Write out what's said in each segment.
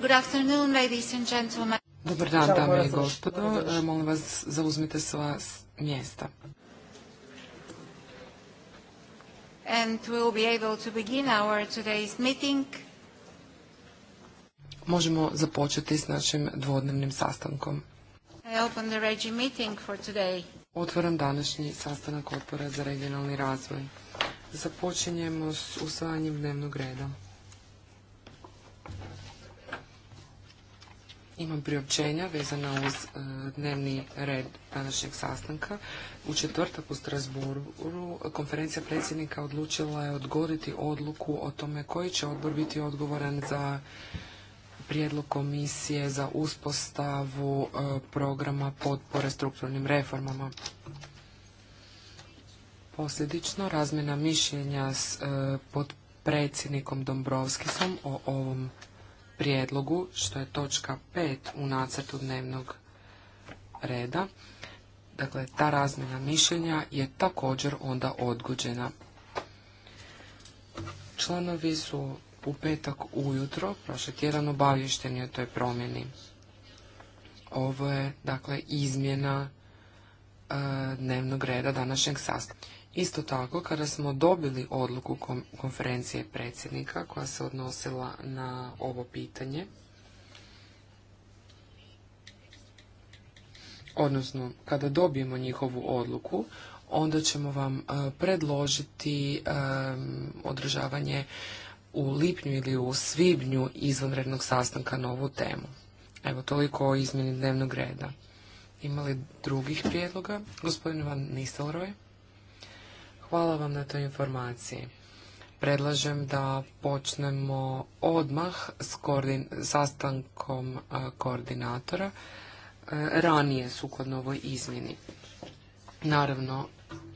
Good afternoon, ladies and gentlemen. Dobar dan, dame i gospodo. E, molim vas, zauzmite sva mjesta. And we'll be able to begin our today's meeting. Možemo započeti s našim dvodnevnim sastankom. I open the regi meeting for today. Otvaram današnji sastanak odbora za regionalni razvoj. Započinjemo s usvajanjem dnevnog reda. Imam priopćenja vezana uz e, dnevni red današnjeg sastanka. U četvrtak u Strasburu konferencija predsjednika odlučila je odgoditi odluku o tome koji će odbor biti odgovoran za prijedlog komisije za uspostavu e, programa potpore strukturnim reformama. Posljedično razmjena mišljenja s e, potpredsjednikom Dombrovskisom o ovom prijedlogu, što je točka 5 u nacrtu dnevnog reda. Dakle, ta razmjena mišljenja je također onda odgođena. Članovi su u petak ujutro, prošli tjedan, obavješteni o toj promjeni. Ovo je, dakle, izmjena e, dnevnog reda današnjeg sastavka. Isto tako, kada smo dobili odluku konferencije predsjednika koja se odnosila na ovo pitanje, odnosno kada dobijemo njihovu odluku, onda ćemo vam e, predložiti e, održavanje u lipnju ili u svibnju izvanrednog sastanka na ovu temu. Evo, toliko o izmjeni dnevnog reda. Imali drugih prijedloga? Gospodin Van Nistelroj. Hvala vam na toj informaciji. Predlažem da počnemo odmah s koordin sastankom koordinatora ranije sukladno ovoj izmjeni. Naravno,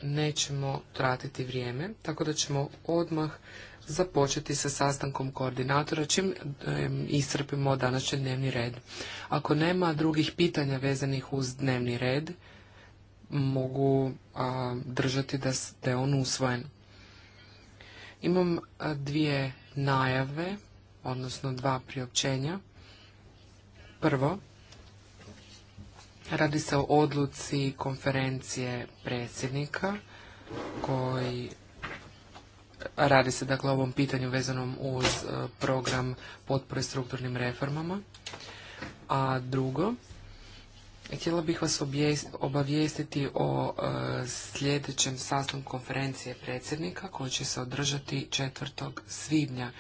nećemo tratiti vrijeme, tako da ćemo odmah započeti sa sastankom koordinatora čim e, iscrpimo današnji dnevni red. Ako nema drugih pitanja vezanih uz dnevni red, mogu držati da, da je on usvojen. Imam dvije najave, odnosno dva priopćenja. Prvo, radi se o odluci konferencije predsjednika koji radi se dakle o ovom pitanju vezanom uz program potpore strukturnim reformama. A drugo, Htjela bih vas obavijestiti o e, sljedećem sastanku konferencije predsjednika koji će se održati 4. svibnja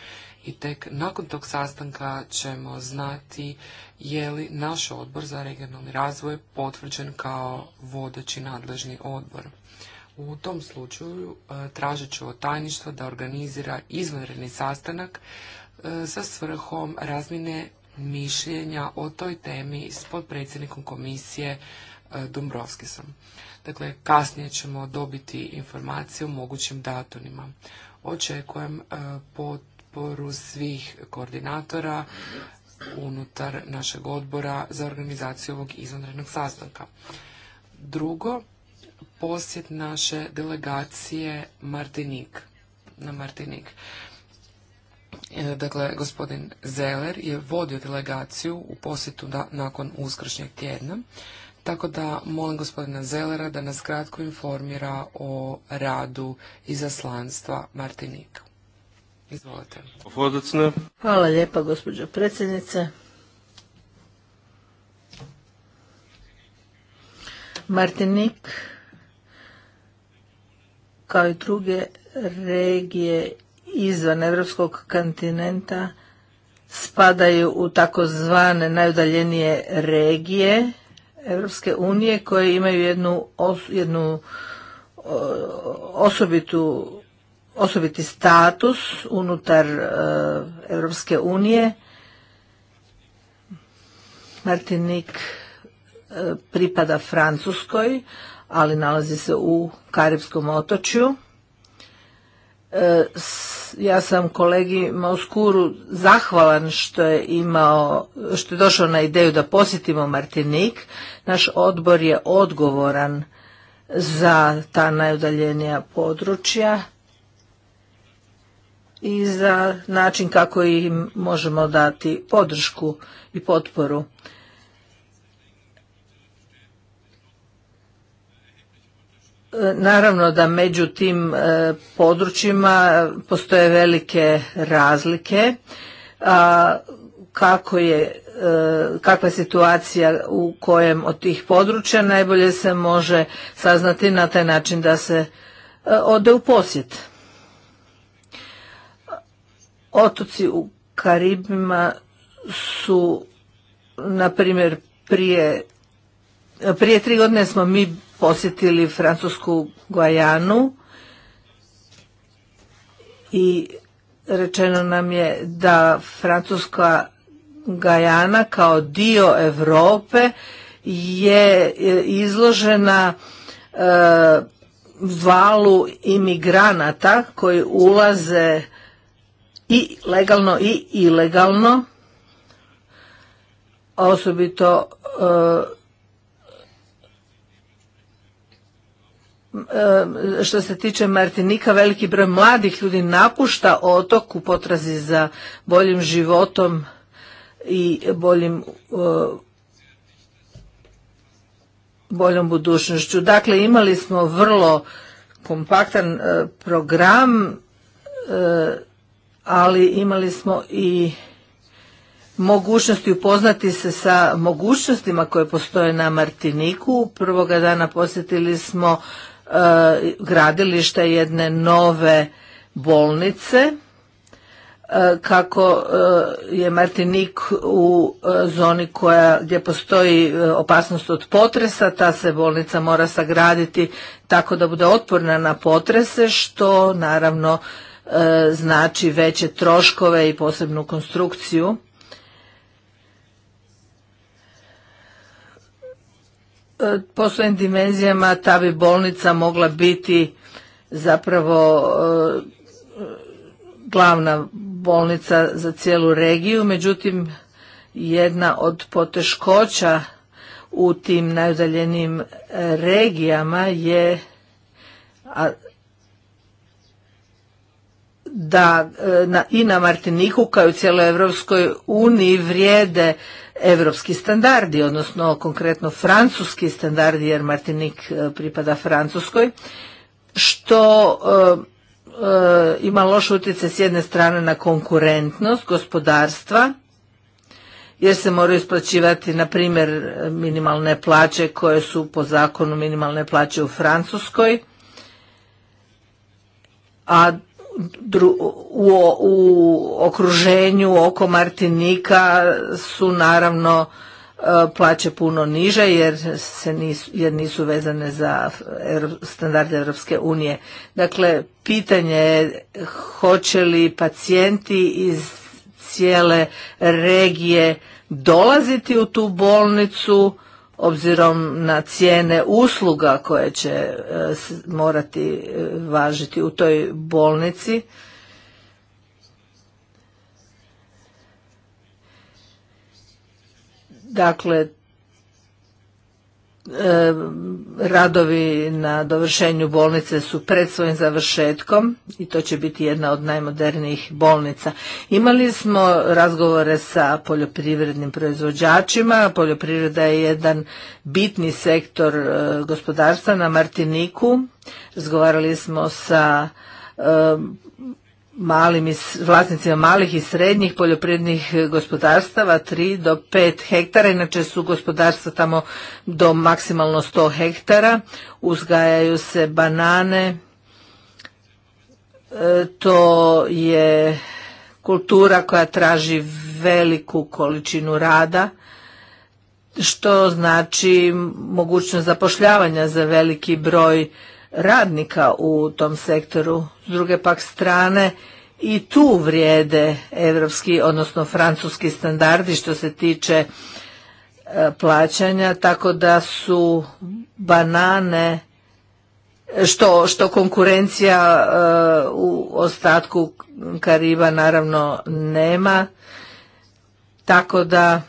i tek nakon tog sastanka ćemo znati je li naš odbor za regionalni razvoj potvrđen kao vodeći nadležni odbor. U tom slučaju e, tražit ću od tajništva da organizira izvanredni sastanak e, sa svrhom razmjene mišljenja o toj temi s podpredsjednikom komisije e, Dumbrovskisom. Dakle, kasnije ćemo dobiti informacije o mogućim datumima. Očekujem e, potporu svih koordinatora unutar našeg odbora za organizaciju ovog izvanrednog sastanka. Drugo, posjet naše delegacije Martinik, na Martinik. E, dakle, gospodin Zeler je vodio delegaciju u posjetu da, nakon uskršnjeg tjedna, tako da molim gospodina Zelera da nas kratko informira o radu izaslanstva Martinika. Izvolite. Hvala lijepa, gospođo predsjednice. Martinik, kao i druge regije izvan evropskog kontinenta spadaju u takozvane najudaljenije regije Evropske unije koje imaju jednu, jednu osobitu, osobiti status unutar e, Evropske unije. Martinik e, pripada Francuskoj, ali nalazi se u Karibskom otočju. E, ja sam kolegi Mauskuru zahvalan što je imao, što je došao na ideju da posjetimo Martinik. Naš odbor je odgovoran za ta najudaljenija područja i za način kako im možemo dati podršku i potporu. Naravno da među tim e, područjima postoje velike razlike. A kako je e, kakva je situacija u kojem od tih područja najbolje se može saznati na taj način da se e, ode u posjet. Otoci u Karibima su na primjer prije prije tri godine smo mi posjetili Francusku Guajanu i rečeno nam je da Francuska Gajana kao dio Europe je izložena e, valu imigranata koji ulaze i legalno i ilegalno osobito e, što se tiče Martinika, veliki broj mladih ljudi napušta otok u potrazi za boljim životom i boljim e, boljom budućnošću. Dakle, imali smo vrlo kompaktan e, program, e, ali imali smo i mogućnosti upoznati se sa mogućnostima koje postoje na Martiniku. Prvoga dana posjetili smo E, gradilišta jedne nove bolnice e, kako e, je Martinik u zoni koja, gdje postoji opasnost od potresa, ta se bolnica mora sagraditi tako da bude otporna na potrese, što naravno znači veće troškove i posebnu konstrukciju. E, po svojim dimenzijama ta bi bolnica mogla biti zapravo e, glavna bolnica za cijelu regiju, međutim jedna od poteškoća u tim najudaljenijim regijama je da e, i na Martiniku kao i u cijeloj Evropskoj uniji vrijede europski standardi, odnosno konkretno francuski standardi jer Martinik e, pripada Francuskoj, što e, ima loš utjecaj s jedne strane na konkurentnost gospodarstva, jer se moraju isplaćivati, na primjer, minimalne plaće koje su po zakonu minimalne plaće u Francuskoj, a u, u okruženju oko Martinika su naravno e, plaće puno niže jer se nisu, jer nisu vezane za standarde Europske unije. Dakle, pitanje je hoće li pacijenti iz cijele regije dolaziti u tu bolnicu obzirom na cijene usluga koje će e, morati e, važiti u toj bolnici. Dakle, E, radovi na dovršenju bolnice su pred svojim završetkom i to će biti jedna od najmodernijih bolnica. Imali smo razgovore sa poljoprivrednim proizvođačima. Poljoprivreda je jedan bitni sektor e, gospodarstva na Martiniku. Razgovarali smo sa e, malim vlasnicima malih i srednjih poljoprivrednih gospodarstava 3 do 5 hektara, inače su gospodarstva tamo do maksimalno 100 hektara, uzgajaju se banane, e, to je kultura koja traži veliku količinu rada, što znači mogućnost zapošljavanja za veliki broj radnika u tom sektoru. S druge pak strane i tu vrijede evropski, odnosno francuski standardi što se tiče e, plaćanja, tako da su banane što, što konkurencija e, u ostatku Kariba naravno nema, tako da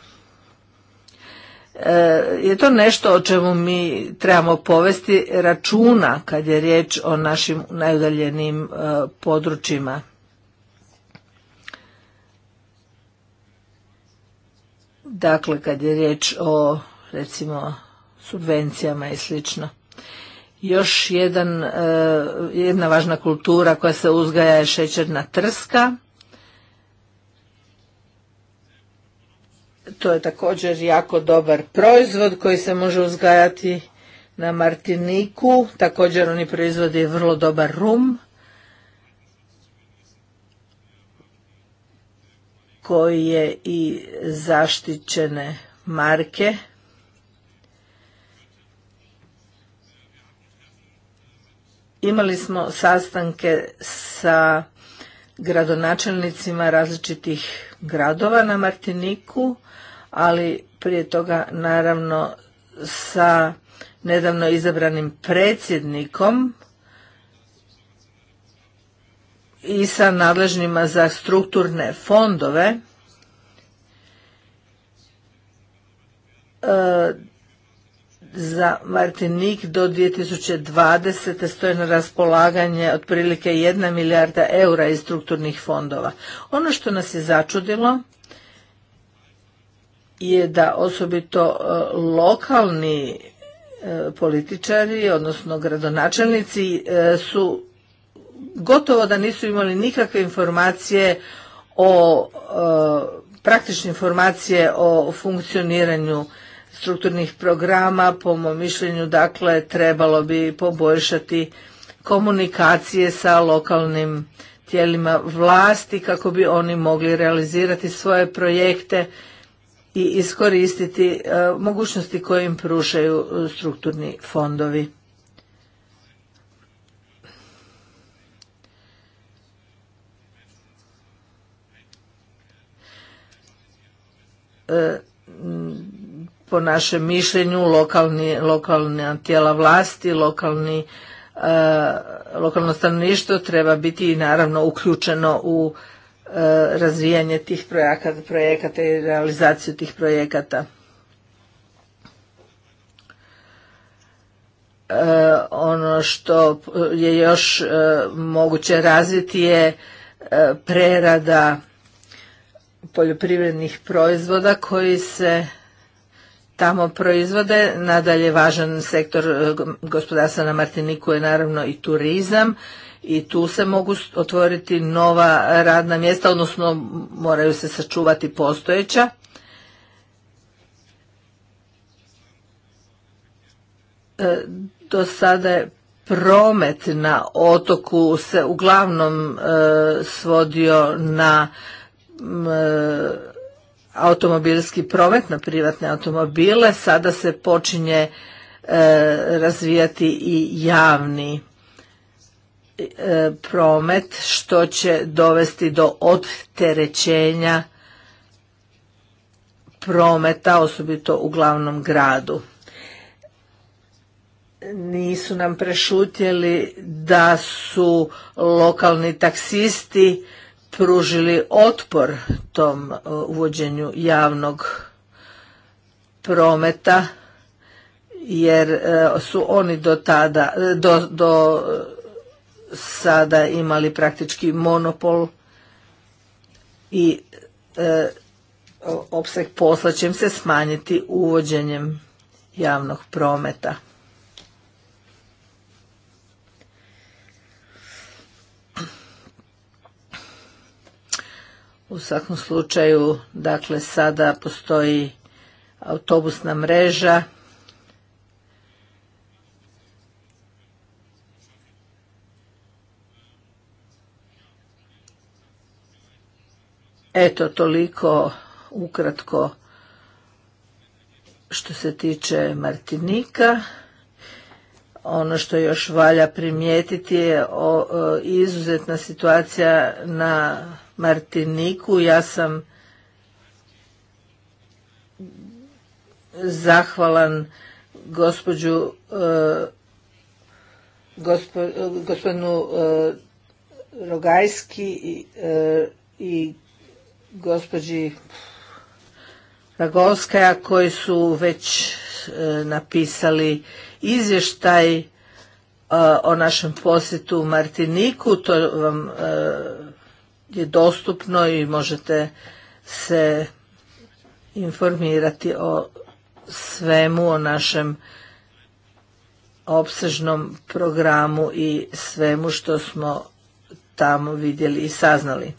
E, je to nešto o čemu mi trebamo povesti računa kad je riječ o našim najudaljenim e, područjima. Dakle, kad je riječ o recimo subvencijama i sl. Još jedan, e, jedna važna kultura koja se uzgaja je šećerna trska To je također jako dobar proizvod koji se može uzgajati na Martiniku. Također oni proizvodi vrlo dobar rum koji je i zaštićene marke. Imali smo sastanke sa gradonačelnicima različitih gradova na Martiniku ali prije toga naravno sa nedavno izabranim predsjednikom i sa nadležnima za strukturne fondove e, za Martinik do 2020. stoje na raspolaganje otprilike 1 milijarda eura iz strukturnih fondova. Ono što nas je začudilo je da osobito e, lokalni e, političari, odnosno gradonačelnici e, su gotovo da nisu imali nikakve informacije o praktične informacije o funkcioniranju strukturnih programa, po mom mišljenju, dakle, trebalo bi poboljšati komunikacije sa lokalnim tijelima vlasti kako bi oni mogli realizirati svoje projekte i iskoristiti e, mogućnosti koje im pružaju e, strukturni fondovi. E, po našem mišljenju lokalna tijela vlasti, lokalno stanovništvo treba biti naravno uključeno u E, razvijanje tih projekata, projekata i realizaciju tih projekata. E, ono što je još e, moguće razviti je prerada poljoprivrednih proizvoda koji se tamo proizvode. Nadalje, važan sektor e, gospodarstva na Martiniku je naravno i turizam i tu se mogu otvoriti nova radna mjesta, odnosno moraju se sačuvati postojeća. E, do sada je promet na otoku se uglavnom e, svodio na automobilski promet na privatne automobile, sada se počinje e, razvijati i javni e, promet što će dovesti do odterećenja prometa, osobito u glavnom gradu. Nisu nam prešutjeli da su lokalni taksisti pružili otpor tom e, uvođenju javnog prometa jer e, su oni do tada e, do, do sada imali praktički monopol i e, opseg posla će im se smanjiti uvođenjem javnog prometa U svakom slučaju, dakle, sada postoji autobusna mreža Eto, toliko ukratko što se tiče Martinika. Ono što još valja primijetiti je e, izuzetna situacija na Martiniku. Ja sam zahvalan gospođu eh, gospodinu eh, Rogajski eh, i, gospođi Ragolskaja koji su već napisali izvještaj o našem posjetu u Martiniku. To vam je dostupno i možete se informirati o svemu, o našem opsežnom programu i svemu što smo tamo vidjeli i saznali.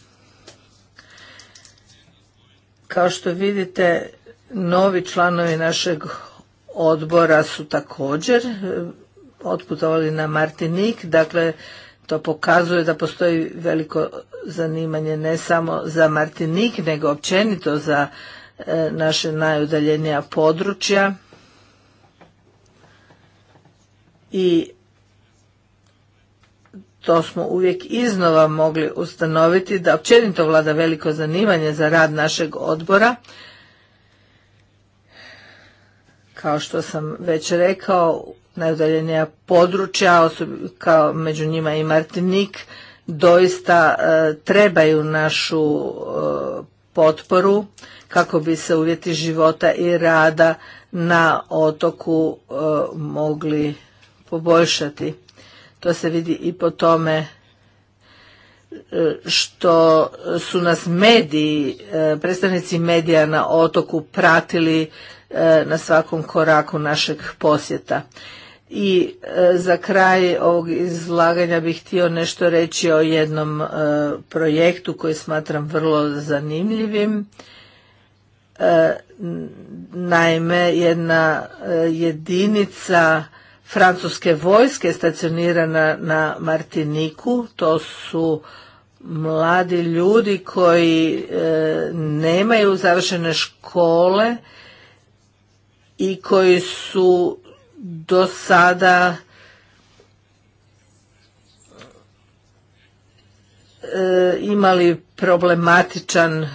Kao što vidite, novi članovi našeg odbora su također e, otputovali na Martinik, dakle to pokazuje da postoji veliko zanimanje ne samo za Martinik, nego općenito za e, naše najudaljenija područja. I to smo uvijek iznova mogli ustanoviti da općenito vlada veliko zanimanje za rad našeg odbora. Kao što sam već rekao, najudaljenija područja, kao među njima i Martinik, doista e, trebaju našu e, potporu kako bi se uvjeti života i rada na otoku e, mogli poboljšati. To se vidi i po tome što su nas mediji, predstavnici medija na otoku pratili na svakom koraku našeg posjeta. I e, za kraj ovog izlaganja bih htio nešto reći o jednom e, projektu koji smatram vrlo zanimljivim. E, naime, jedna jedinica francuske vojske stacionirana na Martiniku, to su mladi ljudi koji nemaju završene škole i koji su do sada e, imali problematičan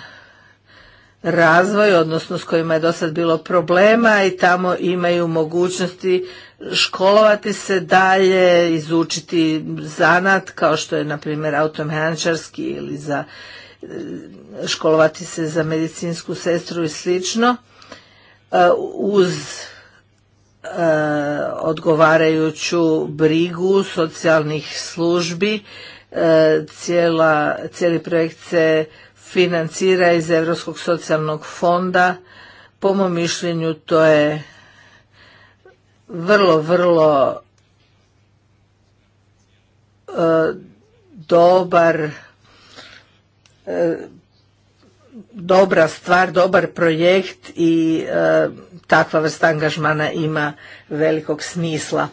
razvoj, odnosno s kojima je do sad bilo problema i tamo imaju mogućnosti školovati se dalje, izučiti zanat kao što je na primjer automehančarski ili za e, školovati se za medicinsku sestru i slično e, uz E, odgovarajuću brigu socijalnih službi. E, cijela, cijeli projekt se financira iz Europskog socijalnog fonda. Po mom mišljenju to je vrlo, vrlo e, dobar dobra stvar, dobar projekt i takva vrsta angažmana ima velikog smisla.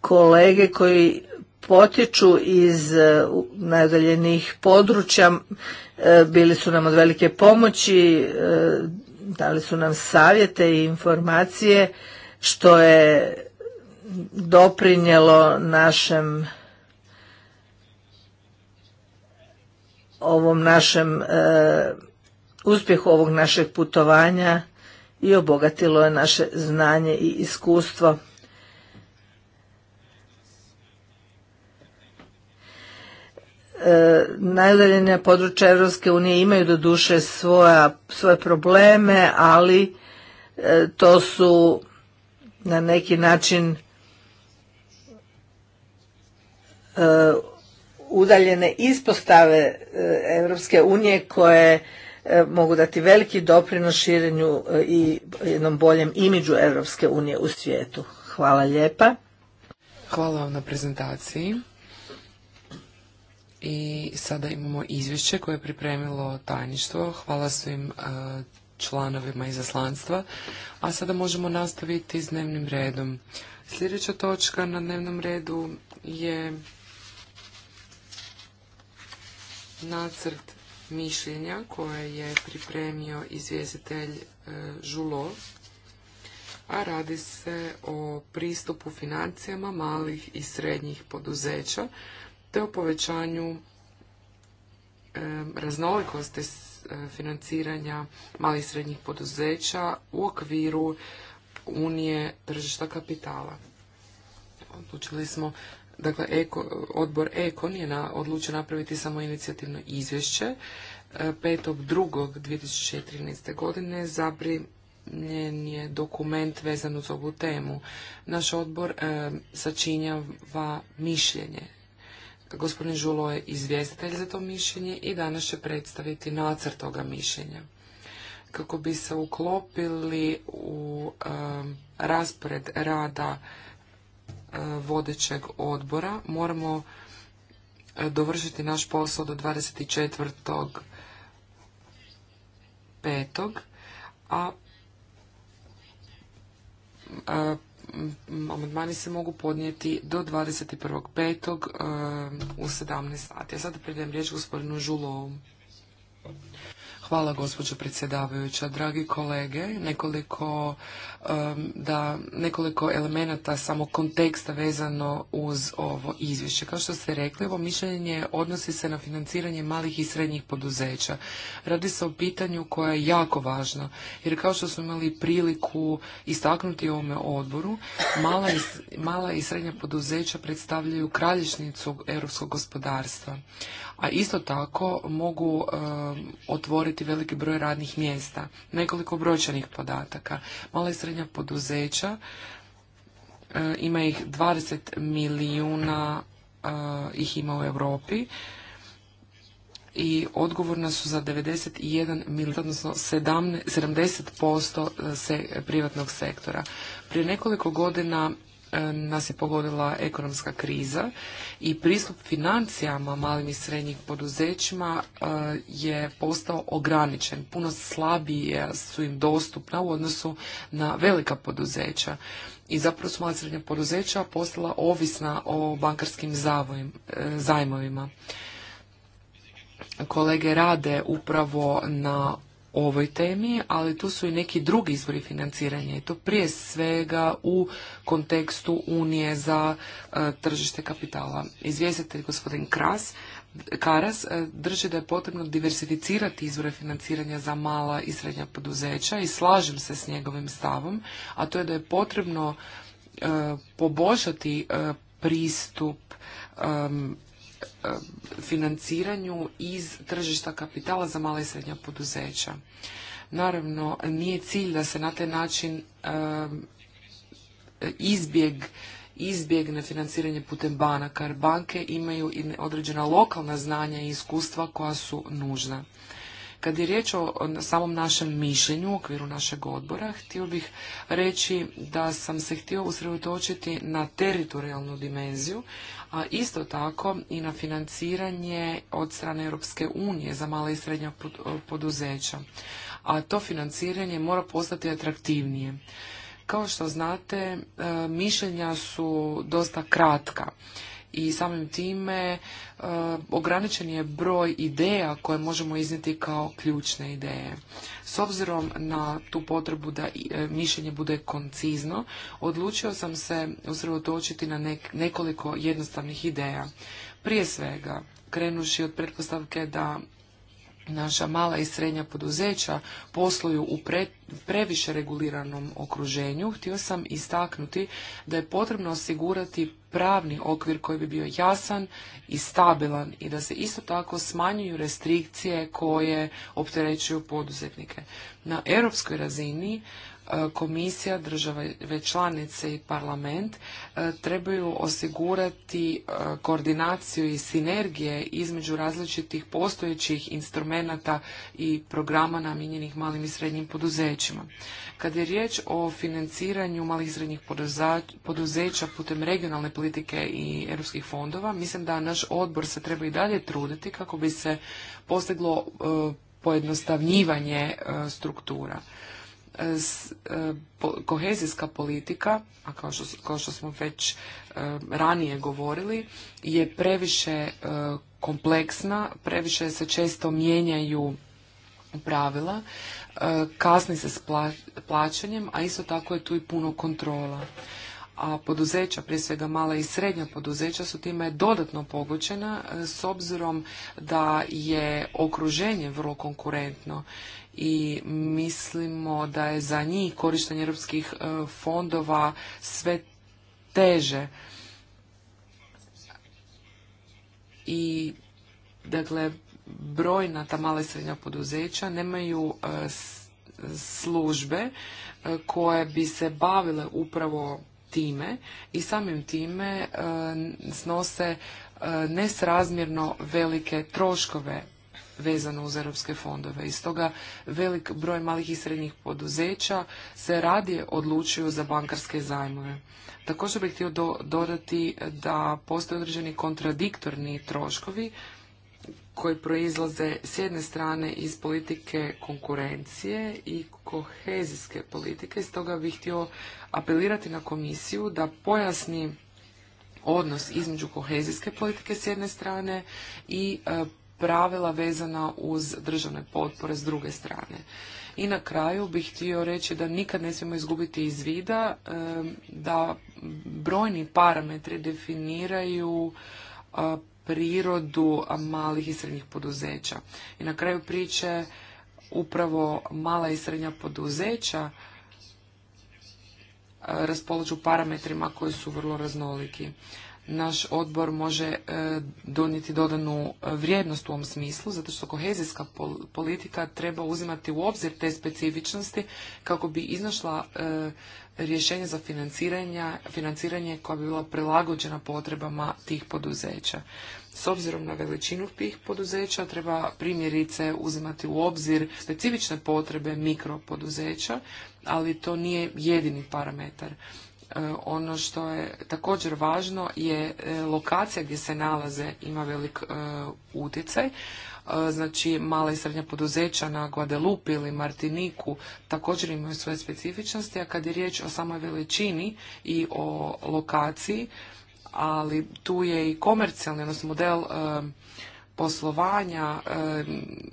Kolege koji potječu iz e, najodaljenih područja e, bili su nam od velike pomoći, e, dali su nam savjete i informacije što je doprinjelo našem ovom našem e, uspjehu ovog našeg putovanja i obogatilo je naše znanje i iskustvo. E, Najudaljenija područja Europske unije imaju doduše svoja, svoje probleme, ali e, to su na neki način učinjeni udaljene ispostave Europske unije koje e, mogu dati veliki doprinos širenju e, i jednom boljem imidžu Europske unije u svijetu. Hvala lijepa. Hvala vam na prezentaciji. I sada imamo izvješće koje je pripremilo tajništvo. Hvala svim e, članovima izaslanstva. A sada možemo nastaviti s dnevnim redom. Sljedeća točka na dnevnom redu je nacrt mišljenja koje je pripremio izvjestitelj e, Žulo, a radi se o pristupu financijama malih i srednjih poduzeća te o povećanju e, raznolikosti e, financiranja malih i srednjih poduzeća u okviru Unije tržišta kapitala. Odlučili smo dakle Eko, odbor Ekon je na, odlučio napraviti samo inicijativno izvješće 5.2.2013. E, godine zaprimljen je dokument vezan uz ovu temu. Naš odbor e, sačinjava mišljenje. Gospodin Žulo je izvjestitelj za to mišljenje i danas će predstaviti nacrt toga mišljenja. Kako bi se uklopili u e, raspored rada E, vodećeg odbora. Moramo e, dovršiti naš posao do 24. petog, a amandmani se mogu podnijeti do 21. petog e, u 17 sati. Ja sada predajem riječ gospodinu Žulovom. Hvala gospođo predsjedavajuća. Dragi kolege, nekoliko, da, nekoliko elemenata samo konteksta vezano uz ovo izvješće. Kao što ste rekli, ovo mišljenje odnosi se na financiranje malih i srednjih poduzeća. Radi se o pitanju koja je jako važna, jer kao što smo imali priliku istaknuti u ovome odboru, mala i, srednja poduzeća predstavljaju kralješnicu europskog gospodarstva. A isto tako mogu otvoriti stvoriti veliki broj radnih mjesta. Nekoliko brojčanih podataka. Mala i srednja poduzeća, e, ima ih 20 milijuna e, ih ima u Europi i odgovorna su za 91 milijuna odnosno 70% e, privatnog sektora. Prije nekoliko godina E, nas je pogodila ekonomska kriza i pristup financijama malim i srednjih poduzećima e, je postao ograničen. Puno slabije su im dostupna u odnosu na velika poduzeća. I zapravo su srednja poduzeća postala ovisna o bankarskim e, zajmovima. Kolege rade upravo na ovoj temi, ali tu su i neki drugi izvori financiranja i to prije svega u kontekstu Unije za e, tržište kapitala. Izvjestitelj gospodin Kras, Karas e, drži da je potrebno diversificirati izvore financiranja za mala i srednja poduzeća i slažem se s njegovim stavom, a to je da je potrebno e, poboljšati pristup financiranju iz tržišta kapitala za mala i srednja poduzeća. Naravno, nije cilj da se na taj način izbjeg na financiranje putem banaka, jer banke imaju i određena lokalna znanja i iskustva koja su nužna. Kad je riječ o samom našem mišljenju u okviru našeg odbora, htio bih reći da sam se htio usredotočiti na teritorijalnu dimenziju, a isto tako i na financiranje od strane Europske unije za mala i srednja poduzeća. A to financiranje mora postati atraktivnije. Kao što znate, e, mišljenja su dosta kratka i samim time e, ograničen je broj ideja koje možemo iznijeti kao ključne ideje. S obzirom na tu potrebu da e, mišljenje bude koncizno, odlučio sam se usredotočiti na nekoliko jednostavnih ideja. Prije svega, krenuši od pretpostavke da naša mala i srednja poduzeća posluju u previše reguliranom okruženju, htio sam istaknuti da je potrebno osigurati pravni okvir koji bi bio jasan i stabilan i da se isto tako smanjuju restrikcije koje opterećuju poduzetnike. Na europskoj razini E, komisija, države članice i parlament e, trebaju osigurati e, koordinaciju i sinergije između različitih postojećih instrumenata i programa namijenjenih malim i srednjim poduzećima. Kad je riječ o financiranju malih i srednjih poduzeća putem regionalne politike i europskih fondova, mislim da naš odbor se treba i dalje truditi kako bi se postiglo pojednostavnjivanje struktura. E, kohezijska politika, a kao što, kao što smo već e, ranije govorili, je previše e, kompleksna, previše se često mijenjaju pravila, kasni se s plaćanjem, a isto tako je tu i puno kontrola. A poduzeća, prije svega mala i srednja poduzeća, su time dodatno pogoćena s obzirom da je okruženje vrlo konkurentno i mislimo da je za njih korištenje europskih e, fondova sve teže. I dakle brojna ta mala i srednja poduzeća nemaju e, službe e, koje bi se bavile upravo time i samim time snose nesrazmjerno velike troškove vezano uz europske fondove. I stoga velik broj malih i srednjih poduzeća se radije odlučuju za bankarske zajmove. Također bih htio dodati da postoje određeni kontradiktorni troškovi koji proizlaze s jedne strane iz politike konkurencije i kohezijske politike. Stoga bih htio apelirati na komisiju da pojasni odnos između kohezijske politike s jedne strane i e, pravila vezana uz državne potpore s druge strane. I na kraju bih htio reći da nikad ne smijemo izgubiti iz vida da brojni parametri definiraju prirodu malih i srednjih poduzeća. I na kraju priče upravo mala i srednja poduzeća raspolažu parametrima koji su vrlo raznoliki naš odbor može e, donijeti dodanu vrijednost u ovom smislu, zato što kohezijska politika treba uzimati u obzir te specifičnosti kako bi iznašla e, rješenje za financiranje koja bi bila prilagođena potrebama tih poduzeća. S obzirom na veličinu tih poduzeća treba primjerice uzimati u obzir specifične potrebe mikropoduzeća, ali to nije jedini parametar. E, ono što je također važno je e, lokacija gdje se nalaze ima velik e, utjecaj. Znači mala i srednja poduzeća na Guadelupi ili Martiniku također imaju svoje specifičnosti, a kad je riječ o samoj veličini i o lokaciji, ali tu je i komercijalni, odnosno model poslovanja,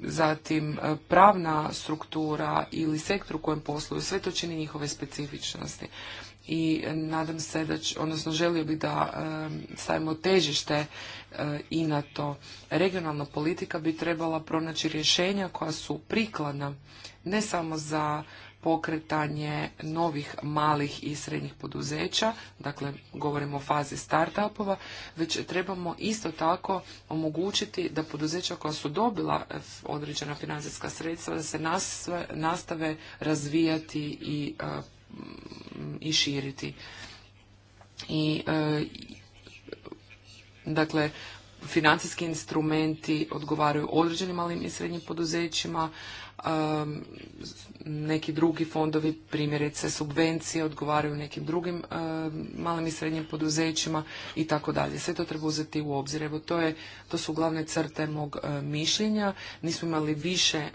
zatim pravna struktura ili sektor u kojem posluju, sve to čini njihove specifičnosti i nadam se da odnosno želio bih da stavimo težište e, i na to. Regionalna politika bi trebala pronaći rješenja koja su prikladna ne samo za pokretanje novih malih i srednjih poduzeća, dakle govorimo o fazi start-upova, već trebamo isto tako omogućiti da poduzeća koja su dobila e, određena financijska sredstva da se nastave razvijati i e, i širiti. I, e, dakle, financijski instrumenti odgovaraju određenim malim i srednjim poduzećima, e, neki drugi fondovi, primjerice subvencije, odgovaraju nekim drugim e, malim i srednjim poduzećima i tako dalje. Sve to treba uzeti u obzir. Evo, to, je, to su glavne crte mog mišljenja. Nismo imali više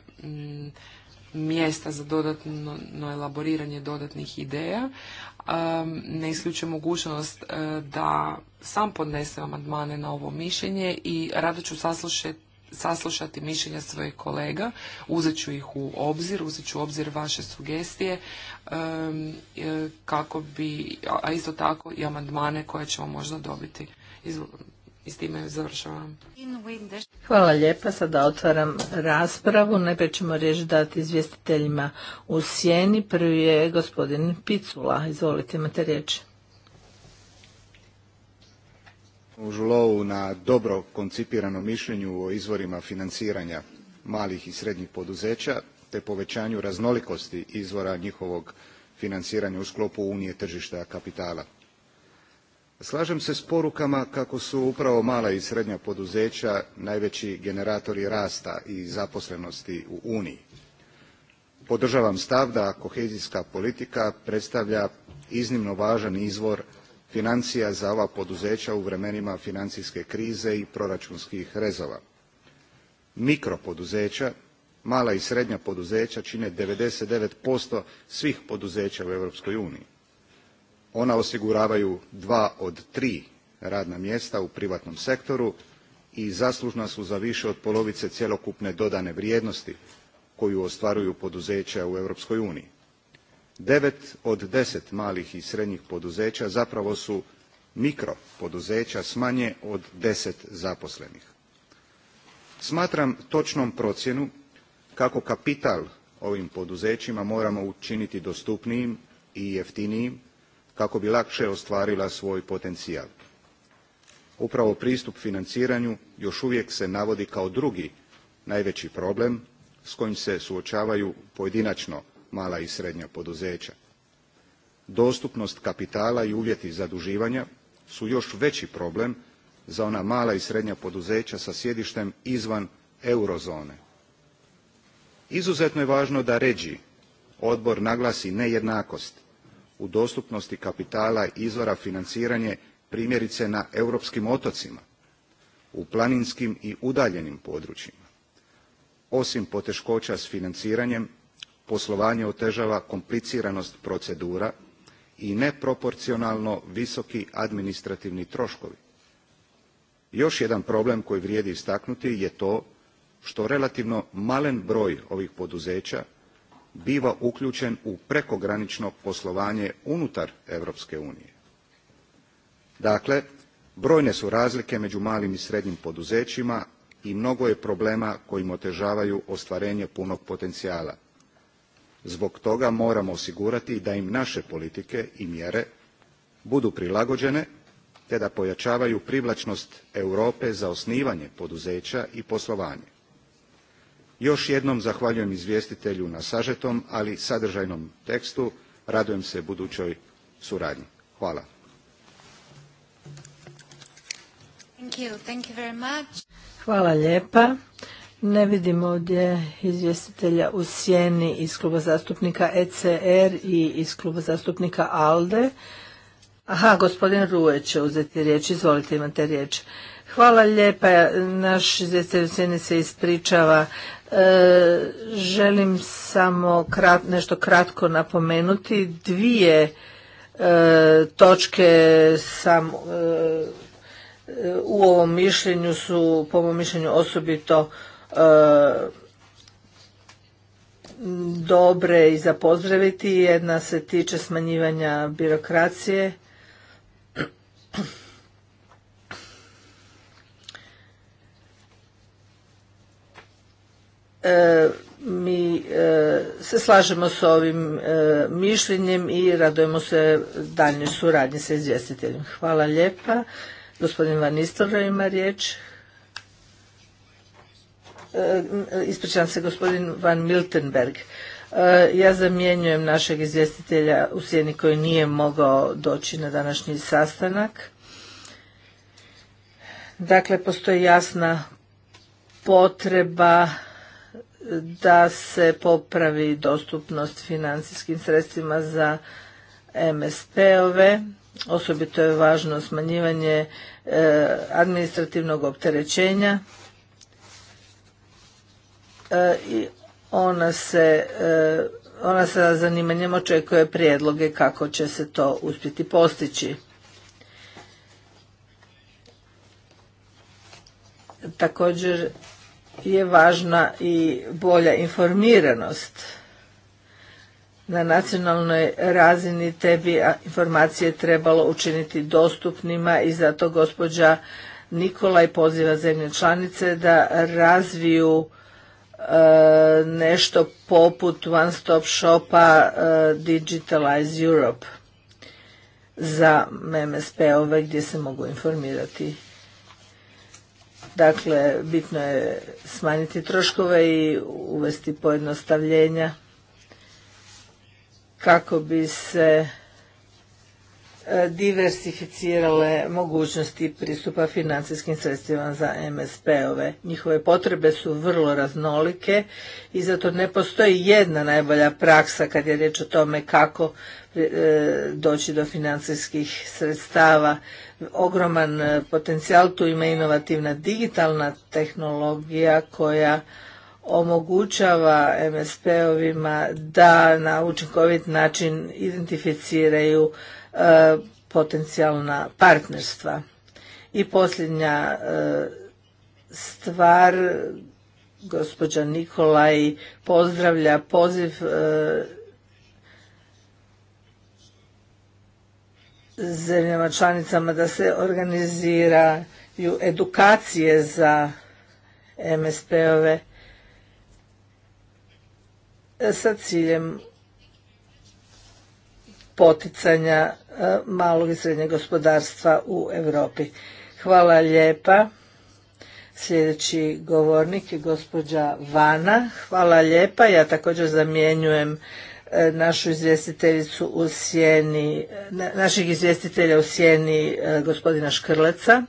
mjesta za dodatno elaboriranje dodatnih ideja. Ne isključujem mogućnost e, da sam podnesem amandmane na ovo mišljenje i rado ću saslušati saslušati mišljenja svojih kolega, uzet ću ih u obzir, uzet ću u obzir vaše sugestije e, kako bi, a isto tako i amandmane koje ćemo možda dobiti i s time završavam. Hvala lijepa, sada otvaram raspravu. Najprije ćemo riječ dati izvjestiteljima u sjeni. Prvi je gospodin Picula, izvolite, imate riječ. U žulovu na dobro koncipirano mišljenju o izvorima financiranja malih i srednjih poduzeća te povećanju raznolikosti izvora njihovog financiranja u sklopu Unije tržišta kapitala Slažem se s porukama kako su upravo mala i srednja poduzeća najveći generatori rasta i zaposlenosti u Uniji. Podržavam stav da kohezijska politika predstavlja iznimno važan izvor financija za ova poduzeća u vremenima financijske krize i proračunskih rezova. poduzeća, mala i srednja poduzeća čine 99% svih poduzeća u Europskoj uniji ona osiguravaju dva od tri radna mjesta u privatnom sektoru i zaslužna su za više od polovice cjelokupne dodane vrijednosti koju ostvaruju poduzeća u europskoj uniji devet od deset malih i srednjih poduzeća zapravo su mikropoduzeća poduzeća s manje od deset zaposlenih smatram točnom procjenu kako kapital ovim poduzećima moramo učiniti dostupnijim i jeftinijim kako bi lakše ostvarila svoj potencijal. Upravo pristup financiranju još uvijek se navodi kao drugi najveći problem s kojim se suočavaju pojedinačno mala i srednja poduzeća. Dostupnost kapitala i uvjeti zaduživanja su još veći problem za ona mala i srednja poduzeća sa sjedištem izvan eurozone. Izuzetno je važno da ređi odbor naglasi nejednakost u dostupnosti kapitala i izvora financiranje primjerice na europskim otocima u planinskim i udaljenim područjima osim poteškoća s financiranjem poslovanje otežava kompliciranost procedura i neproporcionalno visoki administrativni troškovi još jedan problem koji vrijedi istaknuti je to što relativno malen broj ovih poduzeća biva uključen u prekogranično poslovanje unutar Europske unije. Dakle, brojne su razlike među malim i srednjim poduzećima i mnogo je problema im otežavaju ostvarenje punog potencijala. Zbog toga moramo osigurati da im naše politike i mjere budu prilagođene te da pojačavaju privlačnost Europe za osnivanje poduzeća i poslovanje još jednom zahvaljujem izvjestitelju na sažetom ali sadržajnom tekstu radujem se budućoj suradnji hvala Hvala lijepa. Ne vidimo ovdje izvjestitelja u sjeni iz kluba zastupnika ECR i iz kluba zastupnika ALDE. Aha, gospodin Ruje će uzeti riječ. Izvolite, imate riječ. Hvala lijepa. Naš izvjestitelj u sjeni se ispričava E, želim samo krat, nešto kratko napomenuti. Dvije e, točke sam e, u ovom mišljenju su po mom mišljenju osobito dobre i za pozdraviti. Jedna se tiče smanjivanja birokracije E, mi e, se slažemo s ovim e, mišljenjem i radujemo se daljnjoj suradnji sa izvjestiteljem. Hvala lijepa. Gospodin Van Istora ima riječ. Ispričavam se, gospodin Van Miltenberg. Ja zamjenjujem našeg izvjestitelja u sjeni koji nije mogao doći na današnji sastanak. Dakle, postoji jasna potreba da se popravi dostupnost financijskim sredstvima za MSP-ove. Osobito je važno smanjivanje e, administrativnog opterećenja e, i ona se e, ona sa zanimanjem očekuje prijedloge kako će se to uspjeti postići. Također je važna i bolja informiranost. Na nacionalnoj razini te bi informacije trebalo učiniti dostupnima i zato gospođa Nikolaj poziva zemlje članice da razviju e, nešto poput One Stop Shopa e, Digitalize Europe za MSP-ove gdje se mogu informirati Dakle, bitno je smanjiti troškove i uvesti pojednostavljenja kako bi se E, diversificirale mogućnosti pristupa financijskim sredstvima za MSP-ove. Njihove potrebe su vrlo raznolike i zato ne postoji jedna najbolja praksa kad je riječ o tome kako e, doći do financijskih sredstava. Ogroman e, potencijal tu ima inovativna digitalna tehnologija koja omogućava MSP-ovima da na učinkovit način identificiraju E, potencijalna partnerstva. I posljednja e, stvar, gospođa Nikolaj pozdravlja poziv e, zemljama članicama da se organiziraju edukacije za MSP-ove sa ciljem poticanja e, malog i srednjeg gospodarstva u Europi. Hvala lijepa. Sljedeći govornik je gospođa Vana. Hvala lijepa. Ja također zamjenjujem e, našu izvjestiteljicu u sjeni, našeg izvjestitelja u sjeni e, gospodina Škrleca.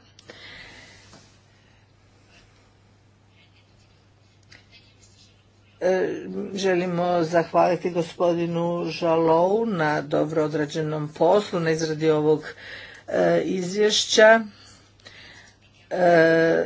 E, želimo zahvaliti gospodinu Žalou na dobro odrađenom poslu, na izradi ovog e, izvješća. E,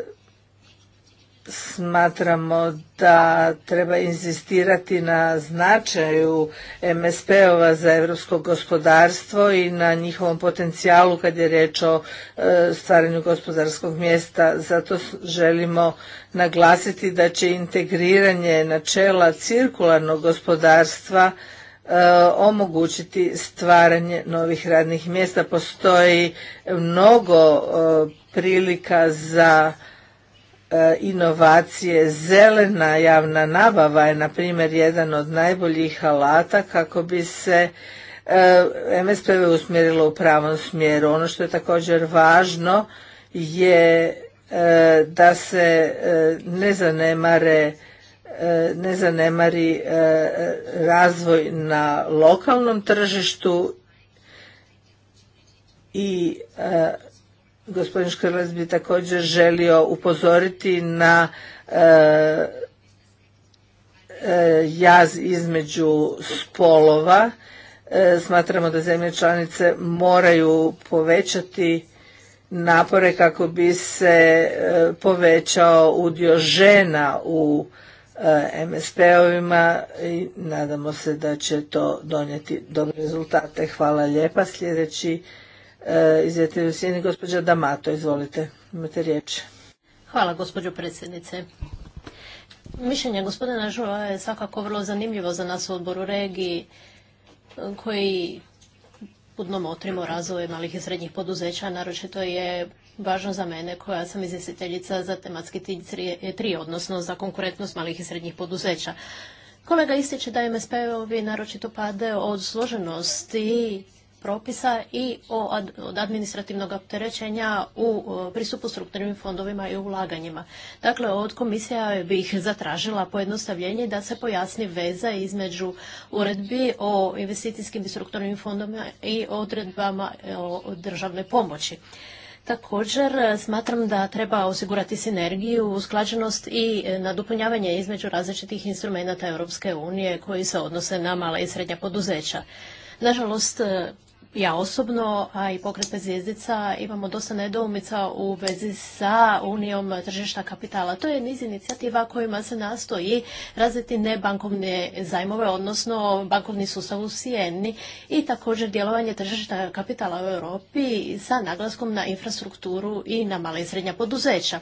smatramo da treba inzistirati na značaju MSP-ova za europsko gospodarstvo i na njihovom potencijalu kad je reč o e, stvaranju gospodarskog mjesta. Zato želimo naglasiti da će integriranje načela cirkularnog gospodarstva e, omogućiti stvaranje novih radnih mjesta. Postoji mnogo e, prilika za E, inovacije zelena javna nabava je na primjer jedan od najboljih alata kako bi se e, MSPV usmjerilo u pravom smjeru. Ono što je također važno je e, da se ne zanemare ne zanemari razvoj na lokalnom tržištu i Gospodin Škrlac bi također želio upozoriti na e, e, jaz između spolova. E, smatramo da zemlje članice moraju povećati napore kako bi se povećao udio žena u MSP-ovima i nadamo se da će to donijeti dobre rezultate. Hvala lijepa. Sljedeći E, gospođa Damato, izvolite, imate riječ. Hvala gospođo predsjednice. Mišljenje gospodina Žova je svakako vrlo zanimljivo za nas u odboru regiji koji budno motrimo razvoj malih i srednjih poduzeća, naročito je važno za mene koja sam izvjestiteljica za tematski tri, odnosno za konkurentnost malih i srednjih poduzeća. Kolega ističe da MSP-ovi naročito pade od složenosti propisa i od administrativnog opterećenja u pristupu strukturnim fondovima i ulaganjima. Dakle, od komisija bih zatražila pojednostavljenje da se pojasni veza između uredbi o investicijskim i strukturnim fondovima i odredbama e, o državnoj pomoći. Također smatram da treba osigurati sinergiju, usklađenost i e, nadopunjavanje između različitih instrumenata Europske unije koji se odnose na mala i srednja poduzeća. Nažalost, e, ja osobno, a i pokret bez jezdica, imamo dosta nedoumica u vezi sa Unijom tržišta kapitala. To je niz inicijativa kojima se nastoji razviti nebankovne zajmove, odnosno bankovni sustav u Sijeni i također djelovanje tržišta kapitala u Europi sa naglaskom na infrastrukturu i na male i srednja poduzeća.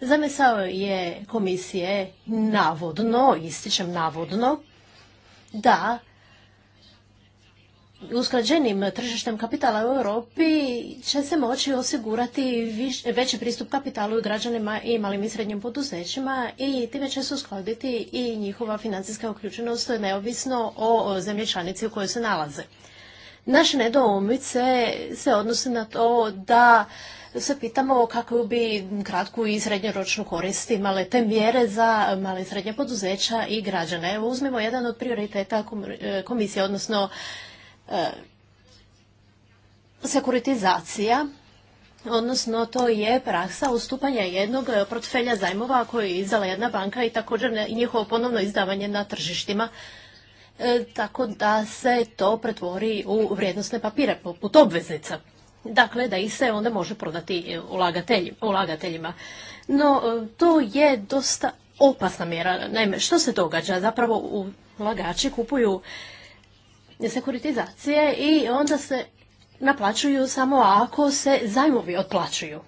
Zamisao je komisije navodno, ističem navodno, da usklađenim tržištem kapitala u Europi će se moći osigurati veći pristup kapitalu i građanima i malim i srednjim poduzećima i time će se uskladiti i njihova financijska uključenost neovisno o zemlji članici u kojoj se nalaze. Naše nedoumice se odnose na to da se pitamo kako bi kratku i srednjoročnu korist imale te mjere za male i srednje poduzeća i građane. Evo uzmimo jedan od prioriteta e, komisije, odnosno E, sekuritizacija, odnosno to je praksa ustupanja jednog e, portfelja zajmova koji je izdala jedna banka i također njihovo ponovno izdavanje na tržištima e, tako da se to pretvori u vrijednostne papire poput obveznica. Dakle, da ih se onda može prodati ulagateljima. No, to je dosta opasna mjera. Naime, što se događa? Zapravo ulagači kupuju sekuritizacije i onda se naplaćuju samo ako se zajmovi otplaćuju.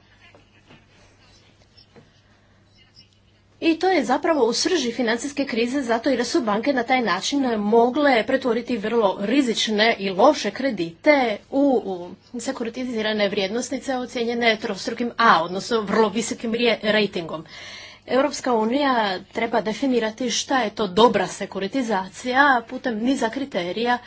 I to je zapravo u srži financijske krize zato jer su banke na taj način mogle pretvoriti vrlo rizične i loše kredite u sekuritizirane vrijednosnice ocijenjene trostrukim A, odnosno vrlo visokim rejtingom. Europska unija treba definirati šta je to dobra sekuritizacija putem niza kriterija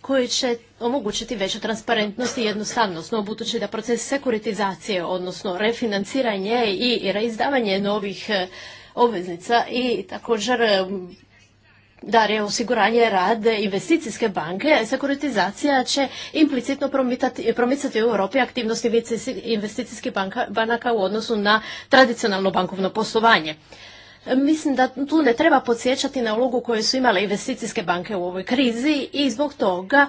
koji će omogućiti veću transparentnost i jednostavnost. No, budući da proces sekuritizacije, odnosno refinanciranje i reizdavanje novih eh, obveznica i također da osiguranje rade investicijske banke, sekuritizacija će implicitno promicati u Europi aktivnosti investicijskih banka, banaka u odnosu na tradicionalno bankovno poslovanje. Mislim da tu ne treba podsjećati na ulogu koju su imale investicijske banke u ovoj krizi i zbog toga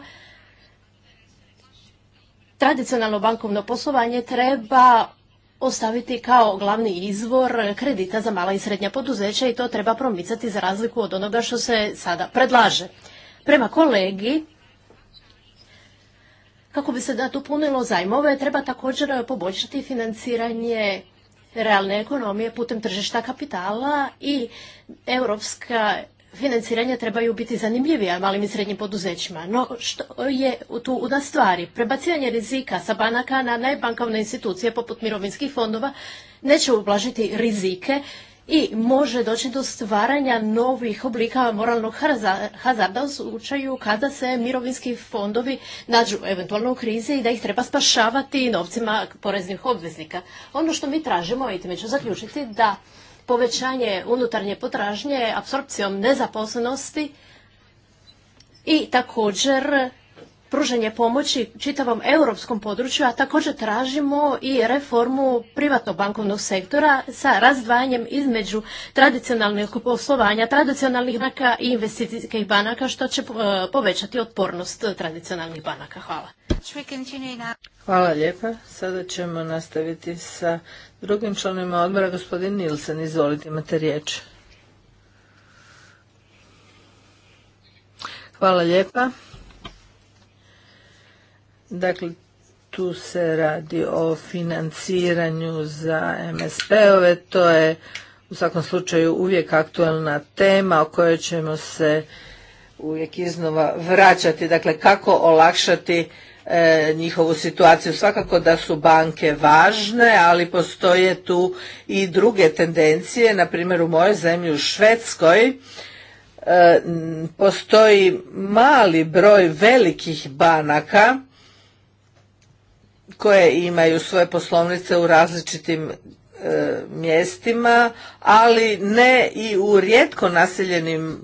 tradicionalno bankovno poslovanje treba ostaviti kao glavni izvor kredita za mala i srednja poduzeća i to treba promicati za razliku od onoga što se sada predlaže. Prema kolegi, kako bi se da punilo zajmove, treba također poboljšati financiranje realne ekonomije putem tržišta kapitala i Europska financiranja trebaju biti zanimljivija malim i srednjim poduzećima. No što je tu nas stvari? Prebacivanje rizika sa banaka na nebankovne institucije poput mirovinskih fondova neće ublažiti rizike i može doći do stvaranja novih oblika moralnog hazarda u slučaju kada se mirovinski fondovi nađu eventualno u krizi i da ih treba spašavati novcima poreznih obveznika. Ono što mi tražimo, i time ću zaključiti, da povećanje unutarnje potražnje apsorpcijom nezaposlenosti i također pružanje pomoći čitavom europskom području, a također tražimo i reformu privatnog bankovnog sektora sa razdvajanjem između tradicionalnih poslovanja, tradicionalnih banaka i investicijskih banaka, što će e, povećati otpornost tradicionalnih banaka. Hvala. Hvala lijepa. Sada ćemo nastaviti sa drugim članima odbora. Gospodin Nilsen, izvolite, imate riječ. Hvala lijepa. Dakle, tu se radi o financiranju za MSP-ove. To je u svakom slučaju uvijek aktualna tema o kojoj ćemo se uvijek iznova vraćati. Dakle, kako olakšati E, njihovu situaciju. Svakako da su banke važne, ali postoje tu i druge tendencije. Na primjer u mojoj zemlji u Švedskoj e, postoji mali broj velikih banaka koje imaju svoje poslovnice u različitim e, mjestima, ali ne i u rijetko naseljenim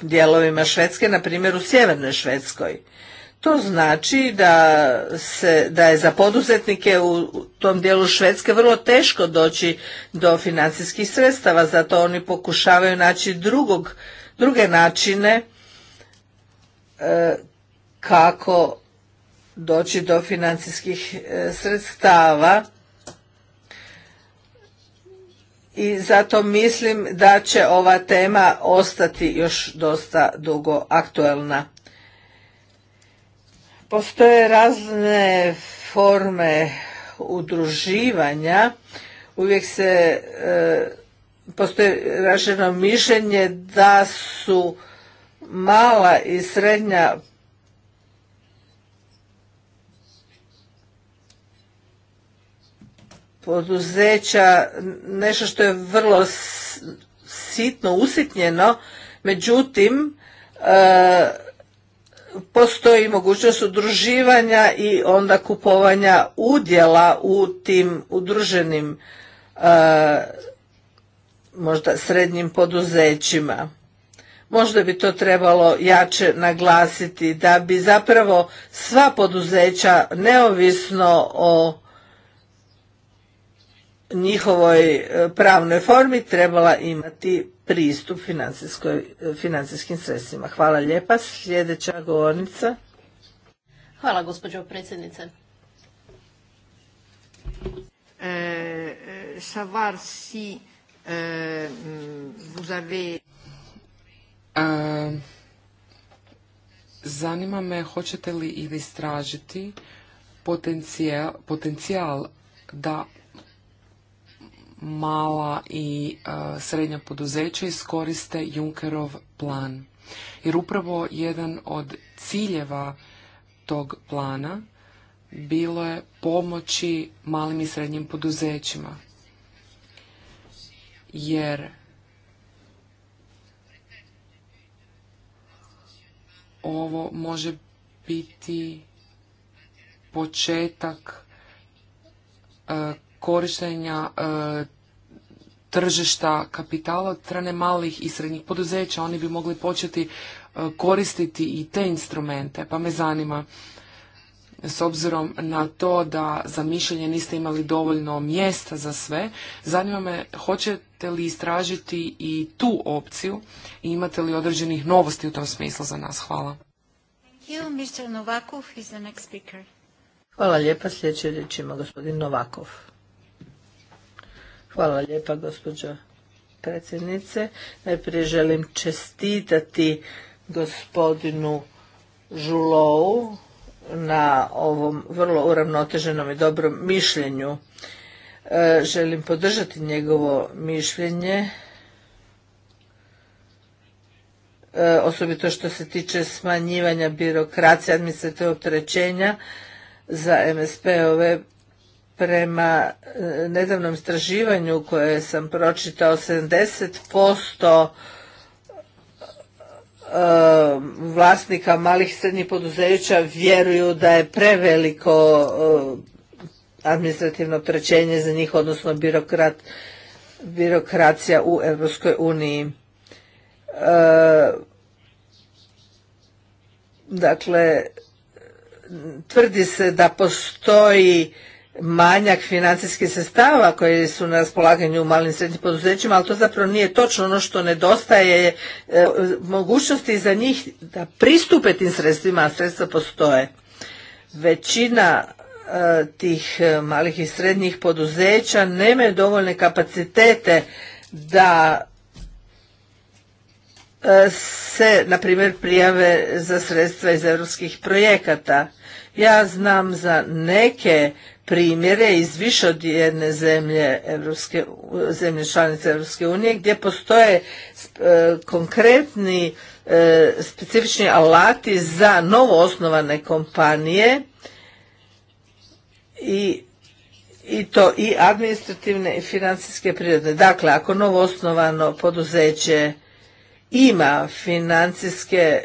dijelovima Švedske, na primjer u sjevernoj Švedskoj. To znači da, se, da je za poduzetnike u tom dijelu Švedske vrlo teško doći do financijskih sredstava, zato oni pokušavaju naći drugog, druge načine e, kako doći do financijskih e, sredstava i zato mislim da će ova tema ostati još dosta dugo aktualna. Postoje razne forme udruživanja, uvijek se postoje postoji raženo mišljenje da su mala i srednja poduzeća nešto što je vrlo sitno usitnjeno međutim e, postoji mogućnost udruživanja i onda kupovanja udjela u tim udruženim e, možda srednjim poduzećima. Možda bi to trebalo jače naglasiti da bi zapravo sva poduzeća neovisno o njihovoj e, pravnoj formi trebala imati pristup financijskim sredstvima. Hvala lijepa. Sljedeća govornica. Hvala gospođo predsjednice. Eh, eh, si eh, mm, zanima me hoćete li i stražiti potencijal da mala i e, srednja poduzeća iskoriste Junkerov plan. Jer upravo jedan od ciljeva tog plana bilo je pomoći malim i srednjim poduzećima. Jer ovo može biti početak e, korištenja e, tržišta kapitala od strane malih i srednjih poduzeća. Oni bi mogli početi e, koristiti i te instrumente, pa me zanima s obzirom na to da za mišljenje niste imali dovoljno mjesta za sve, zanima me hoćete li istražiti i tu opciju i imate li određenih novosti u tom smislu za nas? Hvala. Hvala lijepa, sljedeći reći ima gospodin Novakov. Hvala lijepa gospođo predsjednice. Najprije želim čestitati gospodinu Žulovu na ovom vrlo uravnoteženom i dobrom mišljenju. E, želim podržati njegovo mišljenje, e, osobito što se tiče smanjivanja birokracije, administrativnog trećenja za MSP-ove prema e, nedavnom istraživanju koje sam pročitao 70% e, vlasnika malih i srednjih poduzeća vjeruju da je preveliko e, administrativno opterećenje za njih, odnosno birokrat, birokracija u Europskoj uniji. Dakle, tvrdi se da postoji manjak financijskih sredstava koji su na raspolaganju u malim i srednjim poduzećima, ali to zapravo nije točno. Ono što nedostaje je e, mogućnosti za njih da pristupe tim sredstvima, a sredstva postoje. Većina e, tih e, malih i srednjih poduzeća nemaju dovoljne kapacitete da se, na primjer, prijave za sredstva iz evropskih projekata. Ja znam za neke primjere iz više od jedne zemlje, Evropske, zemlje članice Europske unije gdje postoje e, konkretni e, specifični alati za novo osnovane kompanije i i to i administrativne i financijske prirode. Dakle, ako novo osnovano poduzeće ima financijske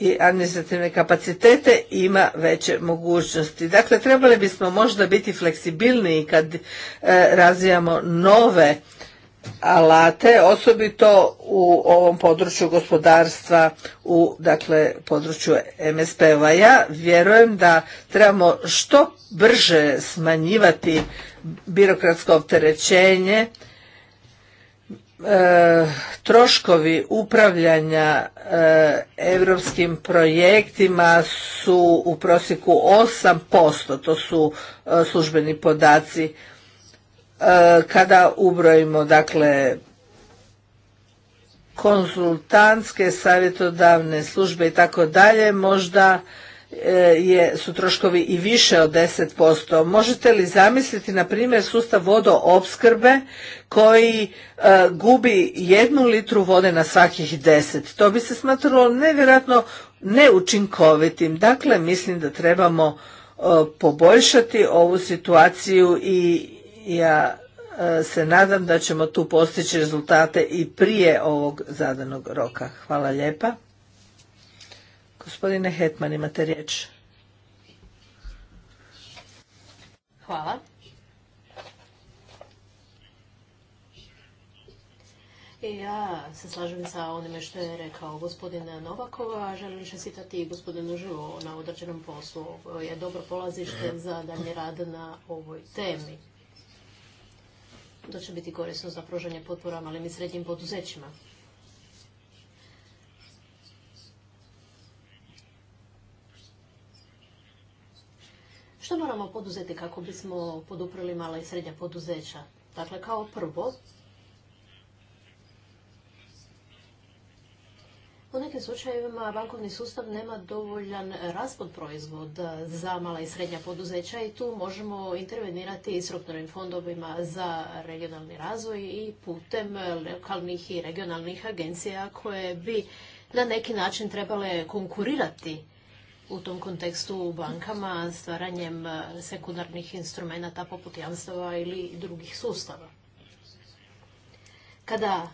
i administrativne kapacitete ima veće mogućnosti. Dakle, trebali bismo možda biti fleksibilniji kad e, razvijamo nove alate, osobito u ovom području gospodarstva, u dakle, području MSP-ova. Ja vjerujem da trebamo što brže smanjivati birokratsko opterećenje, E, troškovi upravljanja e, evropskim europskim projektima su u prosjeku 8%, to su e, službeni podaci. Kada ubrojimo dakle konzultantske savjetodavne službe i tako dalje, možda E, je, su troškovi i više od 10%. Možete li zamisliti, na primjer, sustav vodoopskrbe koji e, gubi jednu litru vode na svakih deset? To bi se smatralo nevjerojatno neučinkovitim. Dakle, mislim da trebamo e, poboljšati ovu situaciju i ja se nadam da ćemo tu postići rezultate i prije ovog zadanog roka. Hvala lijepa. Gospodine Hetman, imate riječ. Hvala. Ja se slažem sa onime što je rekao gospodin Novakova. Želim i gospodinu Živo na određenom poslu. je dobro polazište za dalje rad na ovoj temi. To će biti korisno za pružanje potpora malim i srednjim poduzećima. Što moramo poduzeti kako bismo poduprili mala i srednja poduzeća? Dakle, kao prvo, u nekim slučajevima bankovni sustav nema dovoljan raspod proizvod za mala i srednja poduzeća i tu možemo intervenirati i strukturnim fondovima za regionalni razvoj i putem lokalnih i regionalnih agencija koje bi na neki način trebale konkurirati u tom kontekstu u bankama stvaranjem e, sekundarnih instrumenta poput jamstava ili drugih sustava. Kada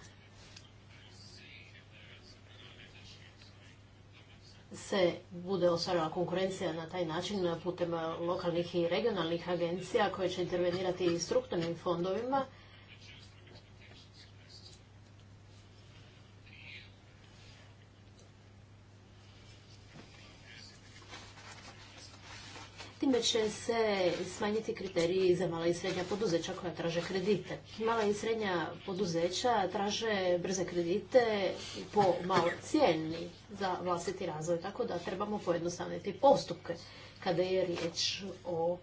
se bude ostvarila konkurencija na taj način putem lokalnih i regionalnih agencija koje će intervenirati i strukturnim fondovima, Time će se smanjiti kriteriji za mala i srednja poduzeća koja traže kredite. Mala i srednja poduzeća traže brze kredite po malo cijeni za vlastiti razvoj, tako da trebamo pojednostavniti postupke kada je riječ o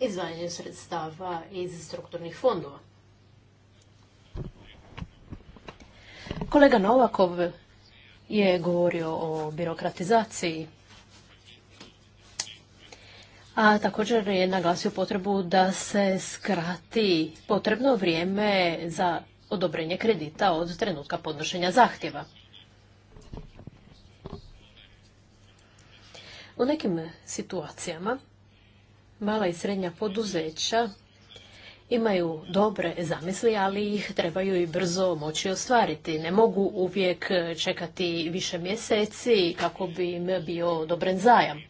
izvajanju sredstava iz strukturnih fondova. Kolega Novakov je govorio o birokratizaciji a također je naglasio potrebu da se skrati potrebno vrijeme za odobrenje kredita od trenutka podnošenja zahtjeva. U nekim situacijama mala i srednja poduzeća imaju dobre zamisli, ali ih trebaju i brzo moći ostvariti. Ne mogu uvijek čekati više mjeseci kako bi im bio odobren zajam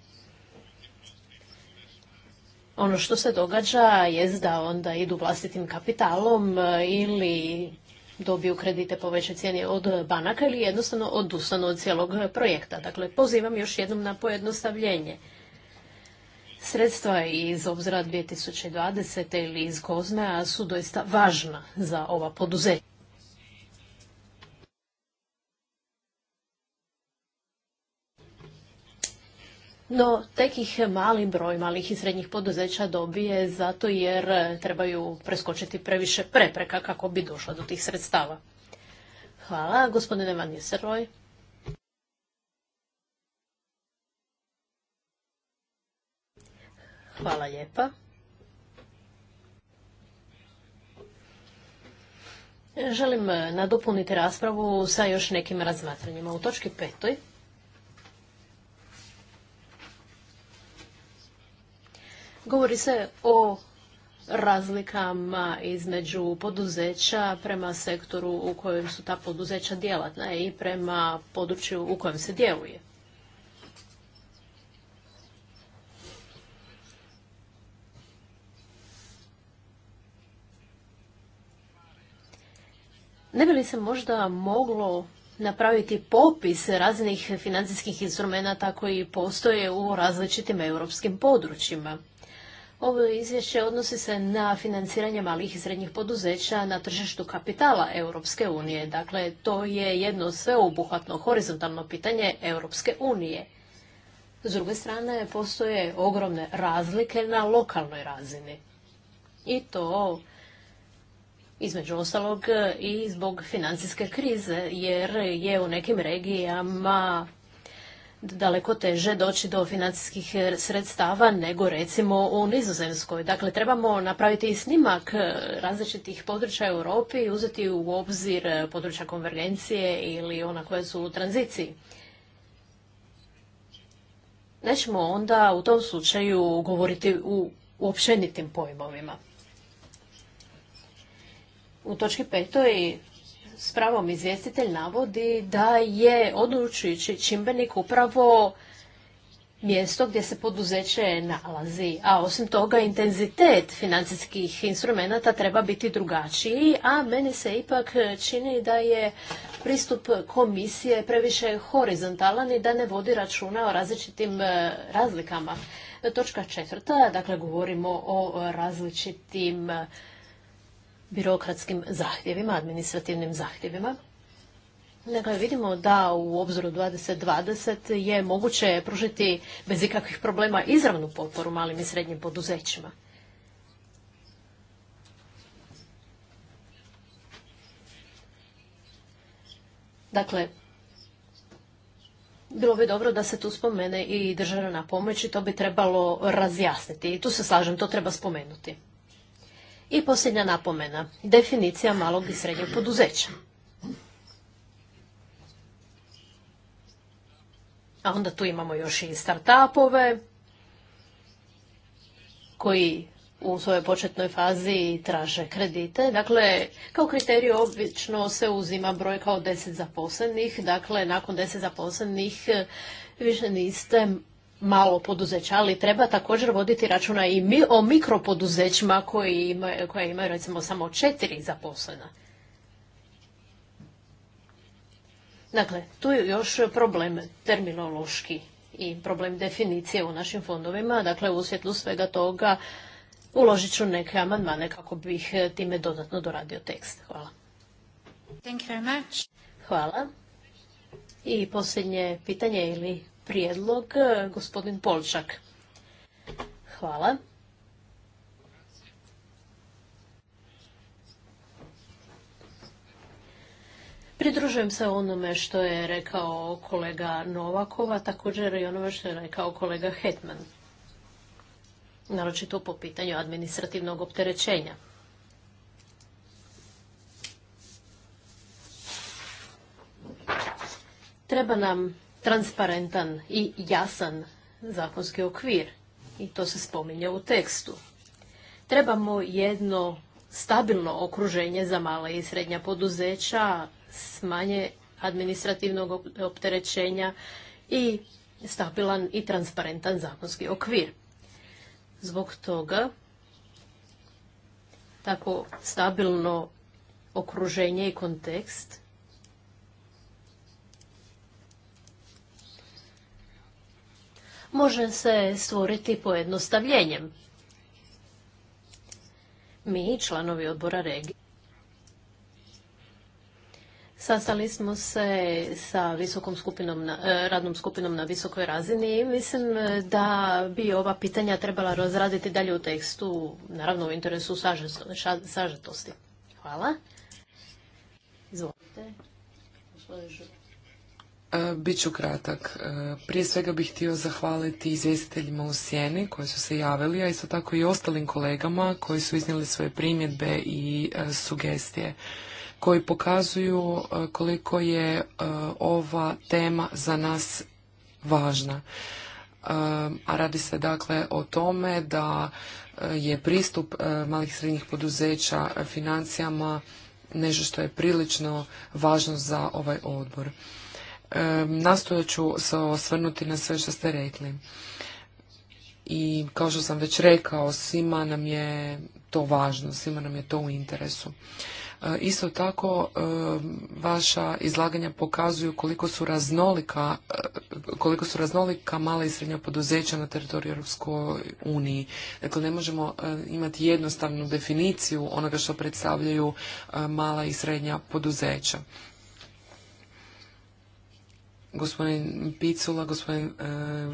ono što se događa je da onda idu vlastitim kapitalom e, ili dobiju kredite po većoj cijeni od banaka ili jednostavno odustanu od cijelog projekta. Dakle, pozivam još jednom na pojednostavljenje. Sredstva iz obzira 2020. ili iz Kozmea su doista važna za ova poduzeća. No, tek ih mali broj malih i srednjih poduzeća dobije zato jer trebaju preskočiti previše prepreka kako bi došla do tih sredstava. Hvala, gospodine Van Hvala lijepa. Želim nadopuniti raspravu sa još nekim razmatranjima. U točki petoj Govori se o razlikama između poduzeća prema sektoru u kojem su ta poduzeća djelatna i prema području u kojem se djeluje. Ne bi li se možda moglo napraviti popis raznih financijskih instrumenata koji postoje u različitim europskim područjima? Ovo izvješće odnosi se na financiranje malih i srednjih poduzeća na tržištu kapitala Europske unije. Dakle, to je jedno sveobuhvatno horizontalno pitanje Europske unije. S druge strane, postoje ogromne razlike na lokalnoj razini. I to između ostalog i zbog financijske krize, jer je u nekim regijama daleko teže doći do financijskih e, sredstava nego recimo u Nizozemskoj. Dakle, trebamo napraviti i snimak e, različitih područja u Europi i uzeti u obzir e, područja konvergencije ili ona koja su u tranziciji. Nećemo onda u tom slučaju govoriti u, opšenitim pojmovima. U točki petoj s pravom izvjestitelj navodi da je odlučujući čimbenik upravo mjesto gdje se poduzeće nalazi. A osim toga intenzitet financijskih instrumenata treba biti drugačiji, a meni se ipak čini da je pristup komisije previše horizontalan i da ne vodi računa o različitim e, razlikama. Točka četvrta, dakle govorimo o različitim birokratskim zahtjevima, administrativnim zahtjevima. Dakle, vidimo da u obzoru 2020 je moguće pružiti bez ikakvih problema izravnu potporu malim i srednjim poduzećima. Dakle, bilo bi dobro da se tu spomene i državna pomoć i to bi trebalo razjasniti. I tu se slažem, to treba spomenuti. I posljednja napomena, definicija malog i srednjeg poduzeća. A onda tu imamo još i startupove koji u svojoj početnoj fazi traže kredite. Dakle, kao kriterij obično se uzima broj kao 10 zaposlenih. Dakle, nakon 10 zaposlenih više niste malo poduzeća, ali treba također voditi računa i mi, o mikropoduzećima koji imaju, koja imaju recimo samo četiri zaposlena. Dakle, tu je još problem terminološki i problem definicije u našim fondovima. Dakle, u svjetlu svega toga uložit ću neke amandmane kako bih eh, time dodatno doradio tekst. Hvala. Hvala. I posljednje pitanje ili prijedlog e, gospodin Polčak. Hvala. Pridružujem se onome što je rekao kolega Novakova, također i onome što je rekao kolega Hetman. Naročito po pitanju administrativnog opterećenja. Treba nam transparentan i jasan zakonski okvir. I to se spominje u tekstu. Trebamo jedno stabilno okruženje za mala i srednja poduzeća, smanje administrativnog opterećenja i stabilan i transparentan zakonski okvir. Zbog toga tako stabilno okruženje i kontekst može se stvoriti pojednostavljenjem. Mi, članovi odbora regije, Sastali smo se sa visokom skupinom, e, radnom skupinom na visokoj razini i mislim e, da bi ova pitanja trebala razraditi dalje u tekstu, naravno u interesu sažetosti. Hvala. Izvolite. E, bit ću kratak. E, prije svega bih htio zahvaliti izvjestiteljima u Sjeni koji su se javili, a isto tako i ostalim kolegama koji su iznijeli svoje primjedbe i e, sugestije koji pokazuju koliko je ova tema za nas važna. A radi se dakle o tome da je pristup malih i srednjih poduzeća financijama nešto što je prilično važno za ovaj odbor nastojat ću se osvrnuti na sve što ste rekli. I kao što sam već rekao, svima nam je to važno, svima nam je to u interesu. E, isto tako, vaša izlaganja pokazuju koliko su raznolika, e, koliko su raznolika mala i srednja poduzeća na teritoriju Europskoj uniji. Dakle, ne možemo e, imati jednostavnu definiciju onoga što predstavljaju mala i srednja poduzeća. Gospodin Picula, gospodin eh,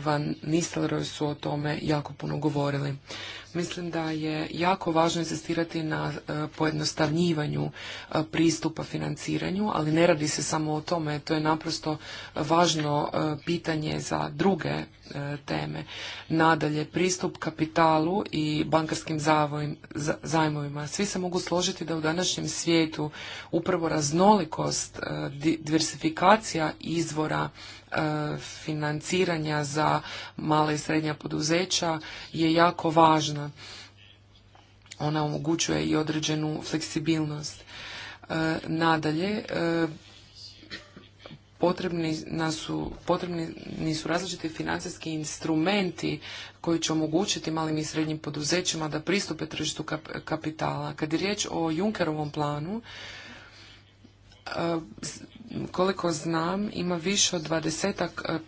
Van Nistelrooy su o tome jako puno govorili. Mislim da je jako važno insistirati na e, pojednostavnjivanju e, pristupa financiranju, ali ne radi se samo o tome, to je naprosto važno e, pitanje za druge teme. Nadalje, pristup kapitalu i bankarskim zajmovima. Svi se mogu složiti da u današnjem svijetu upravo raznolikost, diversifikacija izvora E, financiranja za male i srednja poduzeća je jako važna. Ona omogućuje i određenu fleksibilnost. E, nadalje, e, potrebni, potrebni su različiti financijski instrumenti koji će omogućiti malim i srednjim poduzećima da pristupe tržištu kapitala. Kad je riječ o Junkerovom planu, koliko znam, ima više od dvadesetak e, e,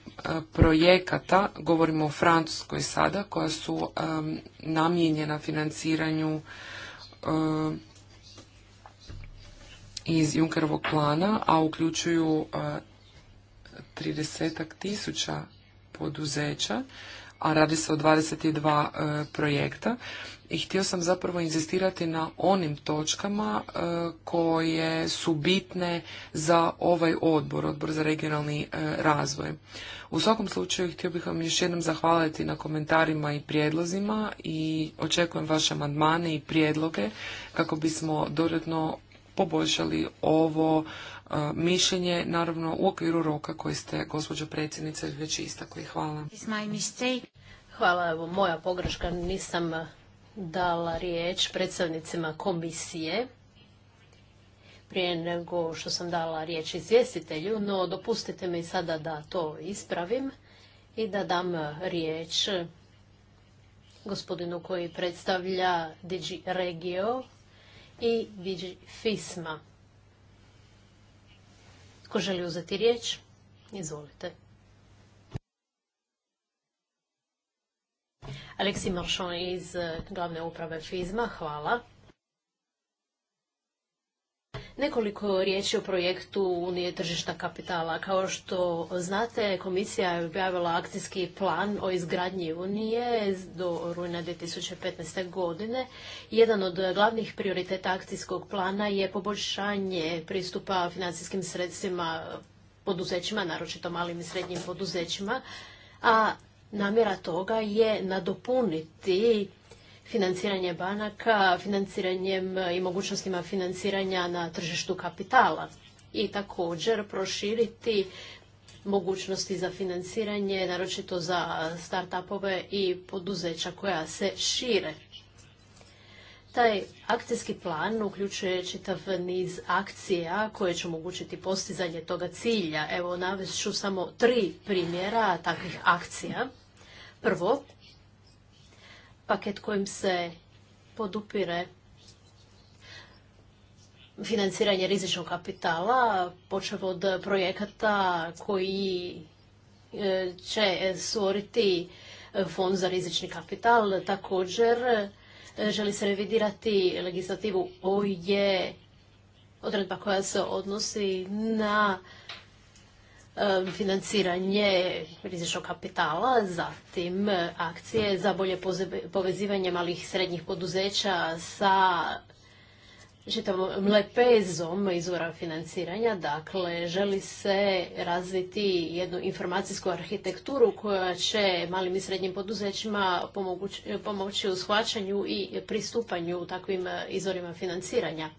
projekata, govorimo o Francuskoj sada, koja su namijenjena financiranju e, iz Junkerovog plana, a uključuju tridesetak tisuća poduzeća a radi se o 22 e, projekta. I htio sam zapravo inzistirati na onim točkama e, koje su bitne za ovaj odbor, odbor za regionalni e, razvoj. U svakom slučaju htio bih vam još jednom zahvaliti na komentarima i prijedlozima i očekujem vaše amandmane i prijedloge kako bismo dodatno poboljšali ovo E, mišljenje, naravno u okviru roka koji ste, gospođo predsjednice, već istakli. Hvala. Hvala, evo, moja pogreška, nisam dala riječ predstavnicima komisije prije nego što sam dala riječ izvjestitelju, no dopustite mi sada da to ispravim i da dam riječ gospodinu koji predstavlja Digi Regio i Digi Fisma. Tko želi uzeti riječ? Izvolite. Aleksi Maršon iz eh, glavne uprave FIZMA, hvala. Nekoliko riječi o projektu Unije tržišta kapitala. Kao što znate, komisija je objavila akcijski plan o izgradnji Unije do rujna 2015. godine. Jedan od glavnih prioriteta akcijskog plana je poboljšanje pristupa financijskim sredstvima poduzećima, naročito malim i srednjim poduzećima, a namjera toga je nadopuniti financiranje banaka, financiranjem i mogućnostima financiranja na tržištu kapitala i također proširiti mogućnosti za financiranje, naročito za start-upove i poduzeća koja se šire. Taj akcijski plan uključuje čitav niz akcija koje će omogućiti postizanje toga cilja. Evo, navest ću samo tri primjera takvih akcija. Prvo, paket kojim se podupire financiranje rizičnog kapitala, počev od projekata koji e, će stvoriti fond za rizični kapital. Također e, želi se revidirati legislativu je odredba koja se odnosi na financiranje rizičnog kapitala, zatim e, akcije za bolje povezivanje malih i srednjih poduzeća sa čitavom lepezom izvora financiranja. Dakle, želi se razviti jednu informacijsku arhitekturu koja će malim i srednjim poduzećima pomoći u shvaćanju i pristupanju takvim e, izvorima financiranja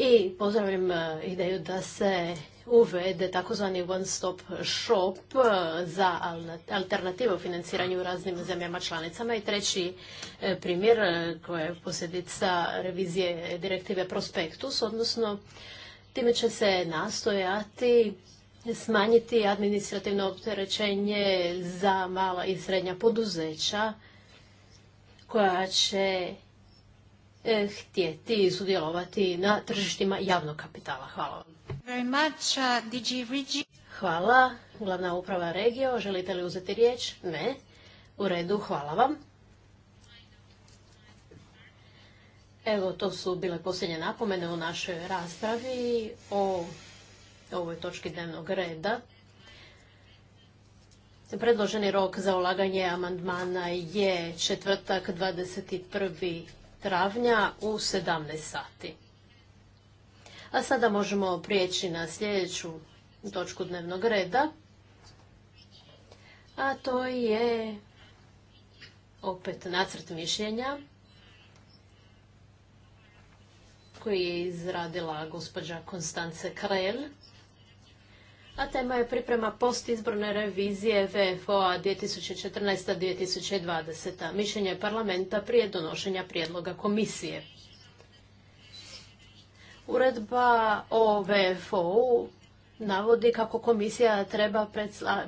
i pozdravljam e, ideju da se uvede takozvani one stop shop e, za alternativu financiranju u raznim zemljama članicama. I treći e, primjer koja je posljedica revizije direktive Prospektus, odnosno time će se nastojati smanjiti administrativno opterećenje za mala i srednja poduzeća koja će E, htjeti sudjelovati na tržištima javnog kapitala. Hvala vam. Uh, hvala. Glavna uprava regio, želite li uzeti riječ? Ne. U redu, hvala vam. Evo, to su bile posljednje napomene u našoj raspravi o ovoj točki dnevnog reda. Predloženi rok za ulaganje amandmana je četvrtak 21 travnja u 17 sati. A sada možemo prijeći na sljedeću točku dnevnog reda. A to je opet nacrt mišljenja koji je izradila gospođa Konstance Krel a tema je priprema postizborne revizije VFO-a 2014-2020. Mišljenje parlamenta prije donošenja prijedloga komisije. Uredba o VFO-u navodi kako komisija treba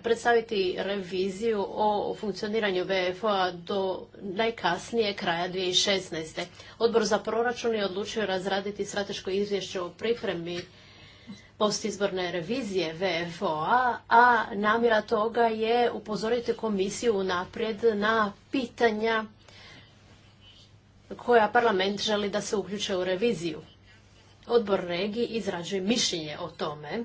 predstaviti reviziju o funkcioniranju VFO-a do najkasnije kraja 2016. Odbor za proračun je odlučio razraditi strateško izvješće o pripremi postizborne revizije VFO-a, a namjera toga je upozoriti komisiju unaprijed na pitanja koja parlament želi da se uključe u reviziju. Odbor regiji izrađuje mišljenje o tome.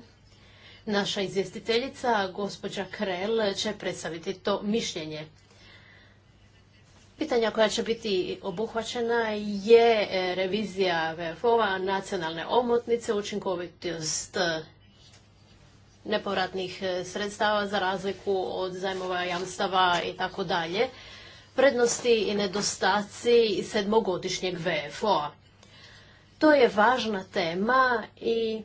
Naša izvjestiteljica, gospođa Krel, će predstaviti to mišljenje. Pitanja koja će biti obuhvaćena je e, revizija VFO-a, nacionalne omotnice, učinkovitost e, nepovratnih e, sredstava za razliku od zajmova jamstava i tako dalje, prednosti i nedostaci sedmogodišnjeg VFO-a. To je važna tema i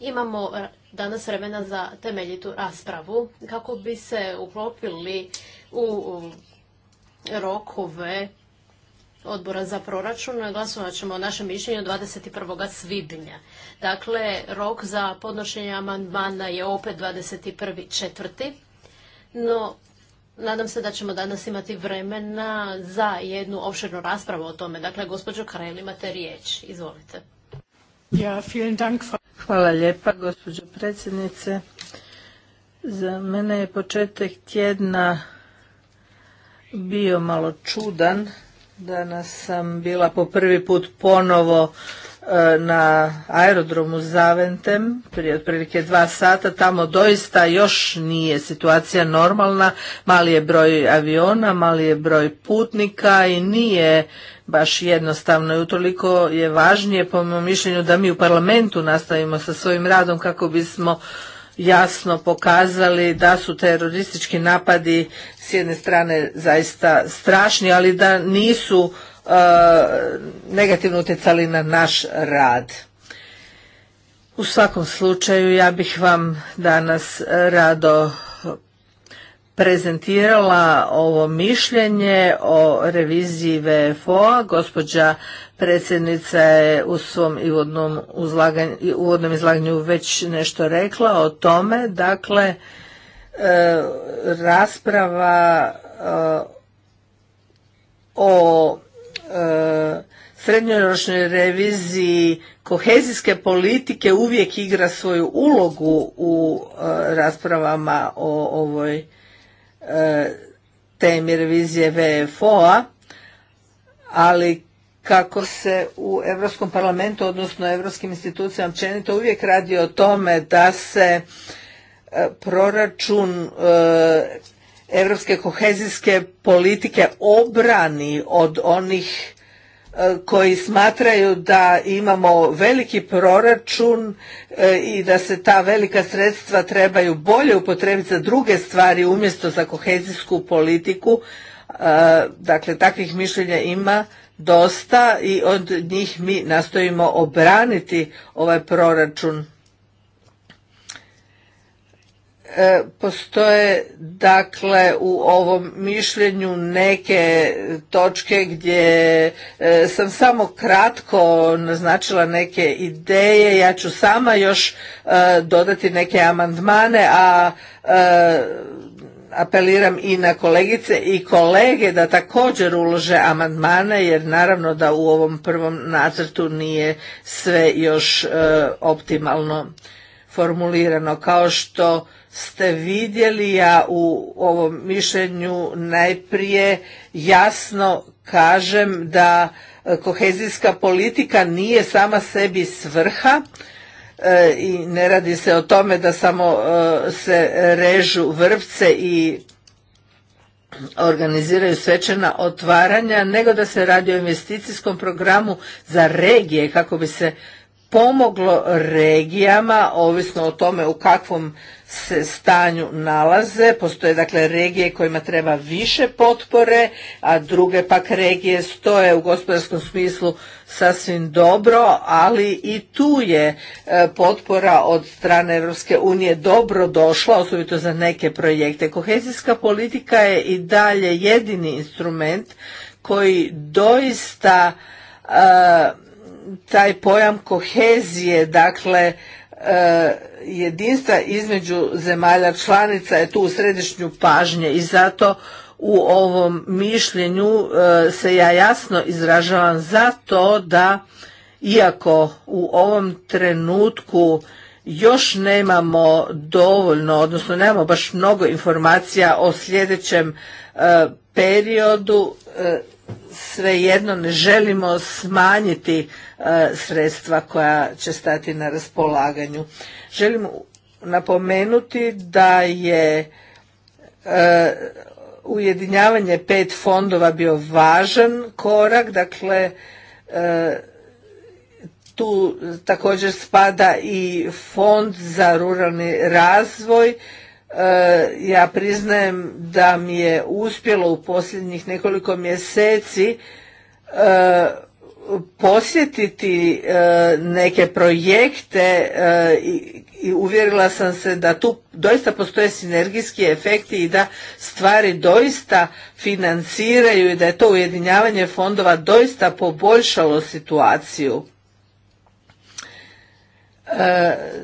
imamo danas vremena za temeljitu raspravu kako bi se uklopili u rokove odbora za proračun. Glasovat ćemo o našem mišljenju 21. svibnja. Dakle, rok za podnošenje amandmana je opet 21. četvrti. No, nadam se da ćemo danas imati vremena za jednu opširnu raspravu o tome. Dakle, gospođo Karel, imate riječ. Izvolite. Ja, vielen Dank. Hvala lijepa, gospođo predsjednice. Za mene je početak tjedna bio malo čudan. Danas sam bila po prvi put ponovo e, na aerodromu Zaventem prije otprilike dva sata. Tamo doista još nije situacija normalna. Mali je broj aviona, mali je broj putnika i nije baš jednostavno i utoliko je važnije po mom mišljenju da mi u parlamentu nastavimo sa svojim radom kako bismo jasno pokazali da su teroristički napadi s jedne strane zaista strašni, ali da nisu uh, negativno utjecali na naš rad. U svakom slučaju ja bih vam danas rado prezentirala ovo mišljenje o reviziji VFO-a. Gospođa predsjednica je u svom uvodnom izlaganju već nešto rekla o tome. Dakle, E, rasprava e, o e, srednjoročnoj reviziji kohezijske politike uvijek igra svoju ulogu u raspravama o ovoj temi revizije VFO-a, ali kako se u Europskom parlamentu, odnosno europskim institucijama općenito uvijek radi o tome da se E, proračun europske kohezijske politike obrani od onih e, koji smatraju da imamo veliki proračun e, i da se ta velika sredstva trebaju bolje upotrebiti za druge stvari umjesto za kohezijsku politiku. Dakle, takvih mišljenja ima dosta i od njih mi nastojimo obraniti ovaj proračun. E, postoje dakle u ovom mišljenju neke točke gdje e, sam samo kratko naznačila neke ideje ja ću sama još e, dodati neke amandmane a apeliram i na kolegice i kolege da također ulože amandmane jer naravno da u ovom prvom nacrtu nije sve još optimalno formulirano kao što ste vidjeli, ja u ovom mišljenju najprije jasno kažem da e, kohezijska politika nije sama sebi svrha e, i ne radi se o tome da samo e, se režu vrpce i organiziraju svečana otvaranja, nego da se radi o investicijskom programu za regije kako bi se pomoglo regijama, ovisno o tome u kakvom se stanju nalaze. Postoje dakle regije kojima treba više potpore, a druge pak regije stoje u gospodarskom smislu sasvim dobro, ali i tu je e, potpora od strane Europske unije dobro došla, osobito za neke projekte. Kohezijska politika je i dalje jedini instrument koji doista e, taj pojam kohezije, dakle E, jedinstva između zemalja članica je tu u središnju pažnje i zato u ovom mišljenju e, se ja jasno izražavam za to da iako u ovom trenutku još nemamo dovoljno, odnosno nemamo baš mnogo informacija o sljedećem e, periodu, svejedno ne želimo smanjiti e, sredstva koja će stati na raspolaganju. Želim napomenuti da je e, ujedinjavanje pet fondova bio važan korak, dakle e, tu također spada i fond za ruralni razvoj E, ja priznajem da mi je uspjelo u posljednjih nekoliko mjeseci e, posjetiti e, neke projekte i uvjerila sam se da tu doista postoje sinergijski efekti i da stvari doista financiraju i da je to ujedinjavanje fondova doista poboljšalo situaciju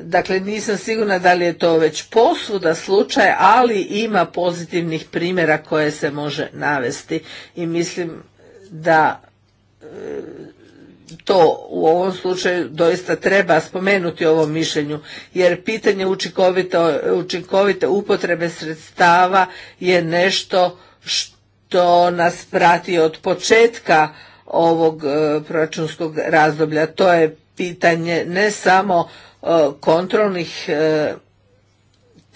dakle, nisam sigurna da li je to već posvuda slučaj, ali ima pozitivnih primjera koje se može navesti i mislim da e, to u ovom slučaju doista treba spomenuti ovom mišljenju, jer pitanje učinkovite upotrebe sredstava je nešto što nas prati od početka ovog e, proračunskog razdoblja. To je pitanje ne samo e, kontrolnih e,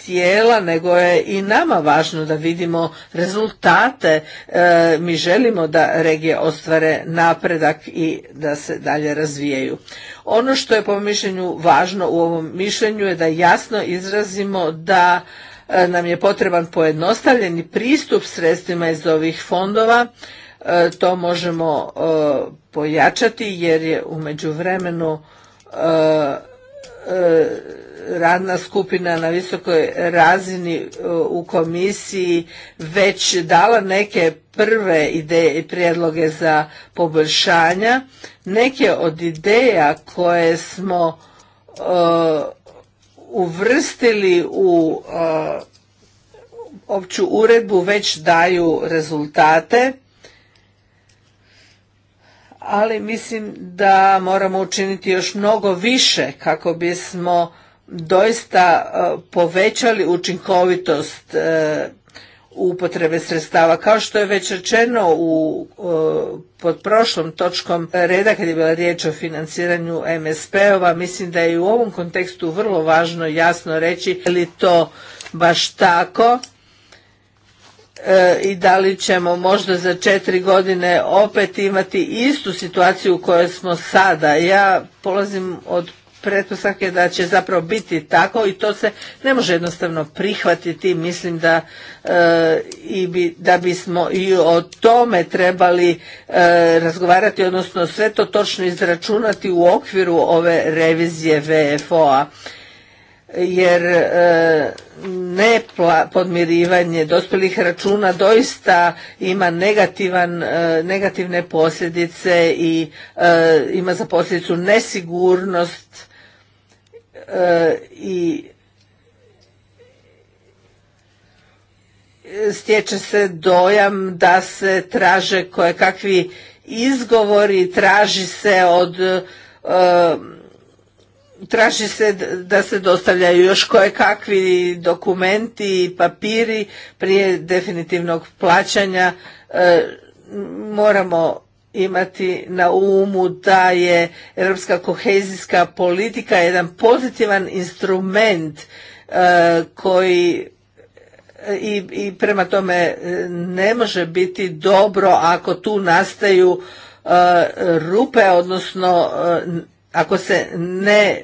tijela, nego je i nama važno da vidimo rezultate. E, mi želimo da regije ostvare napredak i da se dalje razvijaju. Ono što je po mišljenju važno u ovom mišljenju je da jasno izrazimo da nam je potreban pojednostavljeni pristup sredstvima iz ovih fondova E, to možemo e, pojačati jer je u međuvremenu e, radna skupina na visokoj razini u komisiji već dala neke prve ideje i prijedloge za poboljšanja. Neke od ideja koje smo uvrstili u opću uredbu već daju rezultate ali mislim da moramo učiniti još mnogo više kako bismo doista e, povećali učinkovitost e, upotrebe sredstava. Kao što je već rečeno u, e, pod prošlom točkom reda kad je bila riječ o financiranju MSP-ova, mislim da je i u ovom kontekstu vrlo važno jasno reći je li to baš tako E, i da li ćemo možda za četiri godine opet imati istu situaciju u kojoj smo sada. Ja polazim od pretpostavke da će zapravo biti tako i to se ne može jednostavno prihvatiti. Mislim da, e, i bi, da bismo i o tome trebali e, razgovarati, odnosno sve to točno izračunati u okviru ove revizije VFO-a. Jer nepodmirivanje dospjelih računa doista ima negativan, e, negativne posljedice i e, ima za posljedicu nesigurnost e, i stječe se dojam da se traže koje kakvi izgovori, traži se od traži se da se dostavljaju još koje kakvi dokumenti i papiri prije definitivnog plaćanja e, moramo imati na umu da je europska kohezijska politika jedan pozitivan instrument e, koji i, i prema tome e, ne može biti dobro ako tu nastaju rupe odnosno ako se ne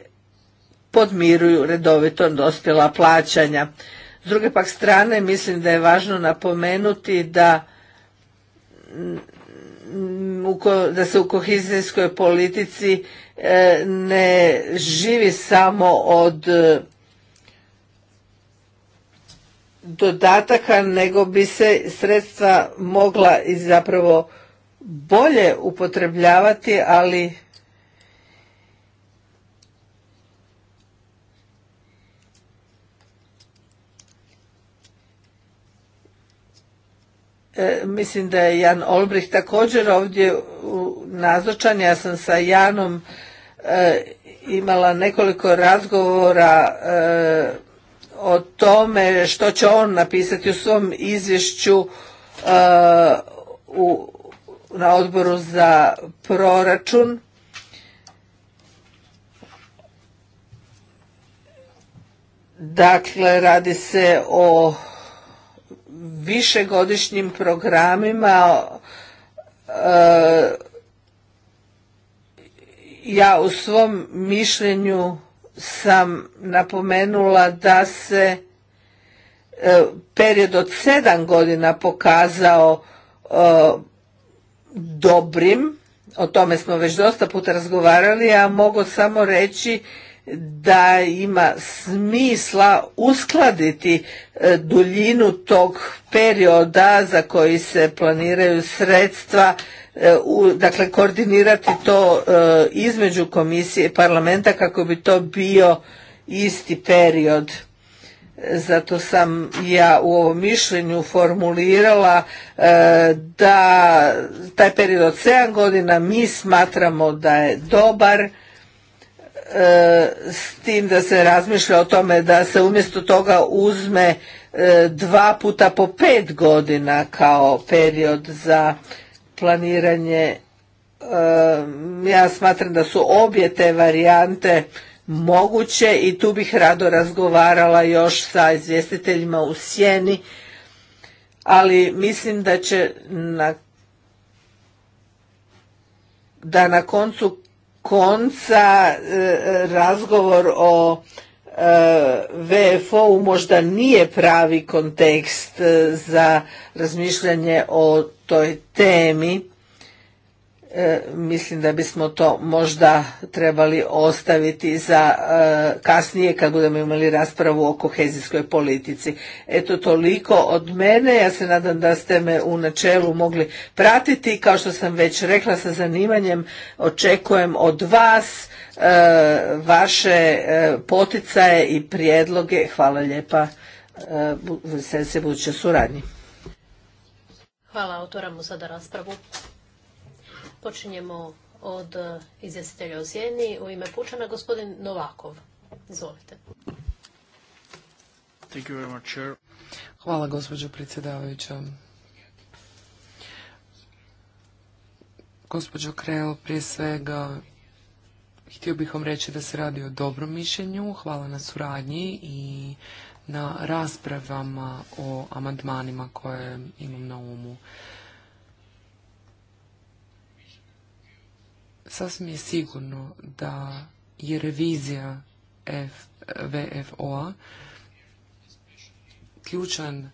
podmiruju redovito dospjela plaćanja. S druge pak strane mislim da je važno napomenuti da mm, da se u kohizijskoj politici e, ne živi samo od e, dodataka nego bi se sredstva mogla i zapravo bolje upotrebljavati ali E, mislim da je Jan Olbrich također ovdje nazočan. Ja sam sa Janom e, imala nekoliko razgovora e, o tome što će on napisati u svom izvješću u, na odboru za proračun. Dakle, radi se o višegodišnjim programima e, ja u svom mišljenju sam napomenula da se e, period od sedam godina pokazao e, dobrim, o tome smo već dosta puta razgovarali, a mogu samo reći da ima smisla uskladiti e, duljinu tog perioda za koji se planiraju sredstva e, dakle koordinirati to e, između komisije i parlamenta kako bi to bio isti period zato sam ja u ovom mišljenju formulirala da taj period od 7 godina mi smatramo da je dobar E, s tim da se razmišlja o tome da se umjesto toga uzme e, dva puta po pet godina kao period za planiranje. E, ja smatram da su obje te varijante moguće i tu bih rado razgovarala još sa izvjestiteljima u sjeni, ali mislim da će na da na koncu konca e, razgovor o e, VFO-u možda nije pravi kontekst e, za razmišljanje o toj temi E, mislim da bismo to možda trebali ostaviti za e, kasnije kad budemo imali raspravu o kohezijskoj politici. Eto toliko od mene, ja se nadam da ste me u načelu mogli pratiti, kao što sam već rekla sa zanimanjem očekujem od vas e, vaše poticaje i prijedloge. Hvala lijepa se buduće suradnji. Hvala, za raspravu. Počinjemo od eh, izvjestitelja o Sjeni. U ime Pučana, gospodin Novakov. Izvolite. Hvala, gospođo predsjedavajuća. Gospođo Kreo, prije svega htio bih vam reći da se radi o dobrom mišljenju. Hvala na suradnji i na raspravama o amandmanima koje imam na umu. Sasvim je sigurno da je revizija VFO-a ključan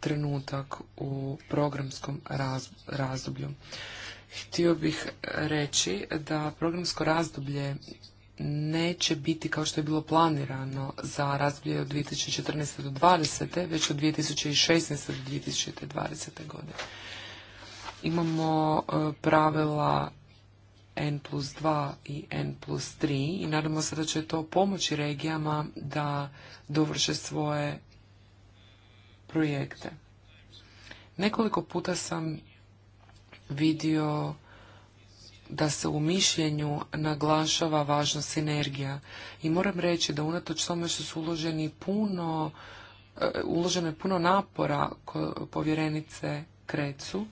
trenutak u programskom razdoblju. Htio bih reći da programsko razdoblje neće biti kao što je bilo planirano za razdoblje od 2014. do 2020. već od 2016. do 2020. godine. Imamo e, pravila N plus 2 i N plus 3 i nadamo se da će to pomoći regijama da dovrše svoje projekte. Nekoliko puta sam vidio da se u mišljenju naglašava važnost sinergija i moram reći da unatoč tome što su uloženi puno e, uloženo je puno napora povjerenice Krecu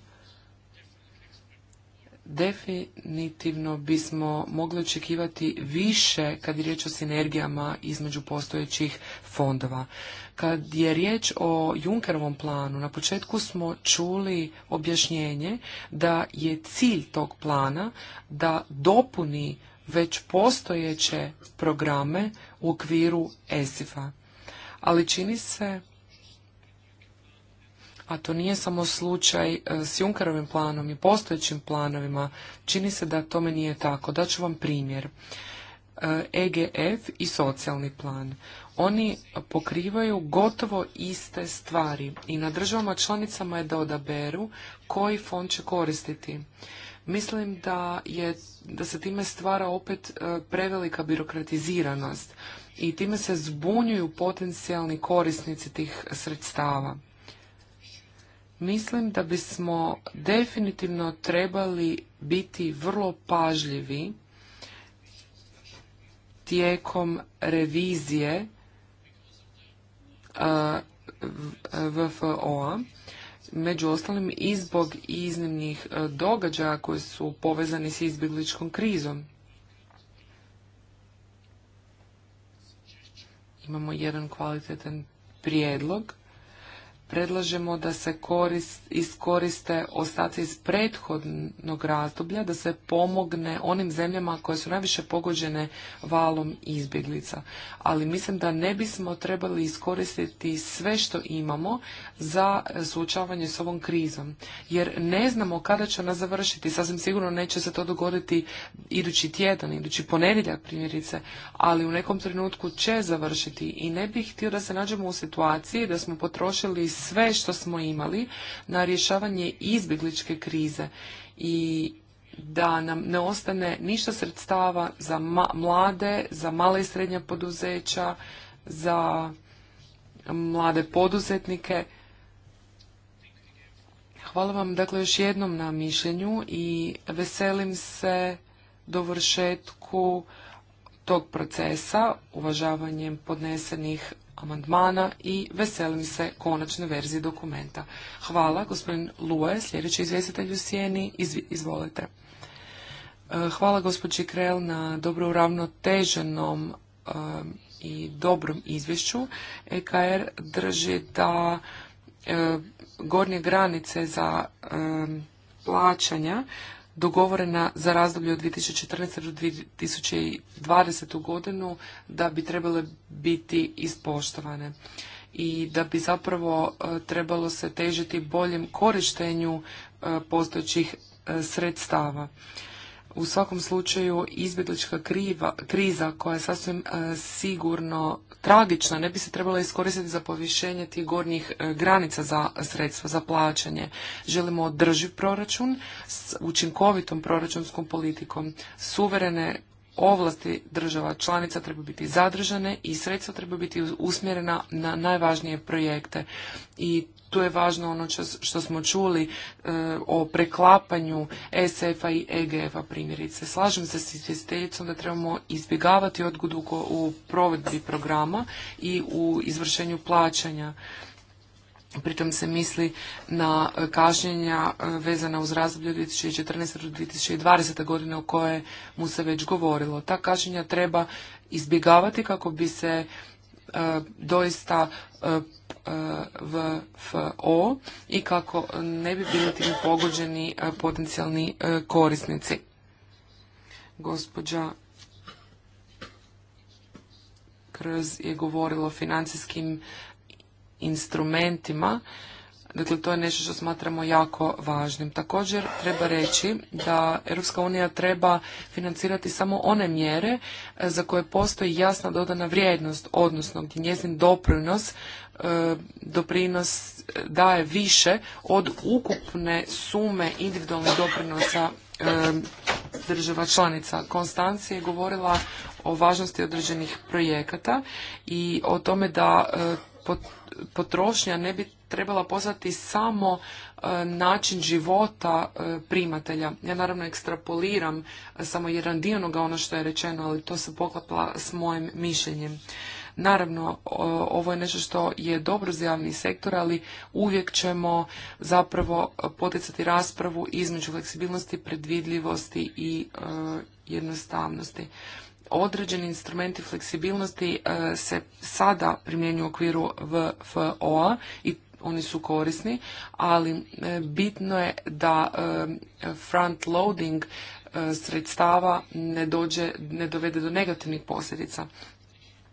definitivno bismo mogli očekivati više kad je riječ o sinergijama između postojećih fondova. Kad je riječ o Junkerovom planu, na početku smo čuli objašnjenje da je cilj tog plana da dopuni već postojeće programe u okviru ESIF-a. Ali čini se a to nije samo slučaj e, s Junkerovim planom i postojećim planovima. Čini se da tome nije tako. ću vam primjer. EGF e i socijalni plan. Oni pokrivaju gotovo iste stvari i na državama članicama je da odaberu koji fond će koristiti. Mislim da, je, da se time stvara opet e, prevelika birokratiziranost i time se zbunjuju potencijalni korisnici tih sredstava mislim da bismo definitivno trebali biti vrlo pažljivi tijekom revizije VFO-a, među ostalim i zbog iznimnih događaja koji su povezani s izbjegličkom krizom. Imamo jedan kvalitetan prijedlog predlažemo da se iskoriste ostaci iz prethodnog razdoblja, da se pomogne onim zemljama koje su najviše pogođene valom izbjeglica. Ali mislim da ne bismo trebali iskoristiti sve što imamo za suočavanje s ovom krizom. Jer ne znamo kada će ona završiti. Sasvim sigurno neće se to dogoditi idući tjedan, idući ponedjeljak primjerice, ali u nekom trenutku će završiti. I ne bih htio da se nađemo u situaciji da smo potrošili sve što smo imali na rješavanje izbjegličke krize i da nam ne ostane ništa sredstava za mlade, za male i srednja poduzeća, za mlade poduzetnike. Hvala vam dakle još jednom na mišljenju i veselim se dovršetku tog procesa uvažavanjem podnesenih amandmana i veselim se konačne verziji dokumenta. Hvala, gospodin Lue, sljedeći izvjestitelj u Sijeni, izvolite. E, hvala gospođi Krel na dobro uravnoteženom i dobrom izvješću. EKR er drži da gornje granice za plaćanja dogovorena za razdoblje od 2014. do 2020. godinu da bi trebale biti ispoštovane i da bi zapravo e, trebalo se težiti boljem korištenju e, postojećih e, sredstava u svakom slučaju izbjeglička kriza koja je sasvim e, sigurno tragična ne bi se trebala iskoristiti za povišenje tih gornjih e, granica za sredstva za plaćanje. Želimo održiv proračun s učinkovitom proračunskom politikom. Suverene ovlasti država članica treba biti zadržane i sredstva treba biti usmjerena na najvažnije projekte. I je važno ono što smo čuli e, o preklapanju SF-a i EGF-a primjerice. Slažem se s izvjestiteljicom da trebamo izbjegavati odgodu u provedbi programa i u izvršenju plaćanja. Pritom se misli na kašnjenja e, vezana uz razdoblje 2014. do 2020. godine o koje mu se već govorilo. Ta kašnjenja treba izbjegavati kako bi se e, doista VFO i kako ne bi bili tim pogođeni e, potencijalni e, korisnici. Gospođa Krz je govorila o financijskim instrumentima. Dakle, to je nešto što smatramo jako važnim. Također treba reći da Europska unija treba financirati samo one mjere e, za koje postoji jasna dodana vrijednost, odnosno gdje njezin doprinos E, doprinos daje više od ukupne sume individualnih doprinosa e, država članica. Konstanci je govorila o važnosti određenih projekata i o tome da e, potrošnja ne bi trebala postati samo način života primatelja. Ja naravno ekstrapoliram samo jedan dio onoga ono što je rečeno, ali to se poklapa s mojim mišljenjem. Naravno, ovo je nešto što je dobro za javni sektor, ali uvijek ćemo zapravo poticati raspravu između fleksibilnosti, predvidljivosti i e, jednostavnosti određeni instrumenti fleksibilnosti e, se sada primjenjuju u okviru VFO-a i oni su korisni, ali e, bitno je da front loading sredstava ne, dođe, ne dovede do negativnih posljedica.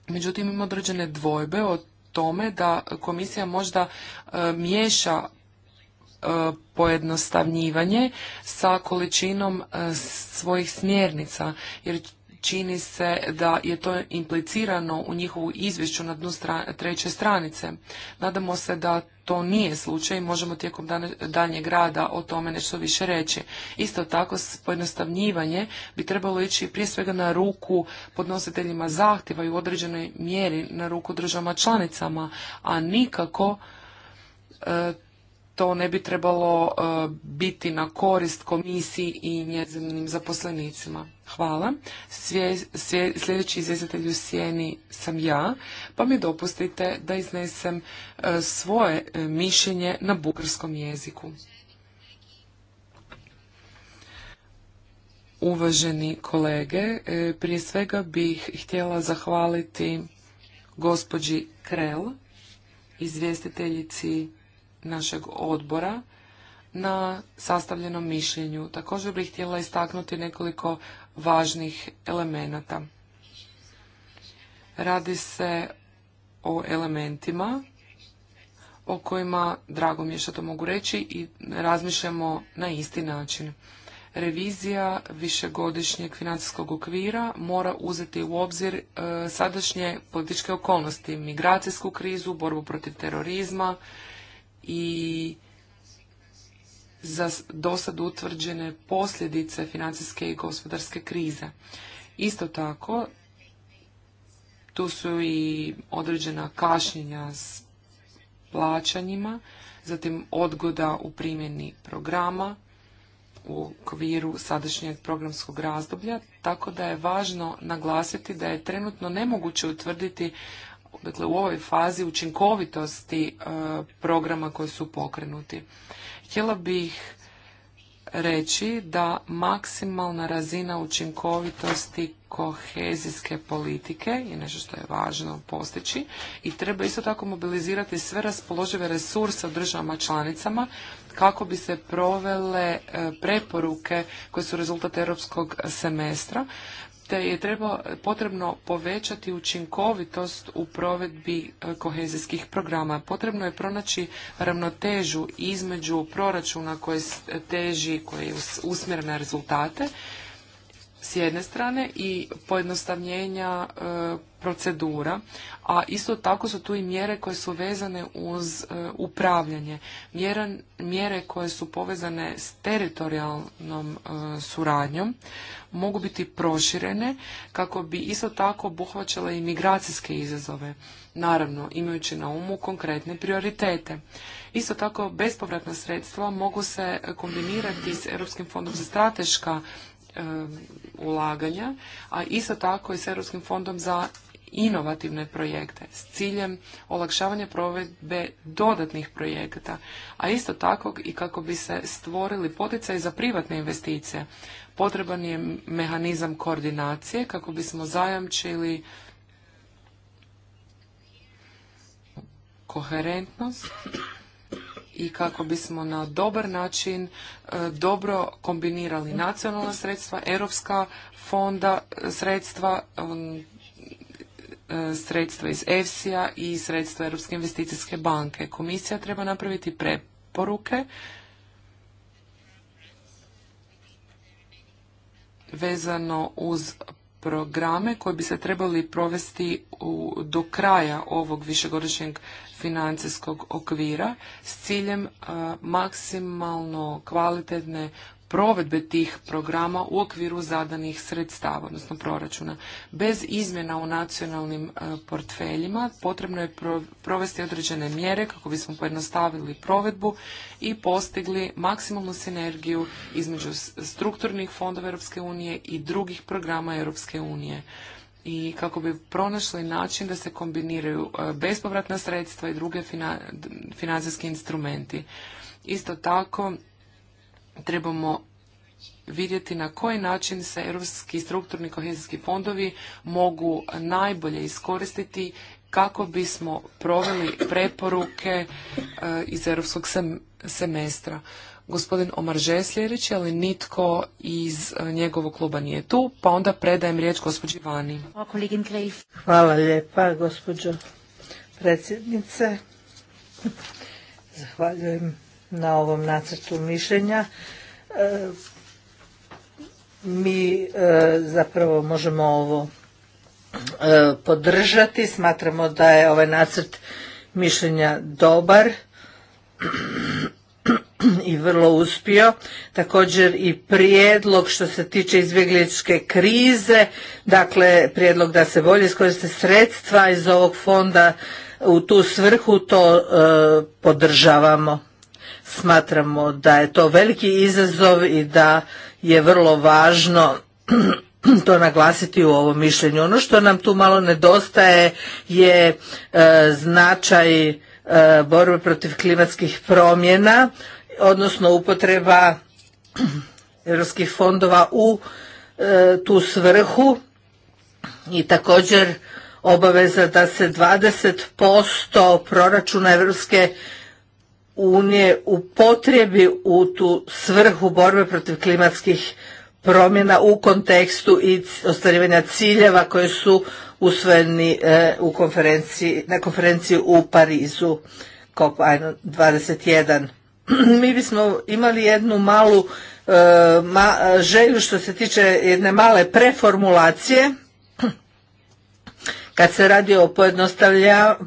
Međutim, ima određene dvojbe o tome da komisija možda e, miješa e, pojednostavnjivanje sa količinom e, svojih smjernica jer čini se da je to implicirano u njihovu izvješću na dnu treće stranice. Nadamo se da to nije slučaj i možemo tijekom daljnjeg rada o tome nešto više reći. Isto tako, pojednostavnjivanje bi trebalo ići prije svega na ruku podnositeljima zahtjeva i u određenoj mjeri na ruku državama članicama, a nikako e, to ne bi trebalo e, biti na korist komisiji i njezinim zaposlenicima. Hvala. sljedeći izvjestitelj u sjeni sam ja, pa mi dopustite da iznesem e, svoje e, mišljenje na bugarskom jeziku. Uvaženi kolege, prije svega bih htjela zahvaliti gospođi Krel, izvjestiteljici našeg odbora na sastavljenom mišljenju. Također bih htjela istaknuti nekoliko važnih elemenata. Radi se o elementima o kojima, drago mi je što to mogu reći, i razmišljamo na isti način. Revizija višegodišnjeg financijskog okvira mora uzeti u obzir e, sadašnje političke okolnosti, migracijsku krizu, borbu protiv terorizma, i za dosad utvrđene posljedice financijske i gospodarske krize. Isto tako, tu su i određena kašnjenja s plaćanjima, zatim odgoda u primjeni programa u okviru sadašnjeg programskog razdoblja, tako da je važno naglasiti da je trenutno nemoguće utvrditi dakle u ovoj fazi učinkovitosti e, programa koji su pokrenuti. Htjela bih reći da maksimalna razina učinkovitosti kohezijske politike je nešto što je važno postići i treba isto tako mobilizirati sve raspoložive resurse u državama članicama kako bi se provele e, preporuke koje su rezultate europskog semestra je treba, potrebno povećati učinkovitost u provedbi e, kohezijskih programa. Potrebno je pronaći ravnotežu između proračuna koji teži, koji je usmjeren rezultate s jedne strane i pojednostavljenja e, procedura, a isto tako su tu i mjere koje su vezane uz e, upravljanje, mjere koje su povezane s teritorijalnom e, suradnjom mogu biti proširene kako bi isto tako obuhvaćale i migracijske izazove, naravno imajući na umu konkretne prioritete. Isto tako bespovratna sredstva mogu se kombinirati s Europskim fondom za strateška Eh, ulaganja, a isto tako i s Europskim fondom za inovativne projekte s ciljem olakšavanja provedbe dodatnih projekata, a isto tako i kako bi se stvorili poticaji za privatne investicije. Potreban je mehanizam koordinacije kako bismo zajamčili koherentnost i kako bismo na dobar način e, dobro kombinirali nacionalna sredstva, europska fonda e, sredstva, e, sredstva iz EFSI-a i sredstva Europske investicijske banke. Komisija treba napraviti preporuke vezano uz programe koji bi se trebali provesti do kraja ovog višegodišnjeg financijskog okvira s ciljem e, maksimalno kvalitetne provedbe tih programa u okviru zadanih sredstava, odnosno proračuna. Bez izmjena u nacionalnim e, portfeljima potrebno je provesti određene mjere kako bismo pojednostavili provedbu i postigli maksimalnu sinergiju između strukturnih fondova Europske unije i drugih programa Europske unije i kako bi pronašli način da se kombiniraju e, bespovratna sredstva i druge financijski instrumenti. Isto tako trebamo vidjeti na koji način se europski strukturni kohezijski fondovi mogu najbolje iskoristiti kako bismo proveli preporuke e, iz europskog semestra gospodin Omarže sljedeći, ali nitko iz eh, njegovog kluba nije tu, pa onda predajem riječ gospođi Vani. Hvala lijepa, gospođo predsjednice. Zahvaljujem na ovom nacrtu mišljenja. Eh, mi eh, zapravo možemo ovo podržati. Smatramo da je ovaj nacrt mišljenja dobar i vrlo uspio. Također i prijedlog što se tiče izbjegličke krize, dakle prijedlog da se bolje iskoriste sredstva iz ovog fonda u tu svrhu to e, podržavamo. Smatramo da je to veliki izazov i da je vrlo važno to naglasiti u ovom mišljenju. Ono što nam tu malo nedostaje je e, značaj e, borbe protiv klimatskih promjena odnosno upotreba europskih fondova u e, tu svrhu i također obaveza da se 20% proračuna Europske unije upotrijebi u tu svrhu borbe protiv klimatskih promjena u kontekstu i ostvarivanja ciljeva koji su usvojeni e, u konferenciji, na konferenciji u Parizu COP21. mi bismo imali jednu malu e, želju što se tiče jedne male preformulacije kad se radi o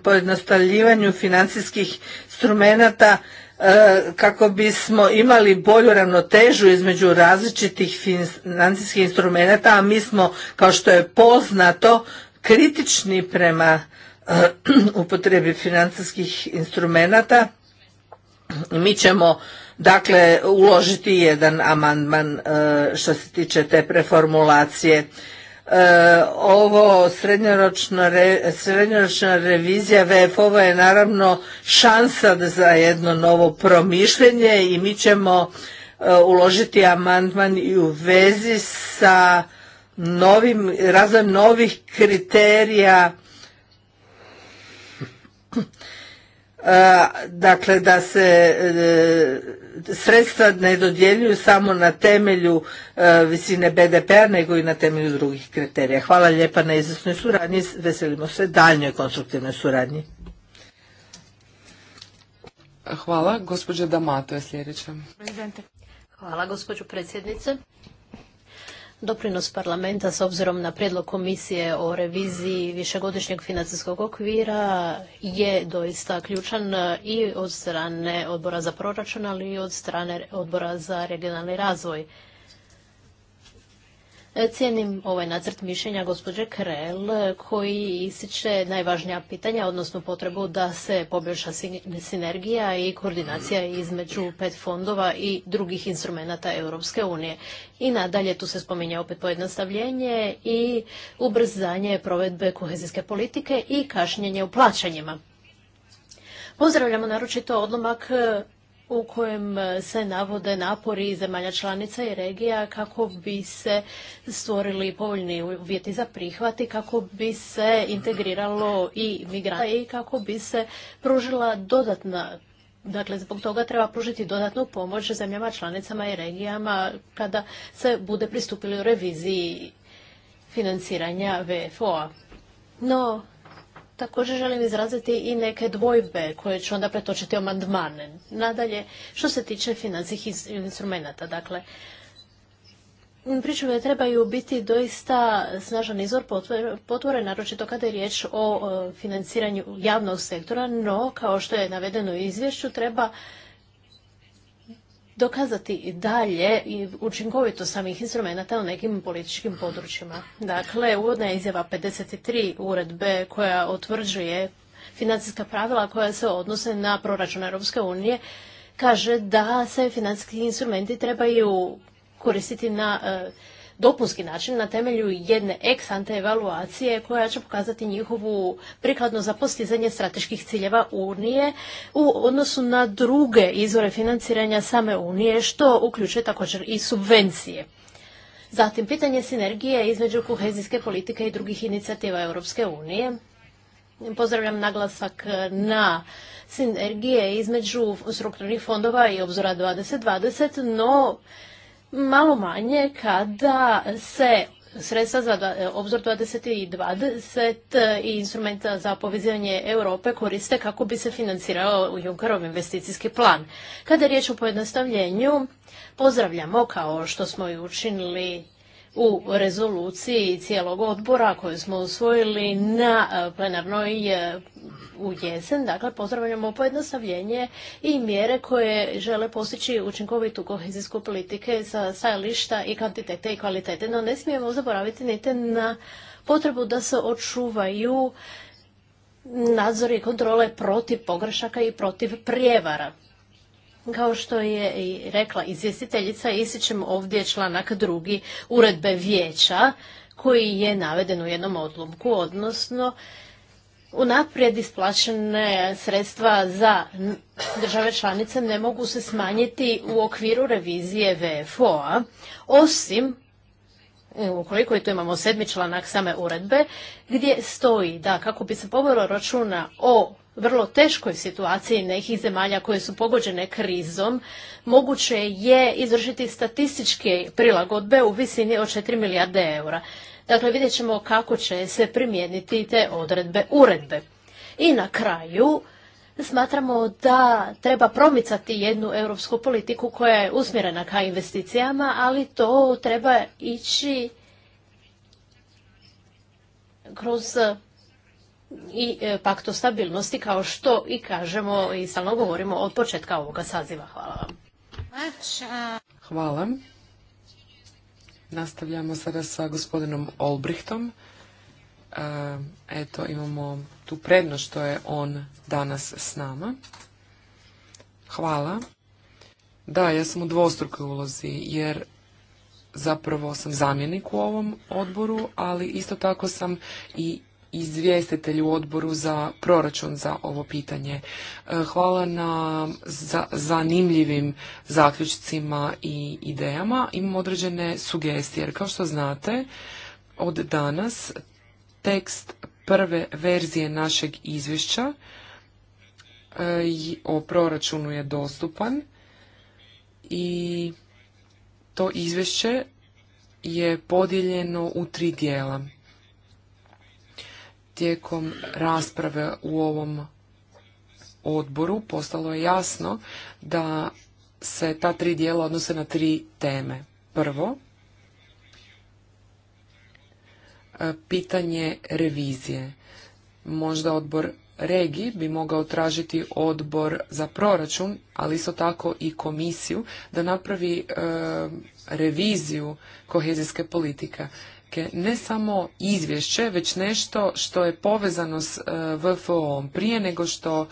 pojednostavljivanju financijskih instrumenata e, kako bismo imali bolju ravnotežu između različitih financijskih instrumenata, a mi smo, kao što je poznato, kritični prema upotrebi financijskih instrumenata mi ćemo dakle uložiti jedan amandman e, što se tiče te preformulacije. E, ovo srednjoročna, revizija VF-ova je naravno šansa za jedno novo promišljenje i mi ćemo e, uložiti amandman i u vezi sa novim, razvojem novih kriterija dakle da se e, sredstva ne dodjeljuju samo na temelju e, visine BDP-a nego i na temelju drugih kriterija. Hvala lijepa na izvrsnoj suradnji, veselimo se daljnjoj konstruktivnoj suradnji. Hvala, gospođa Damato je sljedeća. Hvala, gospođo predsjednice doprinos parlamenta s obzirom na predlog komisije o reviziji višegodišnjeg financijskog okvira je doista ključan i od strane odbora za proračun, ali i od strane odbora za regionalni razvoj. Cijenim ovaj nacrt mišljenja gospođe Krel koji ističe najvažnija pitanja, odnosno potrebu da se poboljša sinergija i koordinacija između pet fondova i drugih instrumenta Europske unije. I nadalje tu se spominje opet pojednostavljenje i ubrzanje provedbe kohezijske politike i kašnjenje u plaćanjima. Pozdravljamo naročito odlomak u kojem e, se navode napori zemalja članica i regija kako bi se stvorili povoljni uvjeti za prihvat i kako bi se integriralo i migranta i kako bi se pružila dodatna Dakle, zbog toga treba pružiti dodatnu pomoć zemljama, članicama i regijama kada se bude pristupili u reviziji financiranja VFO-a. No, Također želim izraziti i neke dvojbe koje ću onda pretočiti amandmane. Nadalje, što se tiče financijskih instrumenta, dakle, pričuve trebaju biti doista snažan izvor potvore, naročito kada je riječ o financiranju javnog sektora, no, kao što je navedeno u izvješću, treba dokazati i dalje i učinkovito samih instrumenta u nekim političkim područjima. Dakle, uvodna je izjava 53 uredbe koja otvrđuje financijska pravila koja se odnose na proračun Europske unije kaže da se financijski instrumenti trebaju koristiti na e, dopunski način na temelju jedne ex ante evaluacije koja će pokazati njihovu prikladno za postizanje strateških ciljeva Unije u odnosu na druge izvore financiranja same Unije, što uključuje također i subvencije. Zatim, pitanje sinergije između kohezijske politike i drugih inicijativa Europske unije. Pozdravljam naglasak na sinergije između strukturnih fondova i obzora 2020, no malo manje kada se sredstva za obzor 2020 i instrumenta za povezivanje Europe koriste kako bi se financirao Junkerov investicijski plan. Kada je riječ o pojednostavljenju, pozdravljamo kao što smo i učinili u rezoluciji cijelog odbora koju smo usvojili na e, plenarnoj e, u jesen. Dakle, pozdravljamo pojednostavljenje i mjere koje žele postići učinkovitu kohezijsku politike sa stajališta i kvantitete i kvalitete. No ne smijemo zaboraviti niti na potrebu da se očuvaju nadzori i kontrole protiv pogrešaka i protiv prijevara. Kao što je i rekla izvjestiteljica, ističem ovdje članak drugi uredbe vijeća koji je naveden u jednom odlomku, odnosno unaprijed isplaćene sredstva za države članice ne mogu se smanjiti u okviru revizije VFO-a, osim ukoliko je tu imamo sedmi članak same uredbe, gdje stoji da kako bi se povelo računa o vrlo teškoj situaciji nekih zemalja koje su pogođene krizom, moguće je izvršiti statističke prilagodbe u visini od 4 milijarde eura. Dakle, vidjet ćemo kako će se primijeniti te odredbe uredbe. I na kraju, smatramo da treba promicati jednu europsku politiku koja je usmjerena ka investicijama, ali to treba ići kroz i e, paktu stabilnosti kao što i kažemo i stalno govorimo od početka ovoga saziva. Hvala vam. Hvala. Nastavljamo sada sa gospodinom Olbrichtom. E, eto, imamo tu prednost što je on danas s nama. Hvala. Da, ja sam u dvostrukoj ulozi, jer zapravo sam zamjenik u ovom odboru, ali isto tako sam i izvjestitelj u odboru za proračun za ovo pitanje. E, hvala na zanimljivim zaključcima i idejama. Imam određene sugestije, jer kao što znate, od danas tekst prve verzije našeg izvješća e, o proračunu je dostupan i to izvješće je podijeljeno u tri dijela tijekom rasprave u ovom odboru postalo je jasno da se ta tri dijela odnose na tri teme. Prvo, e, pitanje revizije. Možda odbor regi bi mogao tražiti odbor za proračun, ali isto tako i komisiju da napravi e, reviziju kohezijske politike ne samo izvješće, već nešto što je povezano s e, VFO-om prije nego što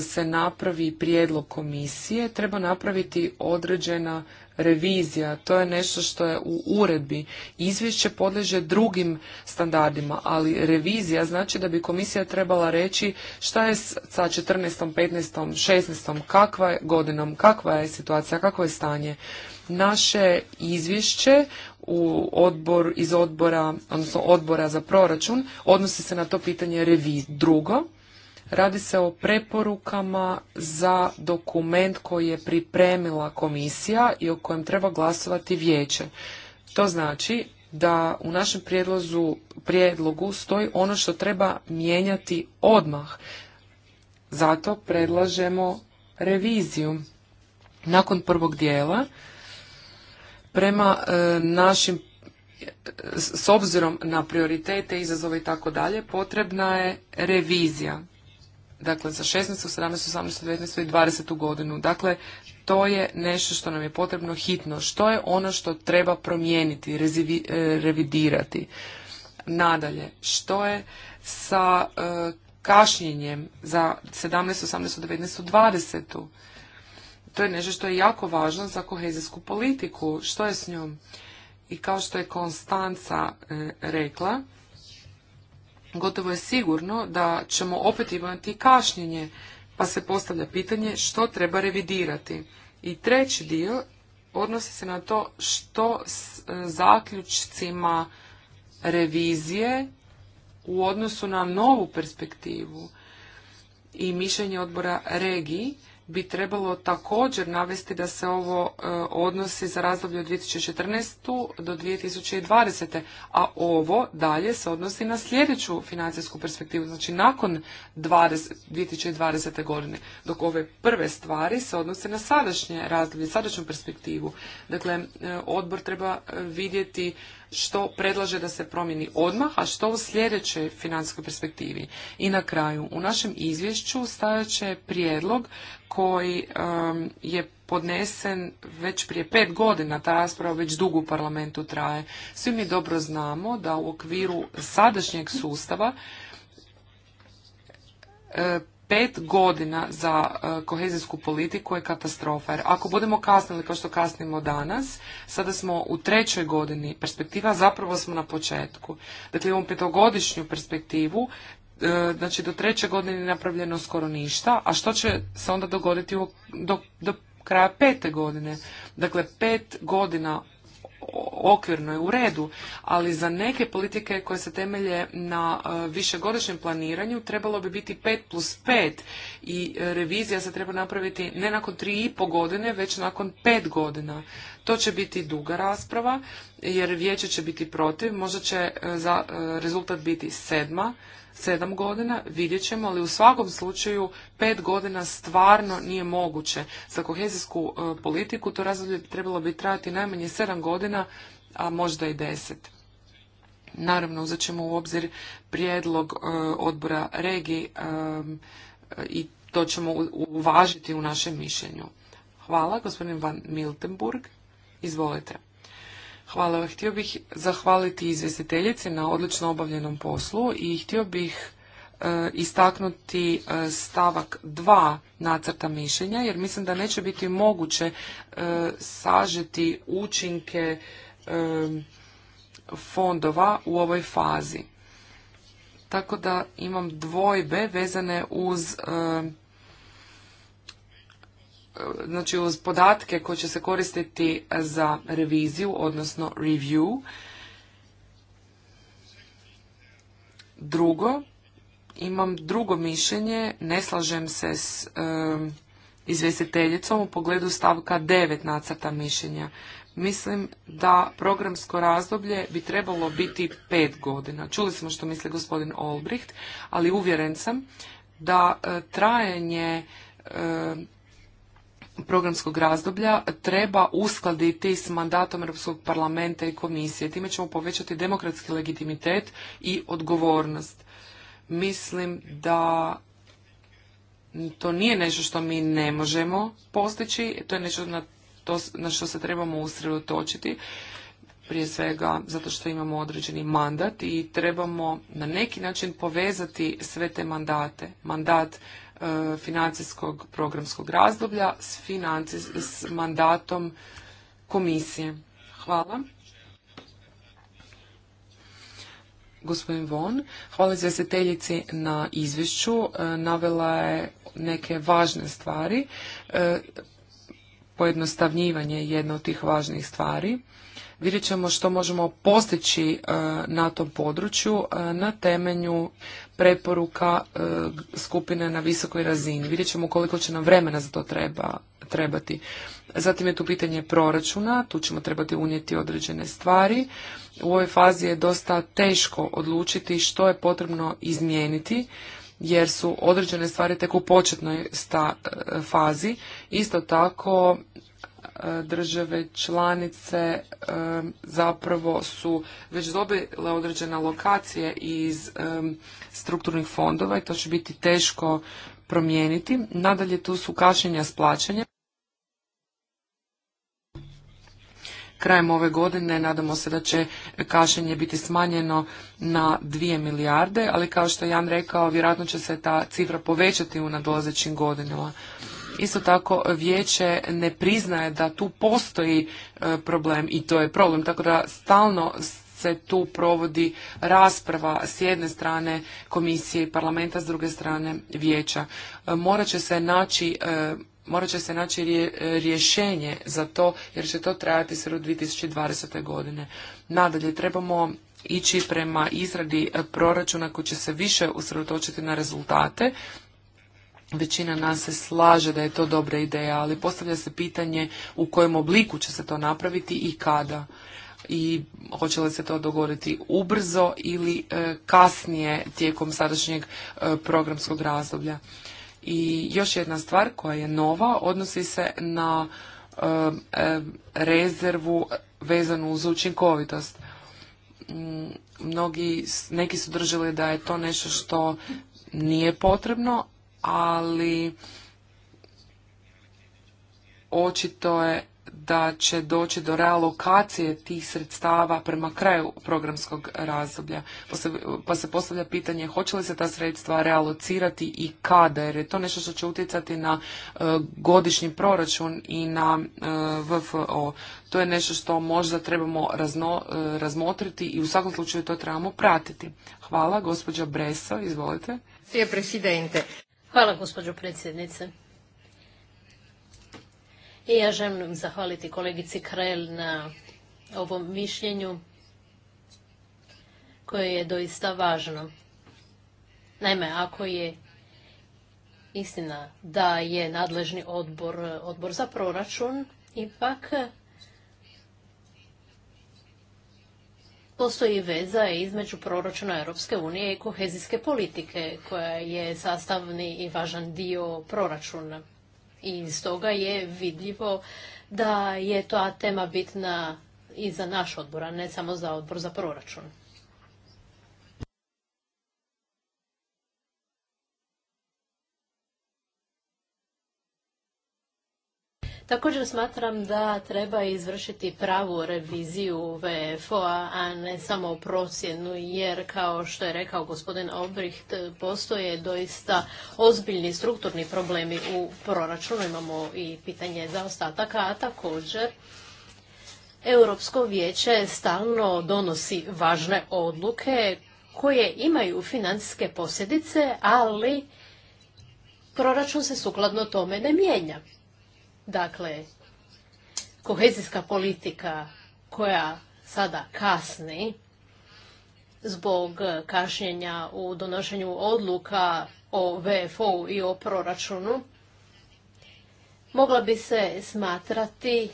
se napravi prijedlog komisije, treba napraviti određena revizija. To je nešto što je u uredbi. Izvješće podleže drugim standardima, ali revizija znači da bi komisija trebala reći šta je sa 14., 15., 16. kakva je godinom, kakva je situacija, kakvo je stanje. Naše izvješće u odbor, iz odbora, odnosno odbora za proračun odnosi se na to pitanje revizije. Drugo, Radi se o preporukama za dokument koji je pripremila komisija i o kojem treba glasovati vijeće. To znači da u našem prijedlozu, prijedlogu stoji ono što treba mijenjati odmah. Zato predlažemo reviziju. Nakon prvog dijela, prema e, našim s obzirom na prioritete, izazove i tako dalje, potrebna je revizija dakle za 16., 17., 18., 19. i 20. godinu. Dakle, to je nešto što nam je potrebno hitno. Što je ono što treba promijeniti, rezivi, e, revidirati? Nadalje, što je sa e, kašnjenjem za 17., 18., 19., 20. To je nešto što je jako važno za kohezijsku politiku. Što je s njom? I kao što je Konstanca e, rekla, gotovo je sigurno da ćemo opet imati kašnjenje, pa se postavlja pitanje što treba revidirati. I treći dio odnosi se na to što s e, zaključcima revizije u odnosu na novu perspektivu i mišljenje odbora regiji bi trebalo također navesti da se ovo e, odnosi za razdoblje od 2014. do 2020. A ovo dalje se odnosi na sljedeću financijsku perspektivu, znači nakon 20, 2020. godine, dok ove prve stvari se odnose na sadašnje razdoblje, sadašnju perspektivu. Dakle, e, odbor treba vidjeti što predlaže da se promijeni odmah, a što u sljedećoj financijskoj perspektivi. I na kraju, u našem izvješću stajat će prijedlog koji um, je podnesen već prije pet godina, ta rasprava već dugo u parlamentu traje. Svi mi dobro znamo da u okviru sadašnjeg sustava pet godina za e, kohezijsku politiku je katastrofa. Jer ako budemo kasnili kao što kasnimo danas, sada smo u trećoj godini perspektiva, zapravo smo na početku. Dakle, imamo petogodišnju perspektivu, e, znači do treće godine je napravljeno skoro ništa, a što će se onda dogoditi do, do kraja pete godine? Dakle, pet godina okvirno je u redu, ali za neke politike koje se temelje na e, višegodišnjem planiranju trebalo bi biti 5 plus i e, revizija se treba napraviti ne nakon tri 3,5 godine, već nakon pet godina. To će biti duga rasprava jer vijeće će biti protiv, možda će e, za rezultat biti sedma sedam godina, vidjet ćemo, ali u svakom slučaju pet godina stvarno nije moguće. Za kohezijsku e, politiku to razdoblje trebalo bi trajati najmanje sedam godina, a možda i deset. Naravno, uzet ćemo u obzir prijedlog e, odbora regi e, i to ćemo uvažiti u našem mišljenju. Hvala, gospodin Van Miltenburg. Izvolite. Hvala Htio bih zahvaliti izvjestiteljici na odlično obavljenom poslu i htio bih e, istaknuti e, stavak 2 nacrta mišljenja jer mislim da neće biti moguće e, sažeti učinke fondova u ovoj fazi. Tako da imam dvojbe vezane uz znači uz podatke koje će se koristiti za reviziju, odnosno review. Drugo, imam drugo mišljenje, ne slažem se s izvjestiteljicom u pogledu stavka 9 nacrta mišljenja. Mislim da programsko razdoblje bi trebalo biti pet godina. Čuli smo što misli gospodin Olbricht, ali uvjeren sam da e, trajanje e, programskog razdoblja treba uskladiti s mandatom Europskog parlamenta i komisije. Time ćemo povećati demokratski legitimitet i odgovornost. Mislim da to nije nešto što mi ne možemo postići, to je nešto na, na što se trebamo usredotočiti, prije svega zato što imamo određeni mandat i trebamo na neki način povezati sve te mandate. Mandat E, financijskog programskog razdoblja s, mandatom komisije. Hvala. Gospodin Von, hvala izvjestiteljici na izvješću. E, navela je neke važne stvari. E, pojednostavnjivanje je jedna od tih važnih stvari. Vidjet ćemo što možemo postići na tom području na temelju preporuka e, skupine na visokoj razini. Vidjet ćemo koliko će nam vremena za to treba, trebati. Zatim je tu pitanje proračuna, tu ćemo trebati unijeti određene stvari. U ovoj fazi je dosta teško odlučiti što je potrebno izmijeniti jer su određene stvari tek u početnoj sta, e, fazi. Isto tako E, države članice e, zapravo su već dobile određene lokacije iz e, strukturnih fondova i to će biti teško promijeniti. Nadalje tu su kašnjenja s plaćanjem. krajem ove godine nadamo se da će kašenje biti smanjeno na 2 milijarde, ali kao što je Jan rekao, vjerojatno će se ta cifra povećati u nadolazećim godinama. Isto tako vijeće ne priznaje da tu postoji e, problem i to je problem, tako da stalno se tu provodi rasprava s jedne strane komisije i parlamenta, s druge strane vijeća. E, morat će se naći e, morat će se naći rješenje za to jer će to trajati sve do 2020. godine. Nadalje, trebamo ići prema izradi proračuna koji će se više usredotočiti na rezultate Većina nas se slaže da je to dobra ideja, ali postavlja se pitanje u kojem obliku će se to napraviti i kada. I hoće li se to dogoditi ubrzo ili e, kasnije tijekom sadašnjeg e, programskog razdoblja. I još jedna stvar koja je nova odnosi se na e, rezervu vezanu uz učinkovitost. Mm, mnogi, neki su držali da je to nešto što nije potrebno, ali očito je da će doći do realokacije tih sredstava prema kraju programskog razdoblja. Pa, pa se postavlja pitanje hoće li se ta sredstva realocirati i kada, jer je to nešto što će utjecati na e, godišnji proračun i na e, VFO. To je nešto što možda trebamo e, razmotriti i u svakom slučaju to trebamo pratiti. Hvala, gospođa Breso, izvolite. Sije presidente. Hvala, gospođo predsjednice. I ja želim zahvaliti kolegici Krel na ovom mišljenju koje je doista važno. Naime, ako je istina da je nadležni odbor, odbor za proračun, ipak postoji veza između proračuna Europske unije i kohezijske politike koja je sastavni i važan dio proračuna. I stoga je vidljivo da je ta tema bitna i za naš odbor, a ne samo za odbor za proračun. Također smatram da treba izvršiti pravu reviziju VFO-a, a ne samo procjenu, jer kao što je rekao gospodin Obricht, postoje doista ozbiljni strukturni problemi u proračunu. Imamo i pitanje zaostataka, a također Europsko vijeće stalno donosi važne odluke koje imaju financijske posljedice, ali proračun se sukladno tome ne mijenja. Dakle, kohezijska politika koja sada kasni zbog kašnjenja u donošenju odluka o VFO i o proračunu, mogla bi se smatrati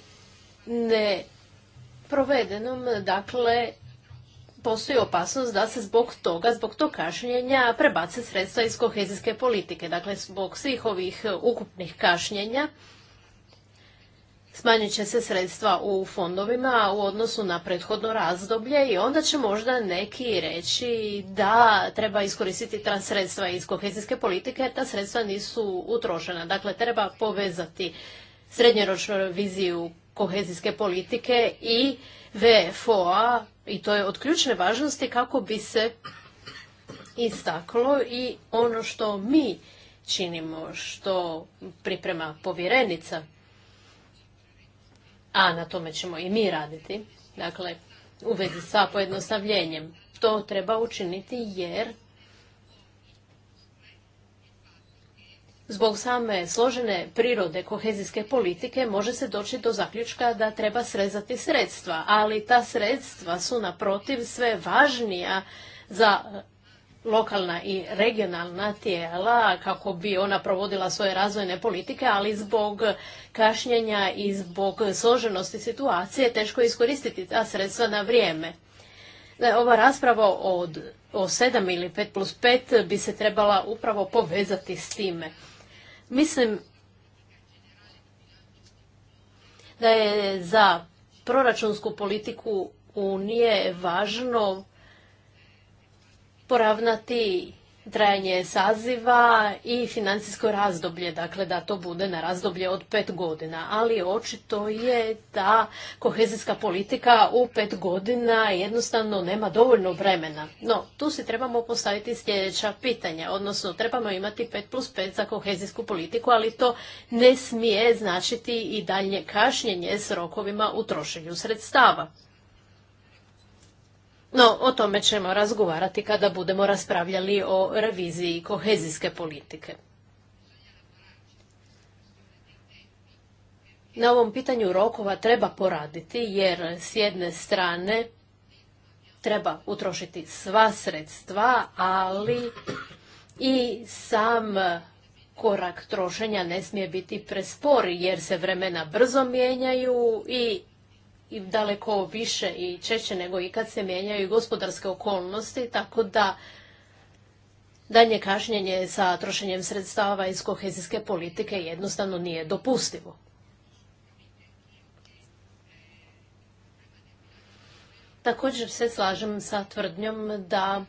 neprovedenom, dakle, postoji opasnost da se zbog toga, zbog tog kašnjenja prebace sredstva iz kohezijske politike. Dakle, zbog svih ovih ukupnih kašnjenja smanjit će se sredstva u fondovima u odnosu na prethodno razdoblje i onda će možda neki reći da treba iskoristiti ta sredstva iz kohezijske politike jer ta sredstva nisu utrošena. Dakle, treba povezati srednjeročnu viziju kohezijske politike i VFO-a i to je od ključne važnosti kako bi se istaklo i ono što mi činimo, što priprema povjerenica a na tome ćemo i mi raditi, dakle u vezi sa pojednostavljenjem. To treba učiniti jer Zbog same složene prirode kohezijske politike može se doći do zaključka da treba srezati sredstva, ali ta sredstva su naprotiv sve važnija za lokalna i regionalna tijela kako bi ona provodila svoje razvojne politike, ali zbog kašnjenja i zbog složenosti situacije teško je iskoristiti ta sredstva na vrijeme. Ova rasprava od, o 7 ili 5 plus 5 bi se trebala upravo povezati s time. Mislim da je za proračunsku politiku Unije važno poravnati trajanje saziva i financijsko razdoblje, dakle da to bude na razdoblje od pet godina. Ali očito je da kohezijska politika u pet godina jednostavno nema dovoljno vremena. No, tu si trebamo postaviti sljedeća pitanja, odnosno trebamo imati pet plus za kohezijsku politiku, ali to ne smije značiti i dalje kašnjenje s rokovima u trošenju sredstava. No, o tome ćemo razgovarati kada budemo raspravljali o reviziji kohezijske politike. Na ovom pitanju rokova treba poraditi jer s jedne strane treba utrošiti sva sredstva, ali i sam korak trošenja ne smije biti prespori jer se vremena brzo mijenjaju i i daleko više i češće nego i se mijenjaju gospodarske okolnosti, tako da danje kašnjenje sa trošenjem sredstava iz kohezijske politike jednostavno nije dopustivo. Također se slažem sa tvrdnjom da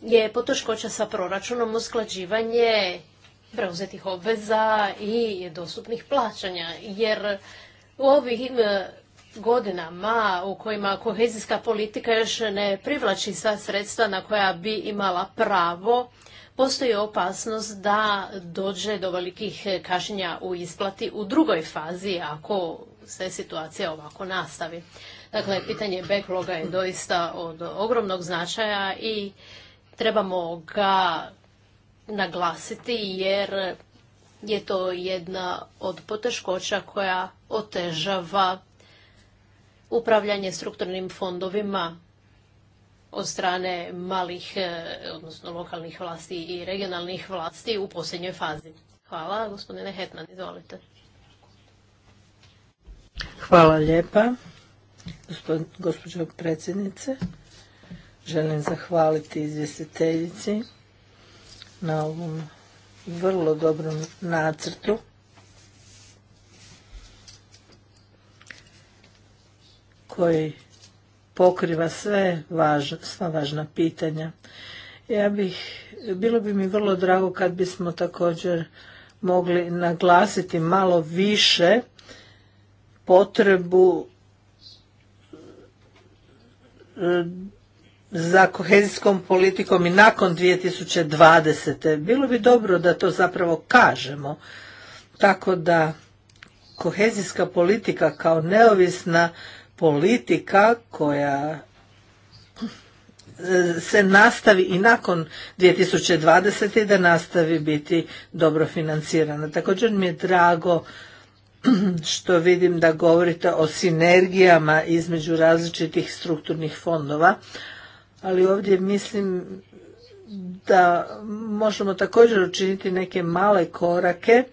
je poteškoća sa proračunom usklađivanje preuzetih obveza i dostupnih plaćanja. Jer u ovim e, godinama u kojima kohezijska politika još ne privlači sva sredstva na koja bi imala pravo, postoji opasnost da dođe do velikih kašnjenja u isplati u drugoj fazi ako se situacija ovako nastavi. Dakle, pitanje backloga je doista od ogromnog značaja i trebamo ga naglasiti jer je to jedna od poteškoća koja otežava upravljanje strukturnim fondovima od strane malih, eh, odnosno lokalnih vlasti i regionalnih vlasti u posljednjoj fazi. Hvala. Gospodine Hetman, izvolite. Hvala lijepa, gospođo predsjednice. Želim zahvaliti izvjestiteljici na ovom vrlo dobrom nacrtu. koji pokriva sve važne sva važna pitanja. Ja bih, bilo bi mi vrlo drago kad bismo također mogli naglasiti malo više potrebu e, za kohezijskom politikom i nakon 2020. Bilo bi dobro da to zapravo kažemo. Tako da kohezijska politika kao neovisna politika koja e, se nastavi i nakon 2020. da nastavi biti dobro financirana. Također mi je drago što vidim da govorite o sinergijama između različitih strukturnih fondova, ali ovdje mislim da možemo također učiniti neke male korake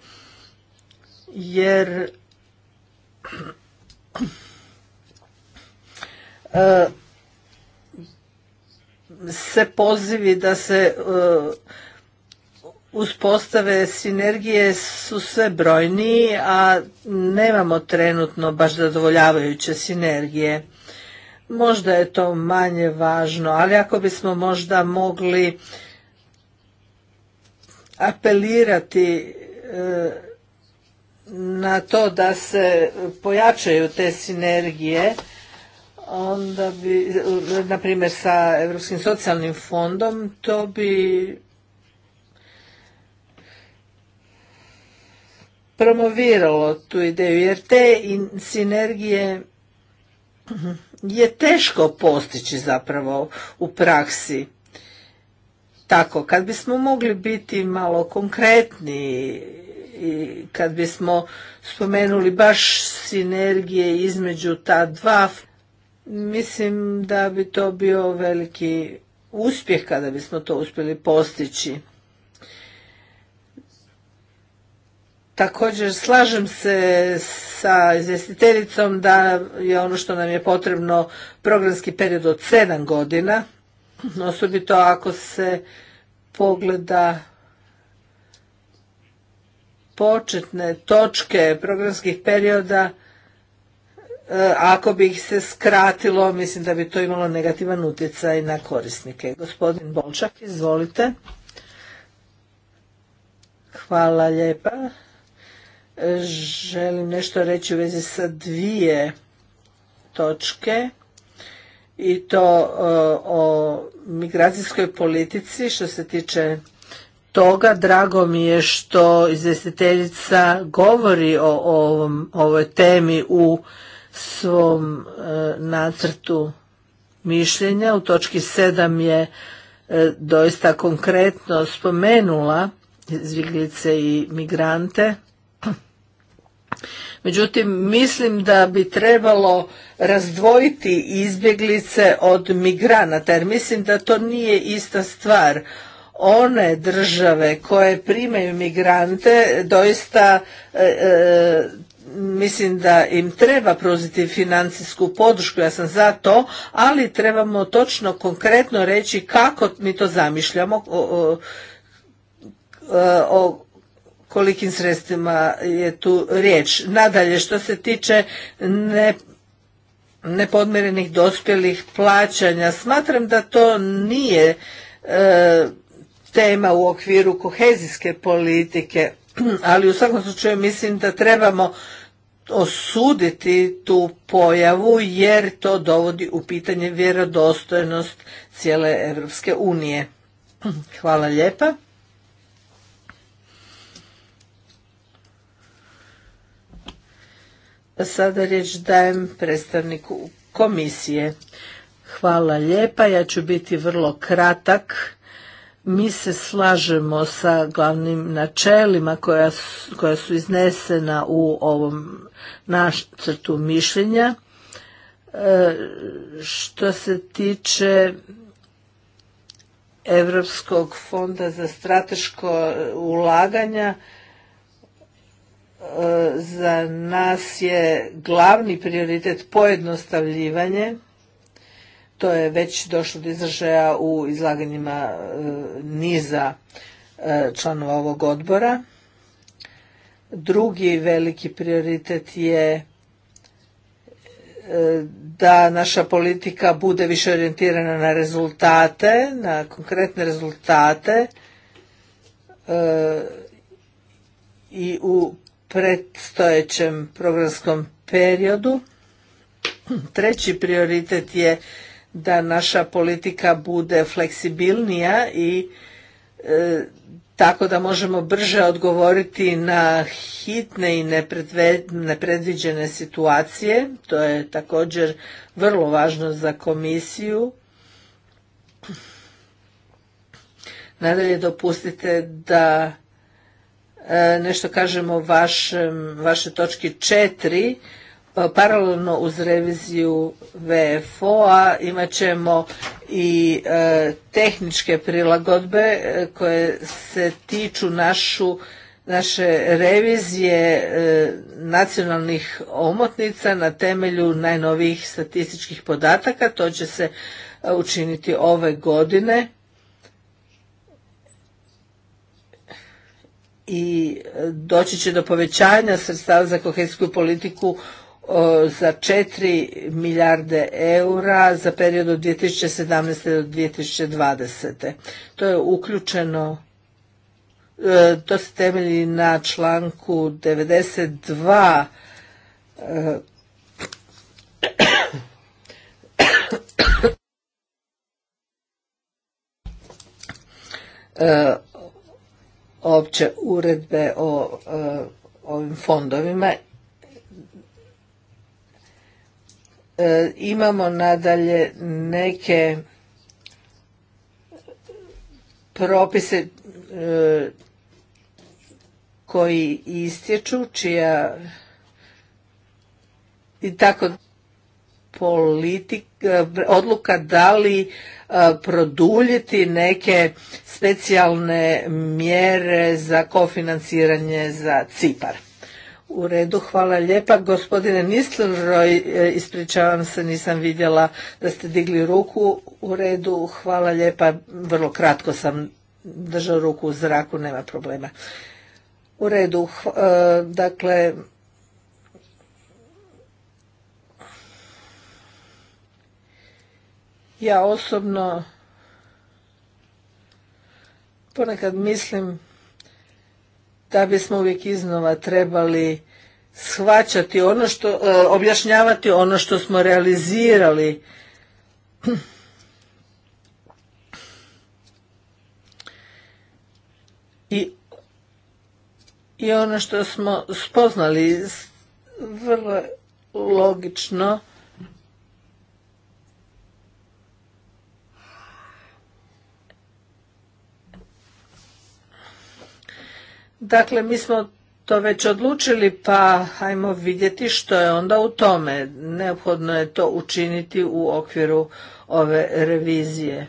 jer e, se pozivi da se e, uspostave sinergije su sve brojniji, a nemamo trenutno baš zadovoljavajuće sinergije. Možda je to manje važno, ali ako bismo možda mogli apelirati e, na to da se pojačaju te sinergije, onda bi, na primjer sa Europskim socijalnim fondom, to bi promoviralo tu ideju, jer te sinergije je teško postići zapravo u praksi. Tako, kad bismo mogli biti malo konkretni i kad bismo spomenuli baš sinergije između ta dva, mislim da bi to bio veliki uspjeh kada bismo to uspjeli postići. Također slažem se sa izvjestiteljicom da je ono što nam je potrebno programski period od sedam godina, osobito ako se pogleda početne točke programskih perioda, e, ako bi ih se skratilo, mislim da bi to imalo negativan utjecaj na korisnike. Gospodin Bolčak, izvolite. Hvala lijepa želim nešto reći u vezi sa dvije točke i to e, o migracijskoj politici što se tiče toga drago mi je što izvjestiteljica govori o ovoj temi u svom e, nacrtu mišljenja. U točki sedam je e, doista konkretno spomenula zvigljice i migrante. Međutim, mislim da bi trebalo razdvojiti izbjeglice od migranata, jer mislim da to nije ista stvar. One države koje primaju migrante doista e, e, mislim da im treba proziti financijsku podršku, ja sam za to, ali trebamo točno konkretno reći kako mi to zamišljamo, o e, kolikim sredstvima je tu riječ. Nadalje, što se tiče ne, nepodmerenih dospjelih plaćanja, smatram da to nije e, tema u okviru kohezijske politike, ali u svakom slučaju mislim da trebamo osuditi tu pojavu jer to dovodi u pitanje vjerodostojnost cijele Europske unije. Hvala lijepa. Sada riječ dajem predstavniku komisije. Hvala lijepa, ja ću biti vrlo kratak. Mi se slažemo sa glavnim načelima koja su, koja su iznesena u ovom nacrtu mišljenja. E, što se tiče Europskog fonda za strateško ulaganja, za nas je glavni prioritet pojednostavljivanje. To je već došlo do izražaja u izlaganjima e, niza e, članova ovog odbora. Drugi veliki prioritet je e, da naša politika bude više orijentirana na rezultate, na konkretne rezultate i u predstojećem programskom periodu. Treći prioritet je da naša politika bude fleksibilnija i e, tako da možemo brže odgovoriti na hitne i nepredviđene situacije. To je također vrlo važno za komisiju. Nadalje dopustite da E, nešto kažemo o vaše točki četiri e, paralelno uz reviziju VFO-a imat ćemo i e, tehničke prilagodbe koje se tiču našu, naše revizije nacionalnih omotnica na temelju najnovijih statističkih podataka. To će se učiniti ove godine i e, doći će do povećanja sredstava za kohezijsku politiku e, za 4 milijarde eura za period od 2017. do 2020. To je uključeno, e, to se temelji na članku 92 opće uredbe o e, ovim fondovima. E, imamo nadalje neke propise e, koji istječu, čija i tako politik, eh, odluka da li eh, produljiti neke specijalne mjere za kofinanciranje za Cipar. U redu, hvala lijepa. Gospodine Nistelroj, eh, ispričavam se, nisam vidjela da ste digli ruku. U redu, hvala lijepa. Vrlo kratko sam držao ruku u zraku, nema problema. U redu, dakle, Ja osobno ponekad mislim da bismo uvijek iznova trebali shvaćati ono što, e, objašnjavati ono što smo realizirali. I, i ono što smo spoznali vrlo logično Dakle, mi smo to već odlučili, pa hajmo vidjeti što je onda u tome. Neophodno je to učiniti u okviru ove revizije.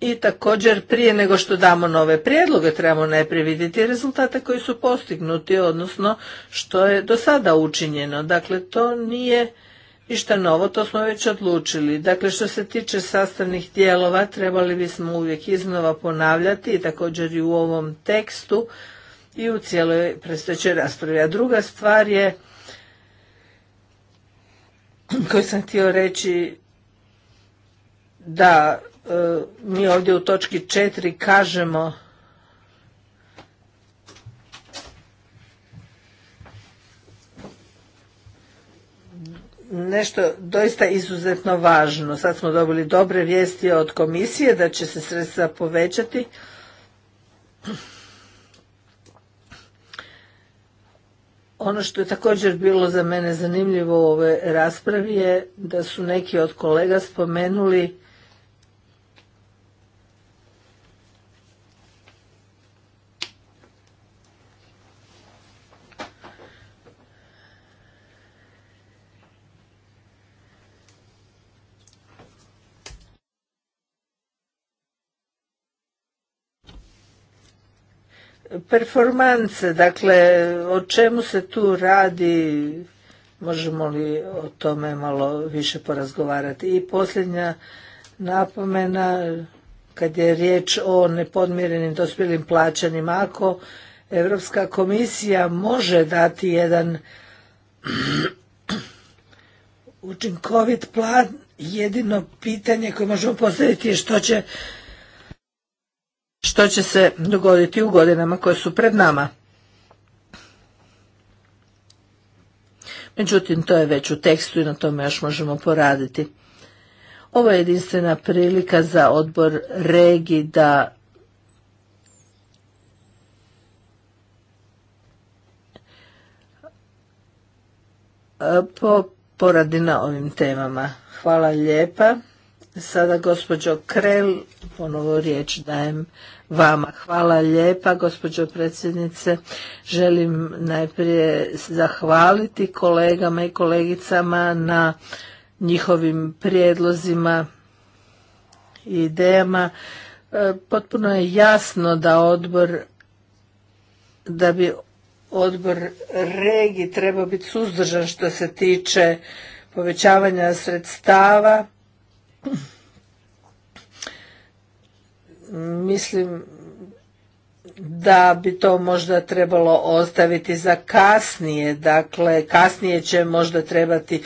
I također prije nego što damo nove prijedloge trebamo najprije vidjeti rezultate koji su postignuti, odnosno što je do sada učinjeno. Dakle, to nije ništa novo, to smo već odlučili. Dakle, što se tiče sastavnih dijelova, trebali bismo uvijek iznova ponavljati također i u ovom tekstu i u cijeloj predstojećoj raspravi. A druga stvar je, koju sam htio reći, da e, mi ovdje u točki 4 kažemo nešto doista izuzetno važno. Sad smo dobili dobre vijesti od komisije da će se sredstva povećati. Ono što je također bilo za mene zanimljivo u ovoj raspravi je da su neki od kolega spomenuli performance, dakle o čemu se tu radi, možemo li o tome malo više porazgovarati. I posljednja napomena kad je riječ o nepodmirenim dospjelim plaćanjima, ako Europska komisija može dati jedan učinkovit plan, jedino pitanje koje možemo postaviti je što će što će se dogoditi u godinama koje su pred nama. Međutim, to je već u tekstu i na tome još možemo poraditi. Ovo je jedinstvena prilika za odbor regi da poradi na ovim temama. Hvala lijepa. Sada gospođo Krel, ponovo riječ dajem vama. Hvala lijepa gospođo predsjednice. Želim najprije zahvaliti kolegama i kolegicama na njihovim prijedlozima i idejama. E, potpuno je jasno da odbor da bi odbor regi trebao biti suzdržan što se tiče povećavanja sredstava Mislim da bi to možda trebalo ostaviti za kasnije. Dakle, kasnije će možda trebati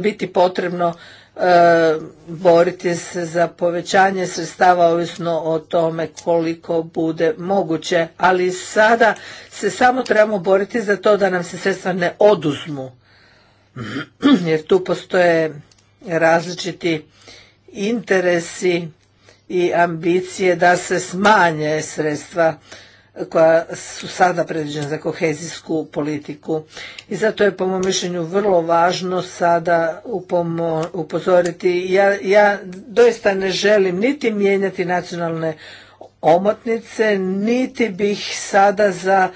biti potrebno e, boriti se za povećanje sredstava ovisno o tome koliko bude moguće. Ali sada se samo trebamo boriti za to da nam se sredstva ne oduzmu. Jer tu postoje različiti interesi i ambicije da se smanje sredstva koja su sada predviđena za kohezijsku politiku. I zato je po mom mišljenju vrlo važno sada upozoriti. Ja, ja doista ne želim niti mijenjati nacionalne omotnice, niti bih sada za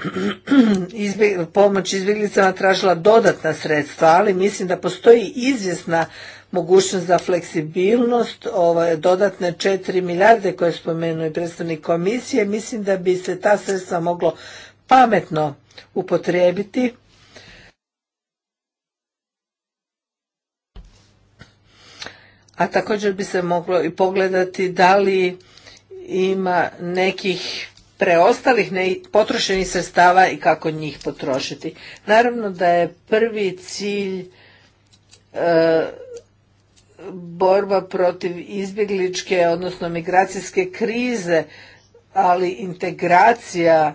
pomoć izbjeglicama tražila dodatna sredstva, ali mislim da postoji izvjesna mogućnost za fleksibilnost, dodatne 4 milijarde koje je spomenuo i predstavnik komisije, mislim da bi se ta sredstva moglo pametno upotrijebiti. A također bi se moglo i pogledati da li ima nekih preostalih potrošenih sredstava i kako njih potrošiti. Naravno da je prvi cilj e, borba protiv izbjegličke, odnosno migracijske krize, ali integracija e,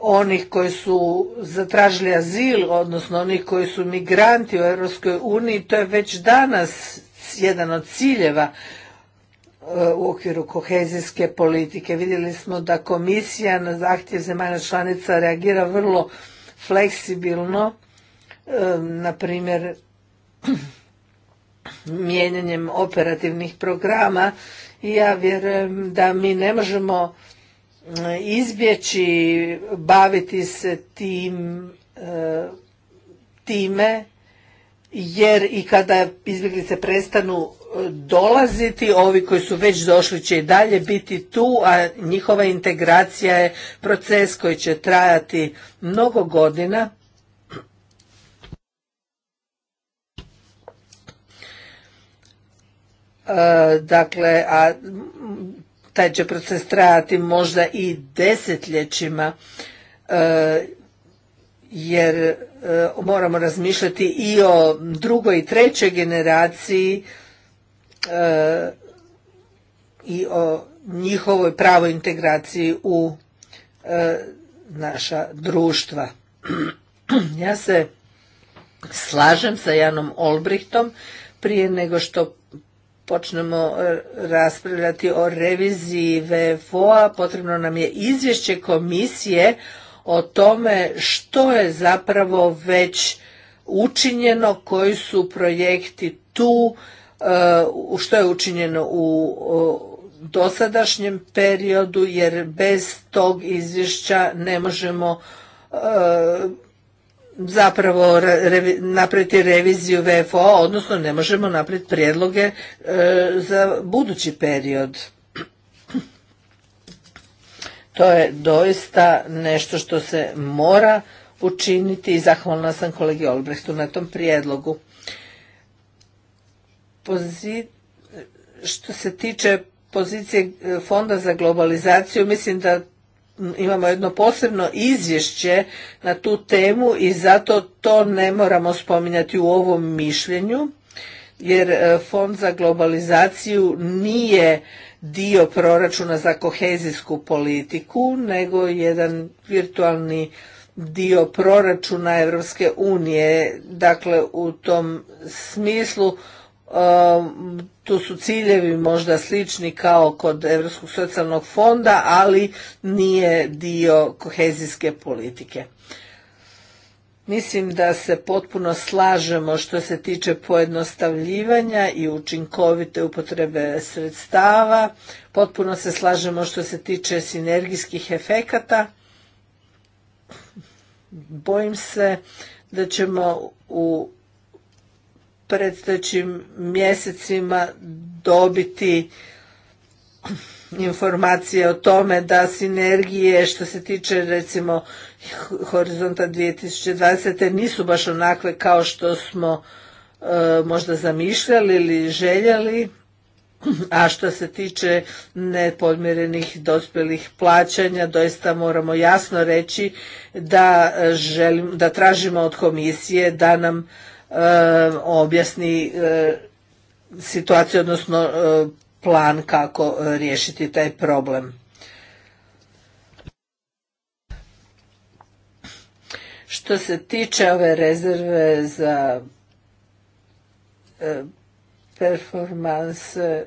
onih koji su zatražili azil, odnosno onih koji su migranti u Europskoj uniji, to je već danas jedan od ciljeva u okviru kohezijske politike. Vidjeli smo da komisija na zahtjev zemalja članica reagira vrlo fleksibilno, na primjer mijenjanjem operativnih programa i ja vjerujem da mi ne možemo eh, izbjeći baviti se tim eh, time jer i kada izbjeglice prestanu dolaziti, ovi koji su već došli će i dalje biti tu, a njihova integracija je proces koji će trajati mnogo godina. E, dakle, a taj će proces trajati možda i desetljećima, e, jer e, moramo razmišljati i o drugoj i trećoj generaciji i o njihovoj pravoj integraciji u e, naša društva. Ja se slažem sa Janom Olbrichtom prije nego što počnemo e, raspravljati o reviziji VFO-a, potrebno nam je izvješće komisije o tome što je zapravo već učinjeno, koji su projekti tu, što je učinjeno u dosadašnjem periodu jer bez tog izvješća ne možemo e, zapravo napraviti reviziju VFO, odnosno ne možemo napraviti prijedloge e, za budući period. To je doista nešto što se mora učiniti i zahvalna sam kolegi Olbrehtu na tom prijedlogu. Što se tiče pozicije e, Fonda za globalizaciju, mislim da imamo jedno posebno izvješće na tu temu i zato to ne moramo spominjati u ovom mišljenju, jer e, Fond za globalizaciju nije dio proračuna za kohezijsku politiku, nego jedan virtualni dio proračuna Europske unije. Dakle, u tom smislu Ehm, tu su ciljevi možda slični kao kod Europskog socijalnog fonda, ali nije dio kohezijske politike. Mislim da se potpuno slažemo što se tiče pojednostavljivanja i učinkovite upotrebe sredstava. Potpuno se slažemo što se tiče sinergijskih efekata. Bojim se da ćemo u predstojećim znači, mjesecima dobiti informacije o tome da sinergije što se tiče recimo horizonta 2020. nisu baš onakve kao što smo e, možda zamišljali ili željeli, a što se tiče nepodmirenih dospjelih plaćanja, doista moramo jasno reći da, e, da tražimo od komisije da nam Eh, objasni eh, situaciju, odnosno eh, plan kako riješiti taj problem. Što se tiče ove rezerve za performanse,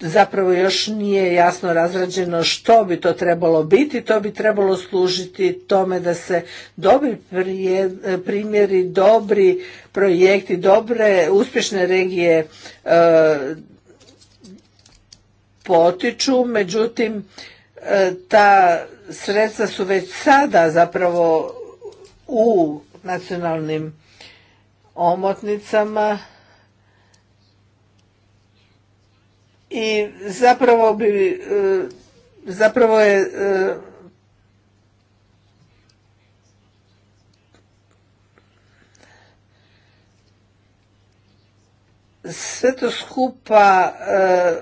zapravo još nije jasno razrađeno što bi to trebalo biti, to bi trebalo služiti tome da se dobri primjeri, dobri projekti, dobre uspješne regije e, potiču, međutim e, ta sredstva su već sada zapravo u nacionalnim omotnicama i zapravo bi e, zapravo je e, sve to skupa e,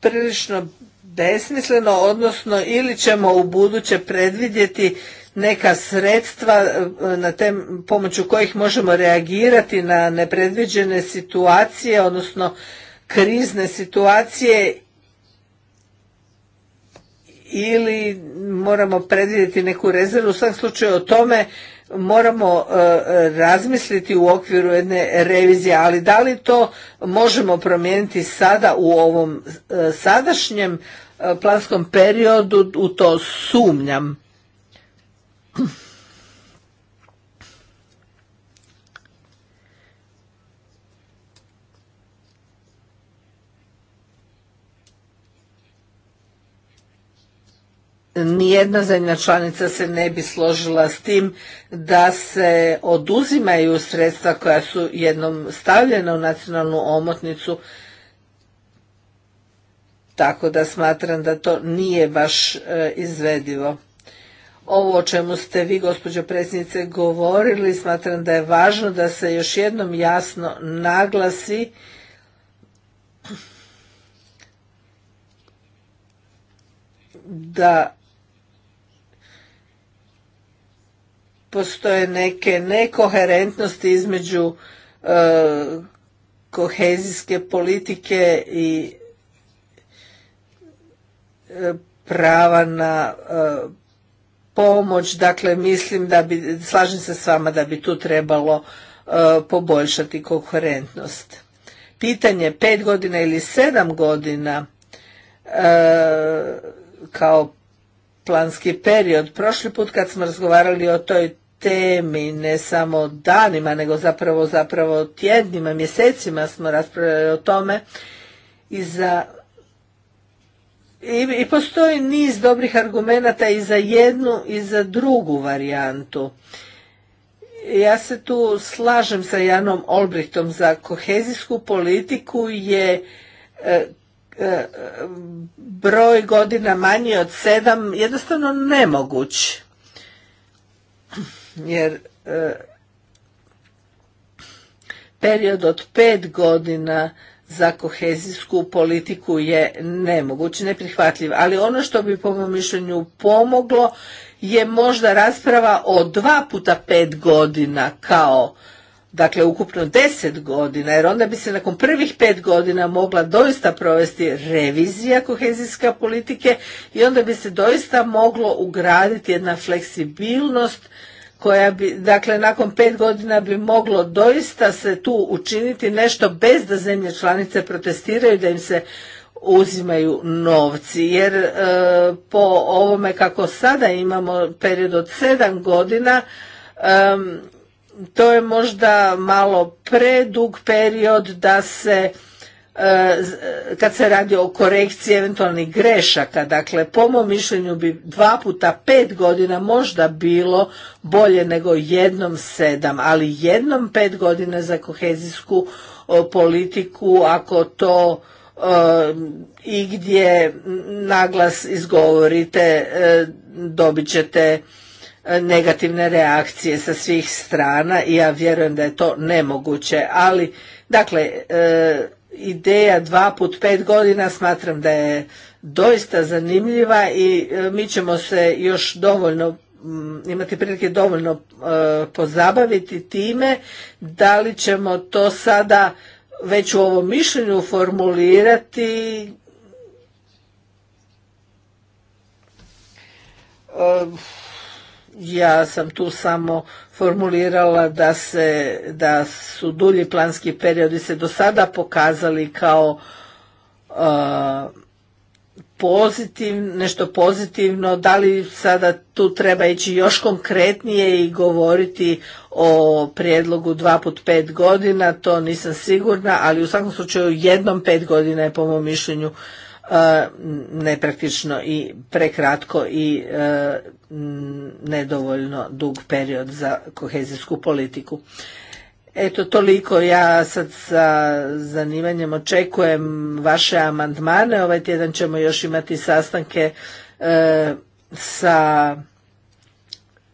prilično besmisleno, odnosno ili ćemo u buduće predvidjeti neka sredstva na tem, pomoću kojih možemo reagirati na nepredviđene situacije, odnosno krizne situacije ili moramo predvidjeti neku rezervu. U svakom slučaju o tome moramo e, razmisliti u okviru jedne revizije, ali da li to možemo promijeniti sada u ovom e, sadašnjem e, planskom periodu, u to sumnjam. nijedna zemlja članica se ne bi složila s tim da se oduzimaju sredstva koja su jednom stavljena u nacionalnu omotnicu tako da smatram da to nije baš e, izvedivo. Ovo o čemu ste vi, gospođo predsjednice, govorili, smatram da je važno da se još jednom jasno naglasi da postoje neke nekoherentnosti između e, kohezijske politike i e, prava na e, pomoć dakle mislim da bi slažem se s vama da bi tu trebalo poboljšati koherentnost pitanje pet godina ili sedam godina kao planski period prošli put kad smo razgovarali o toj temi, ne samo danima, nego zapravo, zapravo tjednima, mjesecima smo raspravljali o tome i za i, i postoji niz dobrih argumenata i za jednu i za drugu varijantu. Ja se tu slažem sa Janom Olbrichtom za kohezijsku politiku je e, e, broj godina manji od sedam jednostavno nemoguć jer e, period od pet godina za kohezijsku politiku je nemoguć, neprihvatljiv. Ali ono što bi po mom mišljenju pomoglo je možda rasprava o dva puta pet godina kao dakle ukupno deset godina, jer onda bi se nakon prvih pet godina mogla doista provesti revizija kohezijske politike i onda bi se doista moglo ugraditi jedna fleksibilnost koja bi, dakle nakon pet godina bi moglo doista se tu učiniti nešto bez da zemlje članice protestiraju da im se uzimaju novci jer e, po ovome kako sada imamo period od sedam godina to je možda malo predug period da se Eh, eh, kad se radi o korekciji eventualnih grešaka. Dakle, po mom mišljenju bi dva puta pet godina možda bilo bolje nego jednom sedam, ali jednom pet godina za kohezijsku politiku ako to i gdje naglas izgovorite eh, dobit ćete negativne reakcije sa svih strana i ja vjerujem da je to nemoguće, ali dakle ideja dva put pet godina smatram da je doista zanimljiva i e, mi ćemo se još dovoljno mm, imati prilike dovoljno e, pozabaviti time da li ćemo to sada već u ovom mišljenju formulirati e, ja sam tu samo formulirala da, se, da su dulji planski periodi se do sada pokazali kao uh, nešto pozitivno, da li sada tu treba ići još konkretnije i govoriti o prijedlogu dva put pet godina, to nisam sigurna, ali u svakom slučaju jednom pet godina je po mom mišljenju E, nepraktično i prekratko i e, nedovoljno dug period za kohezijsku politiku. Eto toliko, ja sad sa zanimanjem očekujem vaše amandmane, ovaj tjedan ćemo još imati sastanke e, sa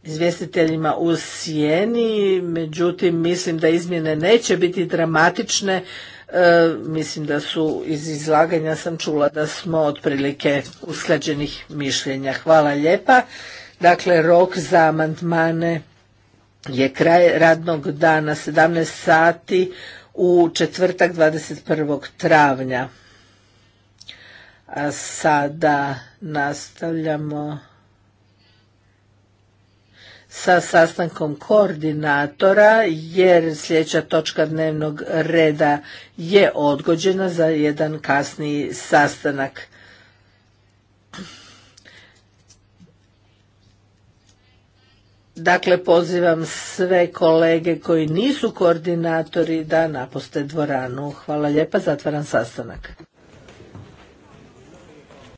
izvjestiteljima u Sijeni, međutim mislim da izmjene neće biti dramatične, E, mislim da su iz izlaganja sam čula da smo otprilike usklađenih mišljenja. Hvala lijepa. Dakle, rok za amandmane je kraj radnog dana 17 sati u četvrtak 21. travnja. A sada nastavljamo sa sastankom koordinatora jer sljedeća točka dnevnog reda je odgođena za jedan kasniji sastanak. Dakle, pozivam sve kolege koji nisu koordinatori da napuste dvoranu. Hvala lijepa, zatvaram sastanak.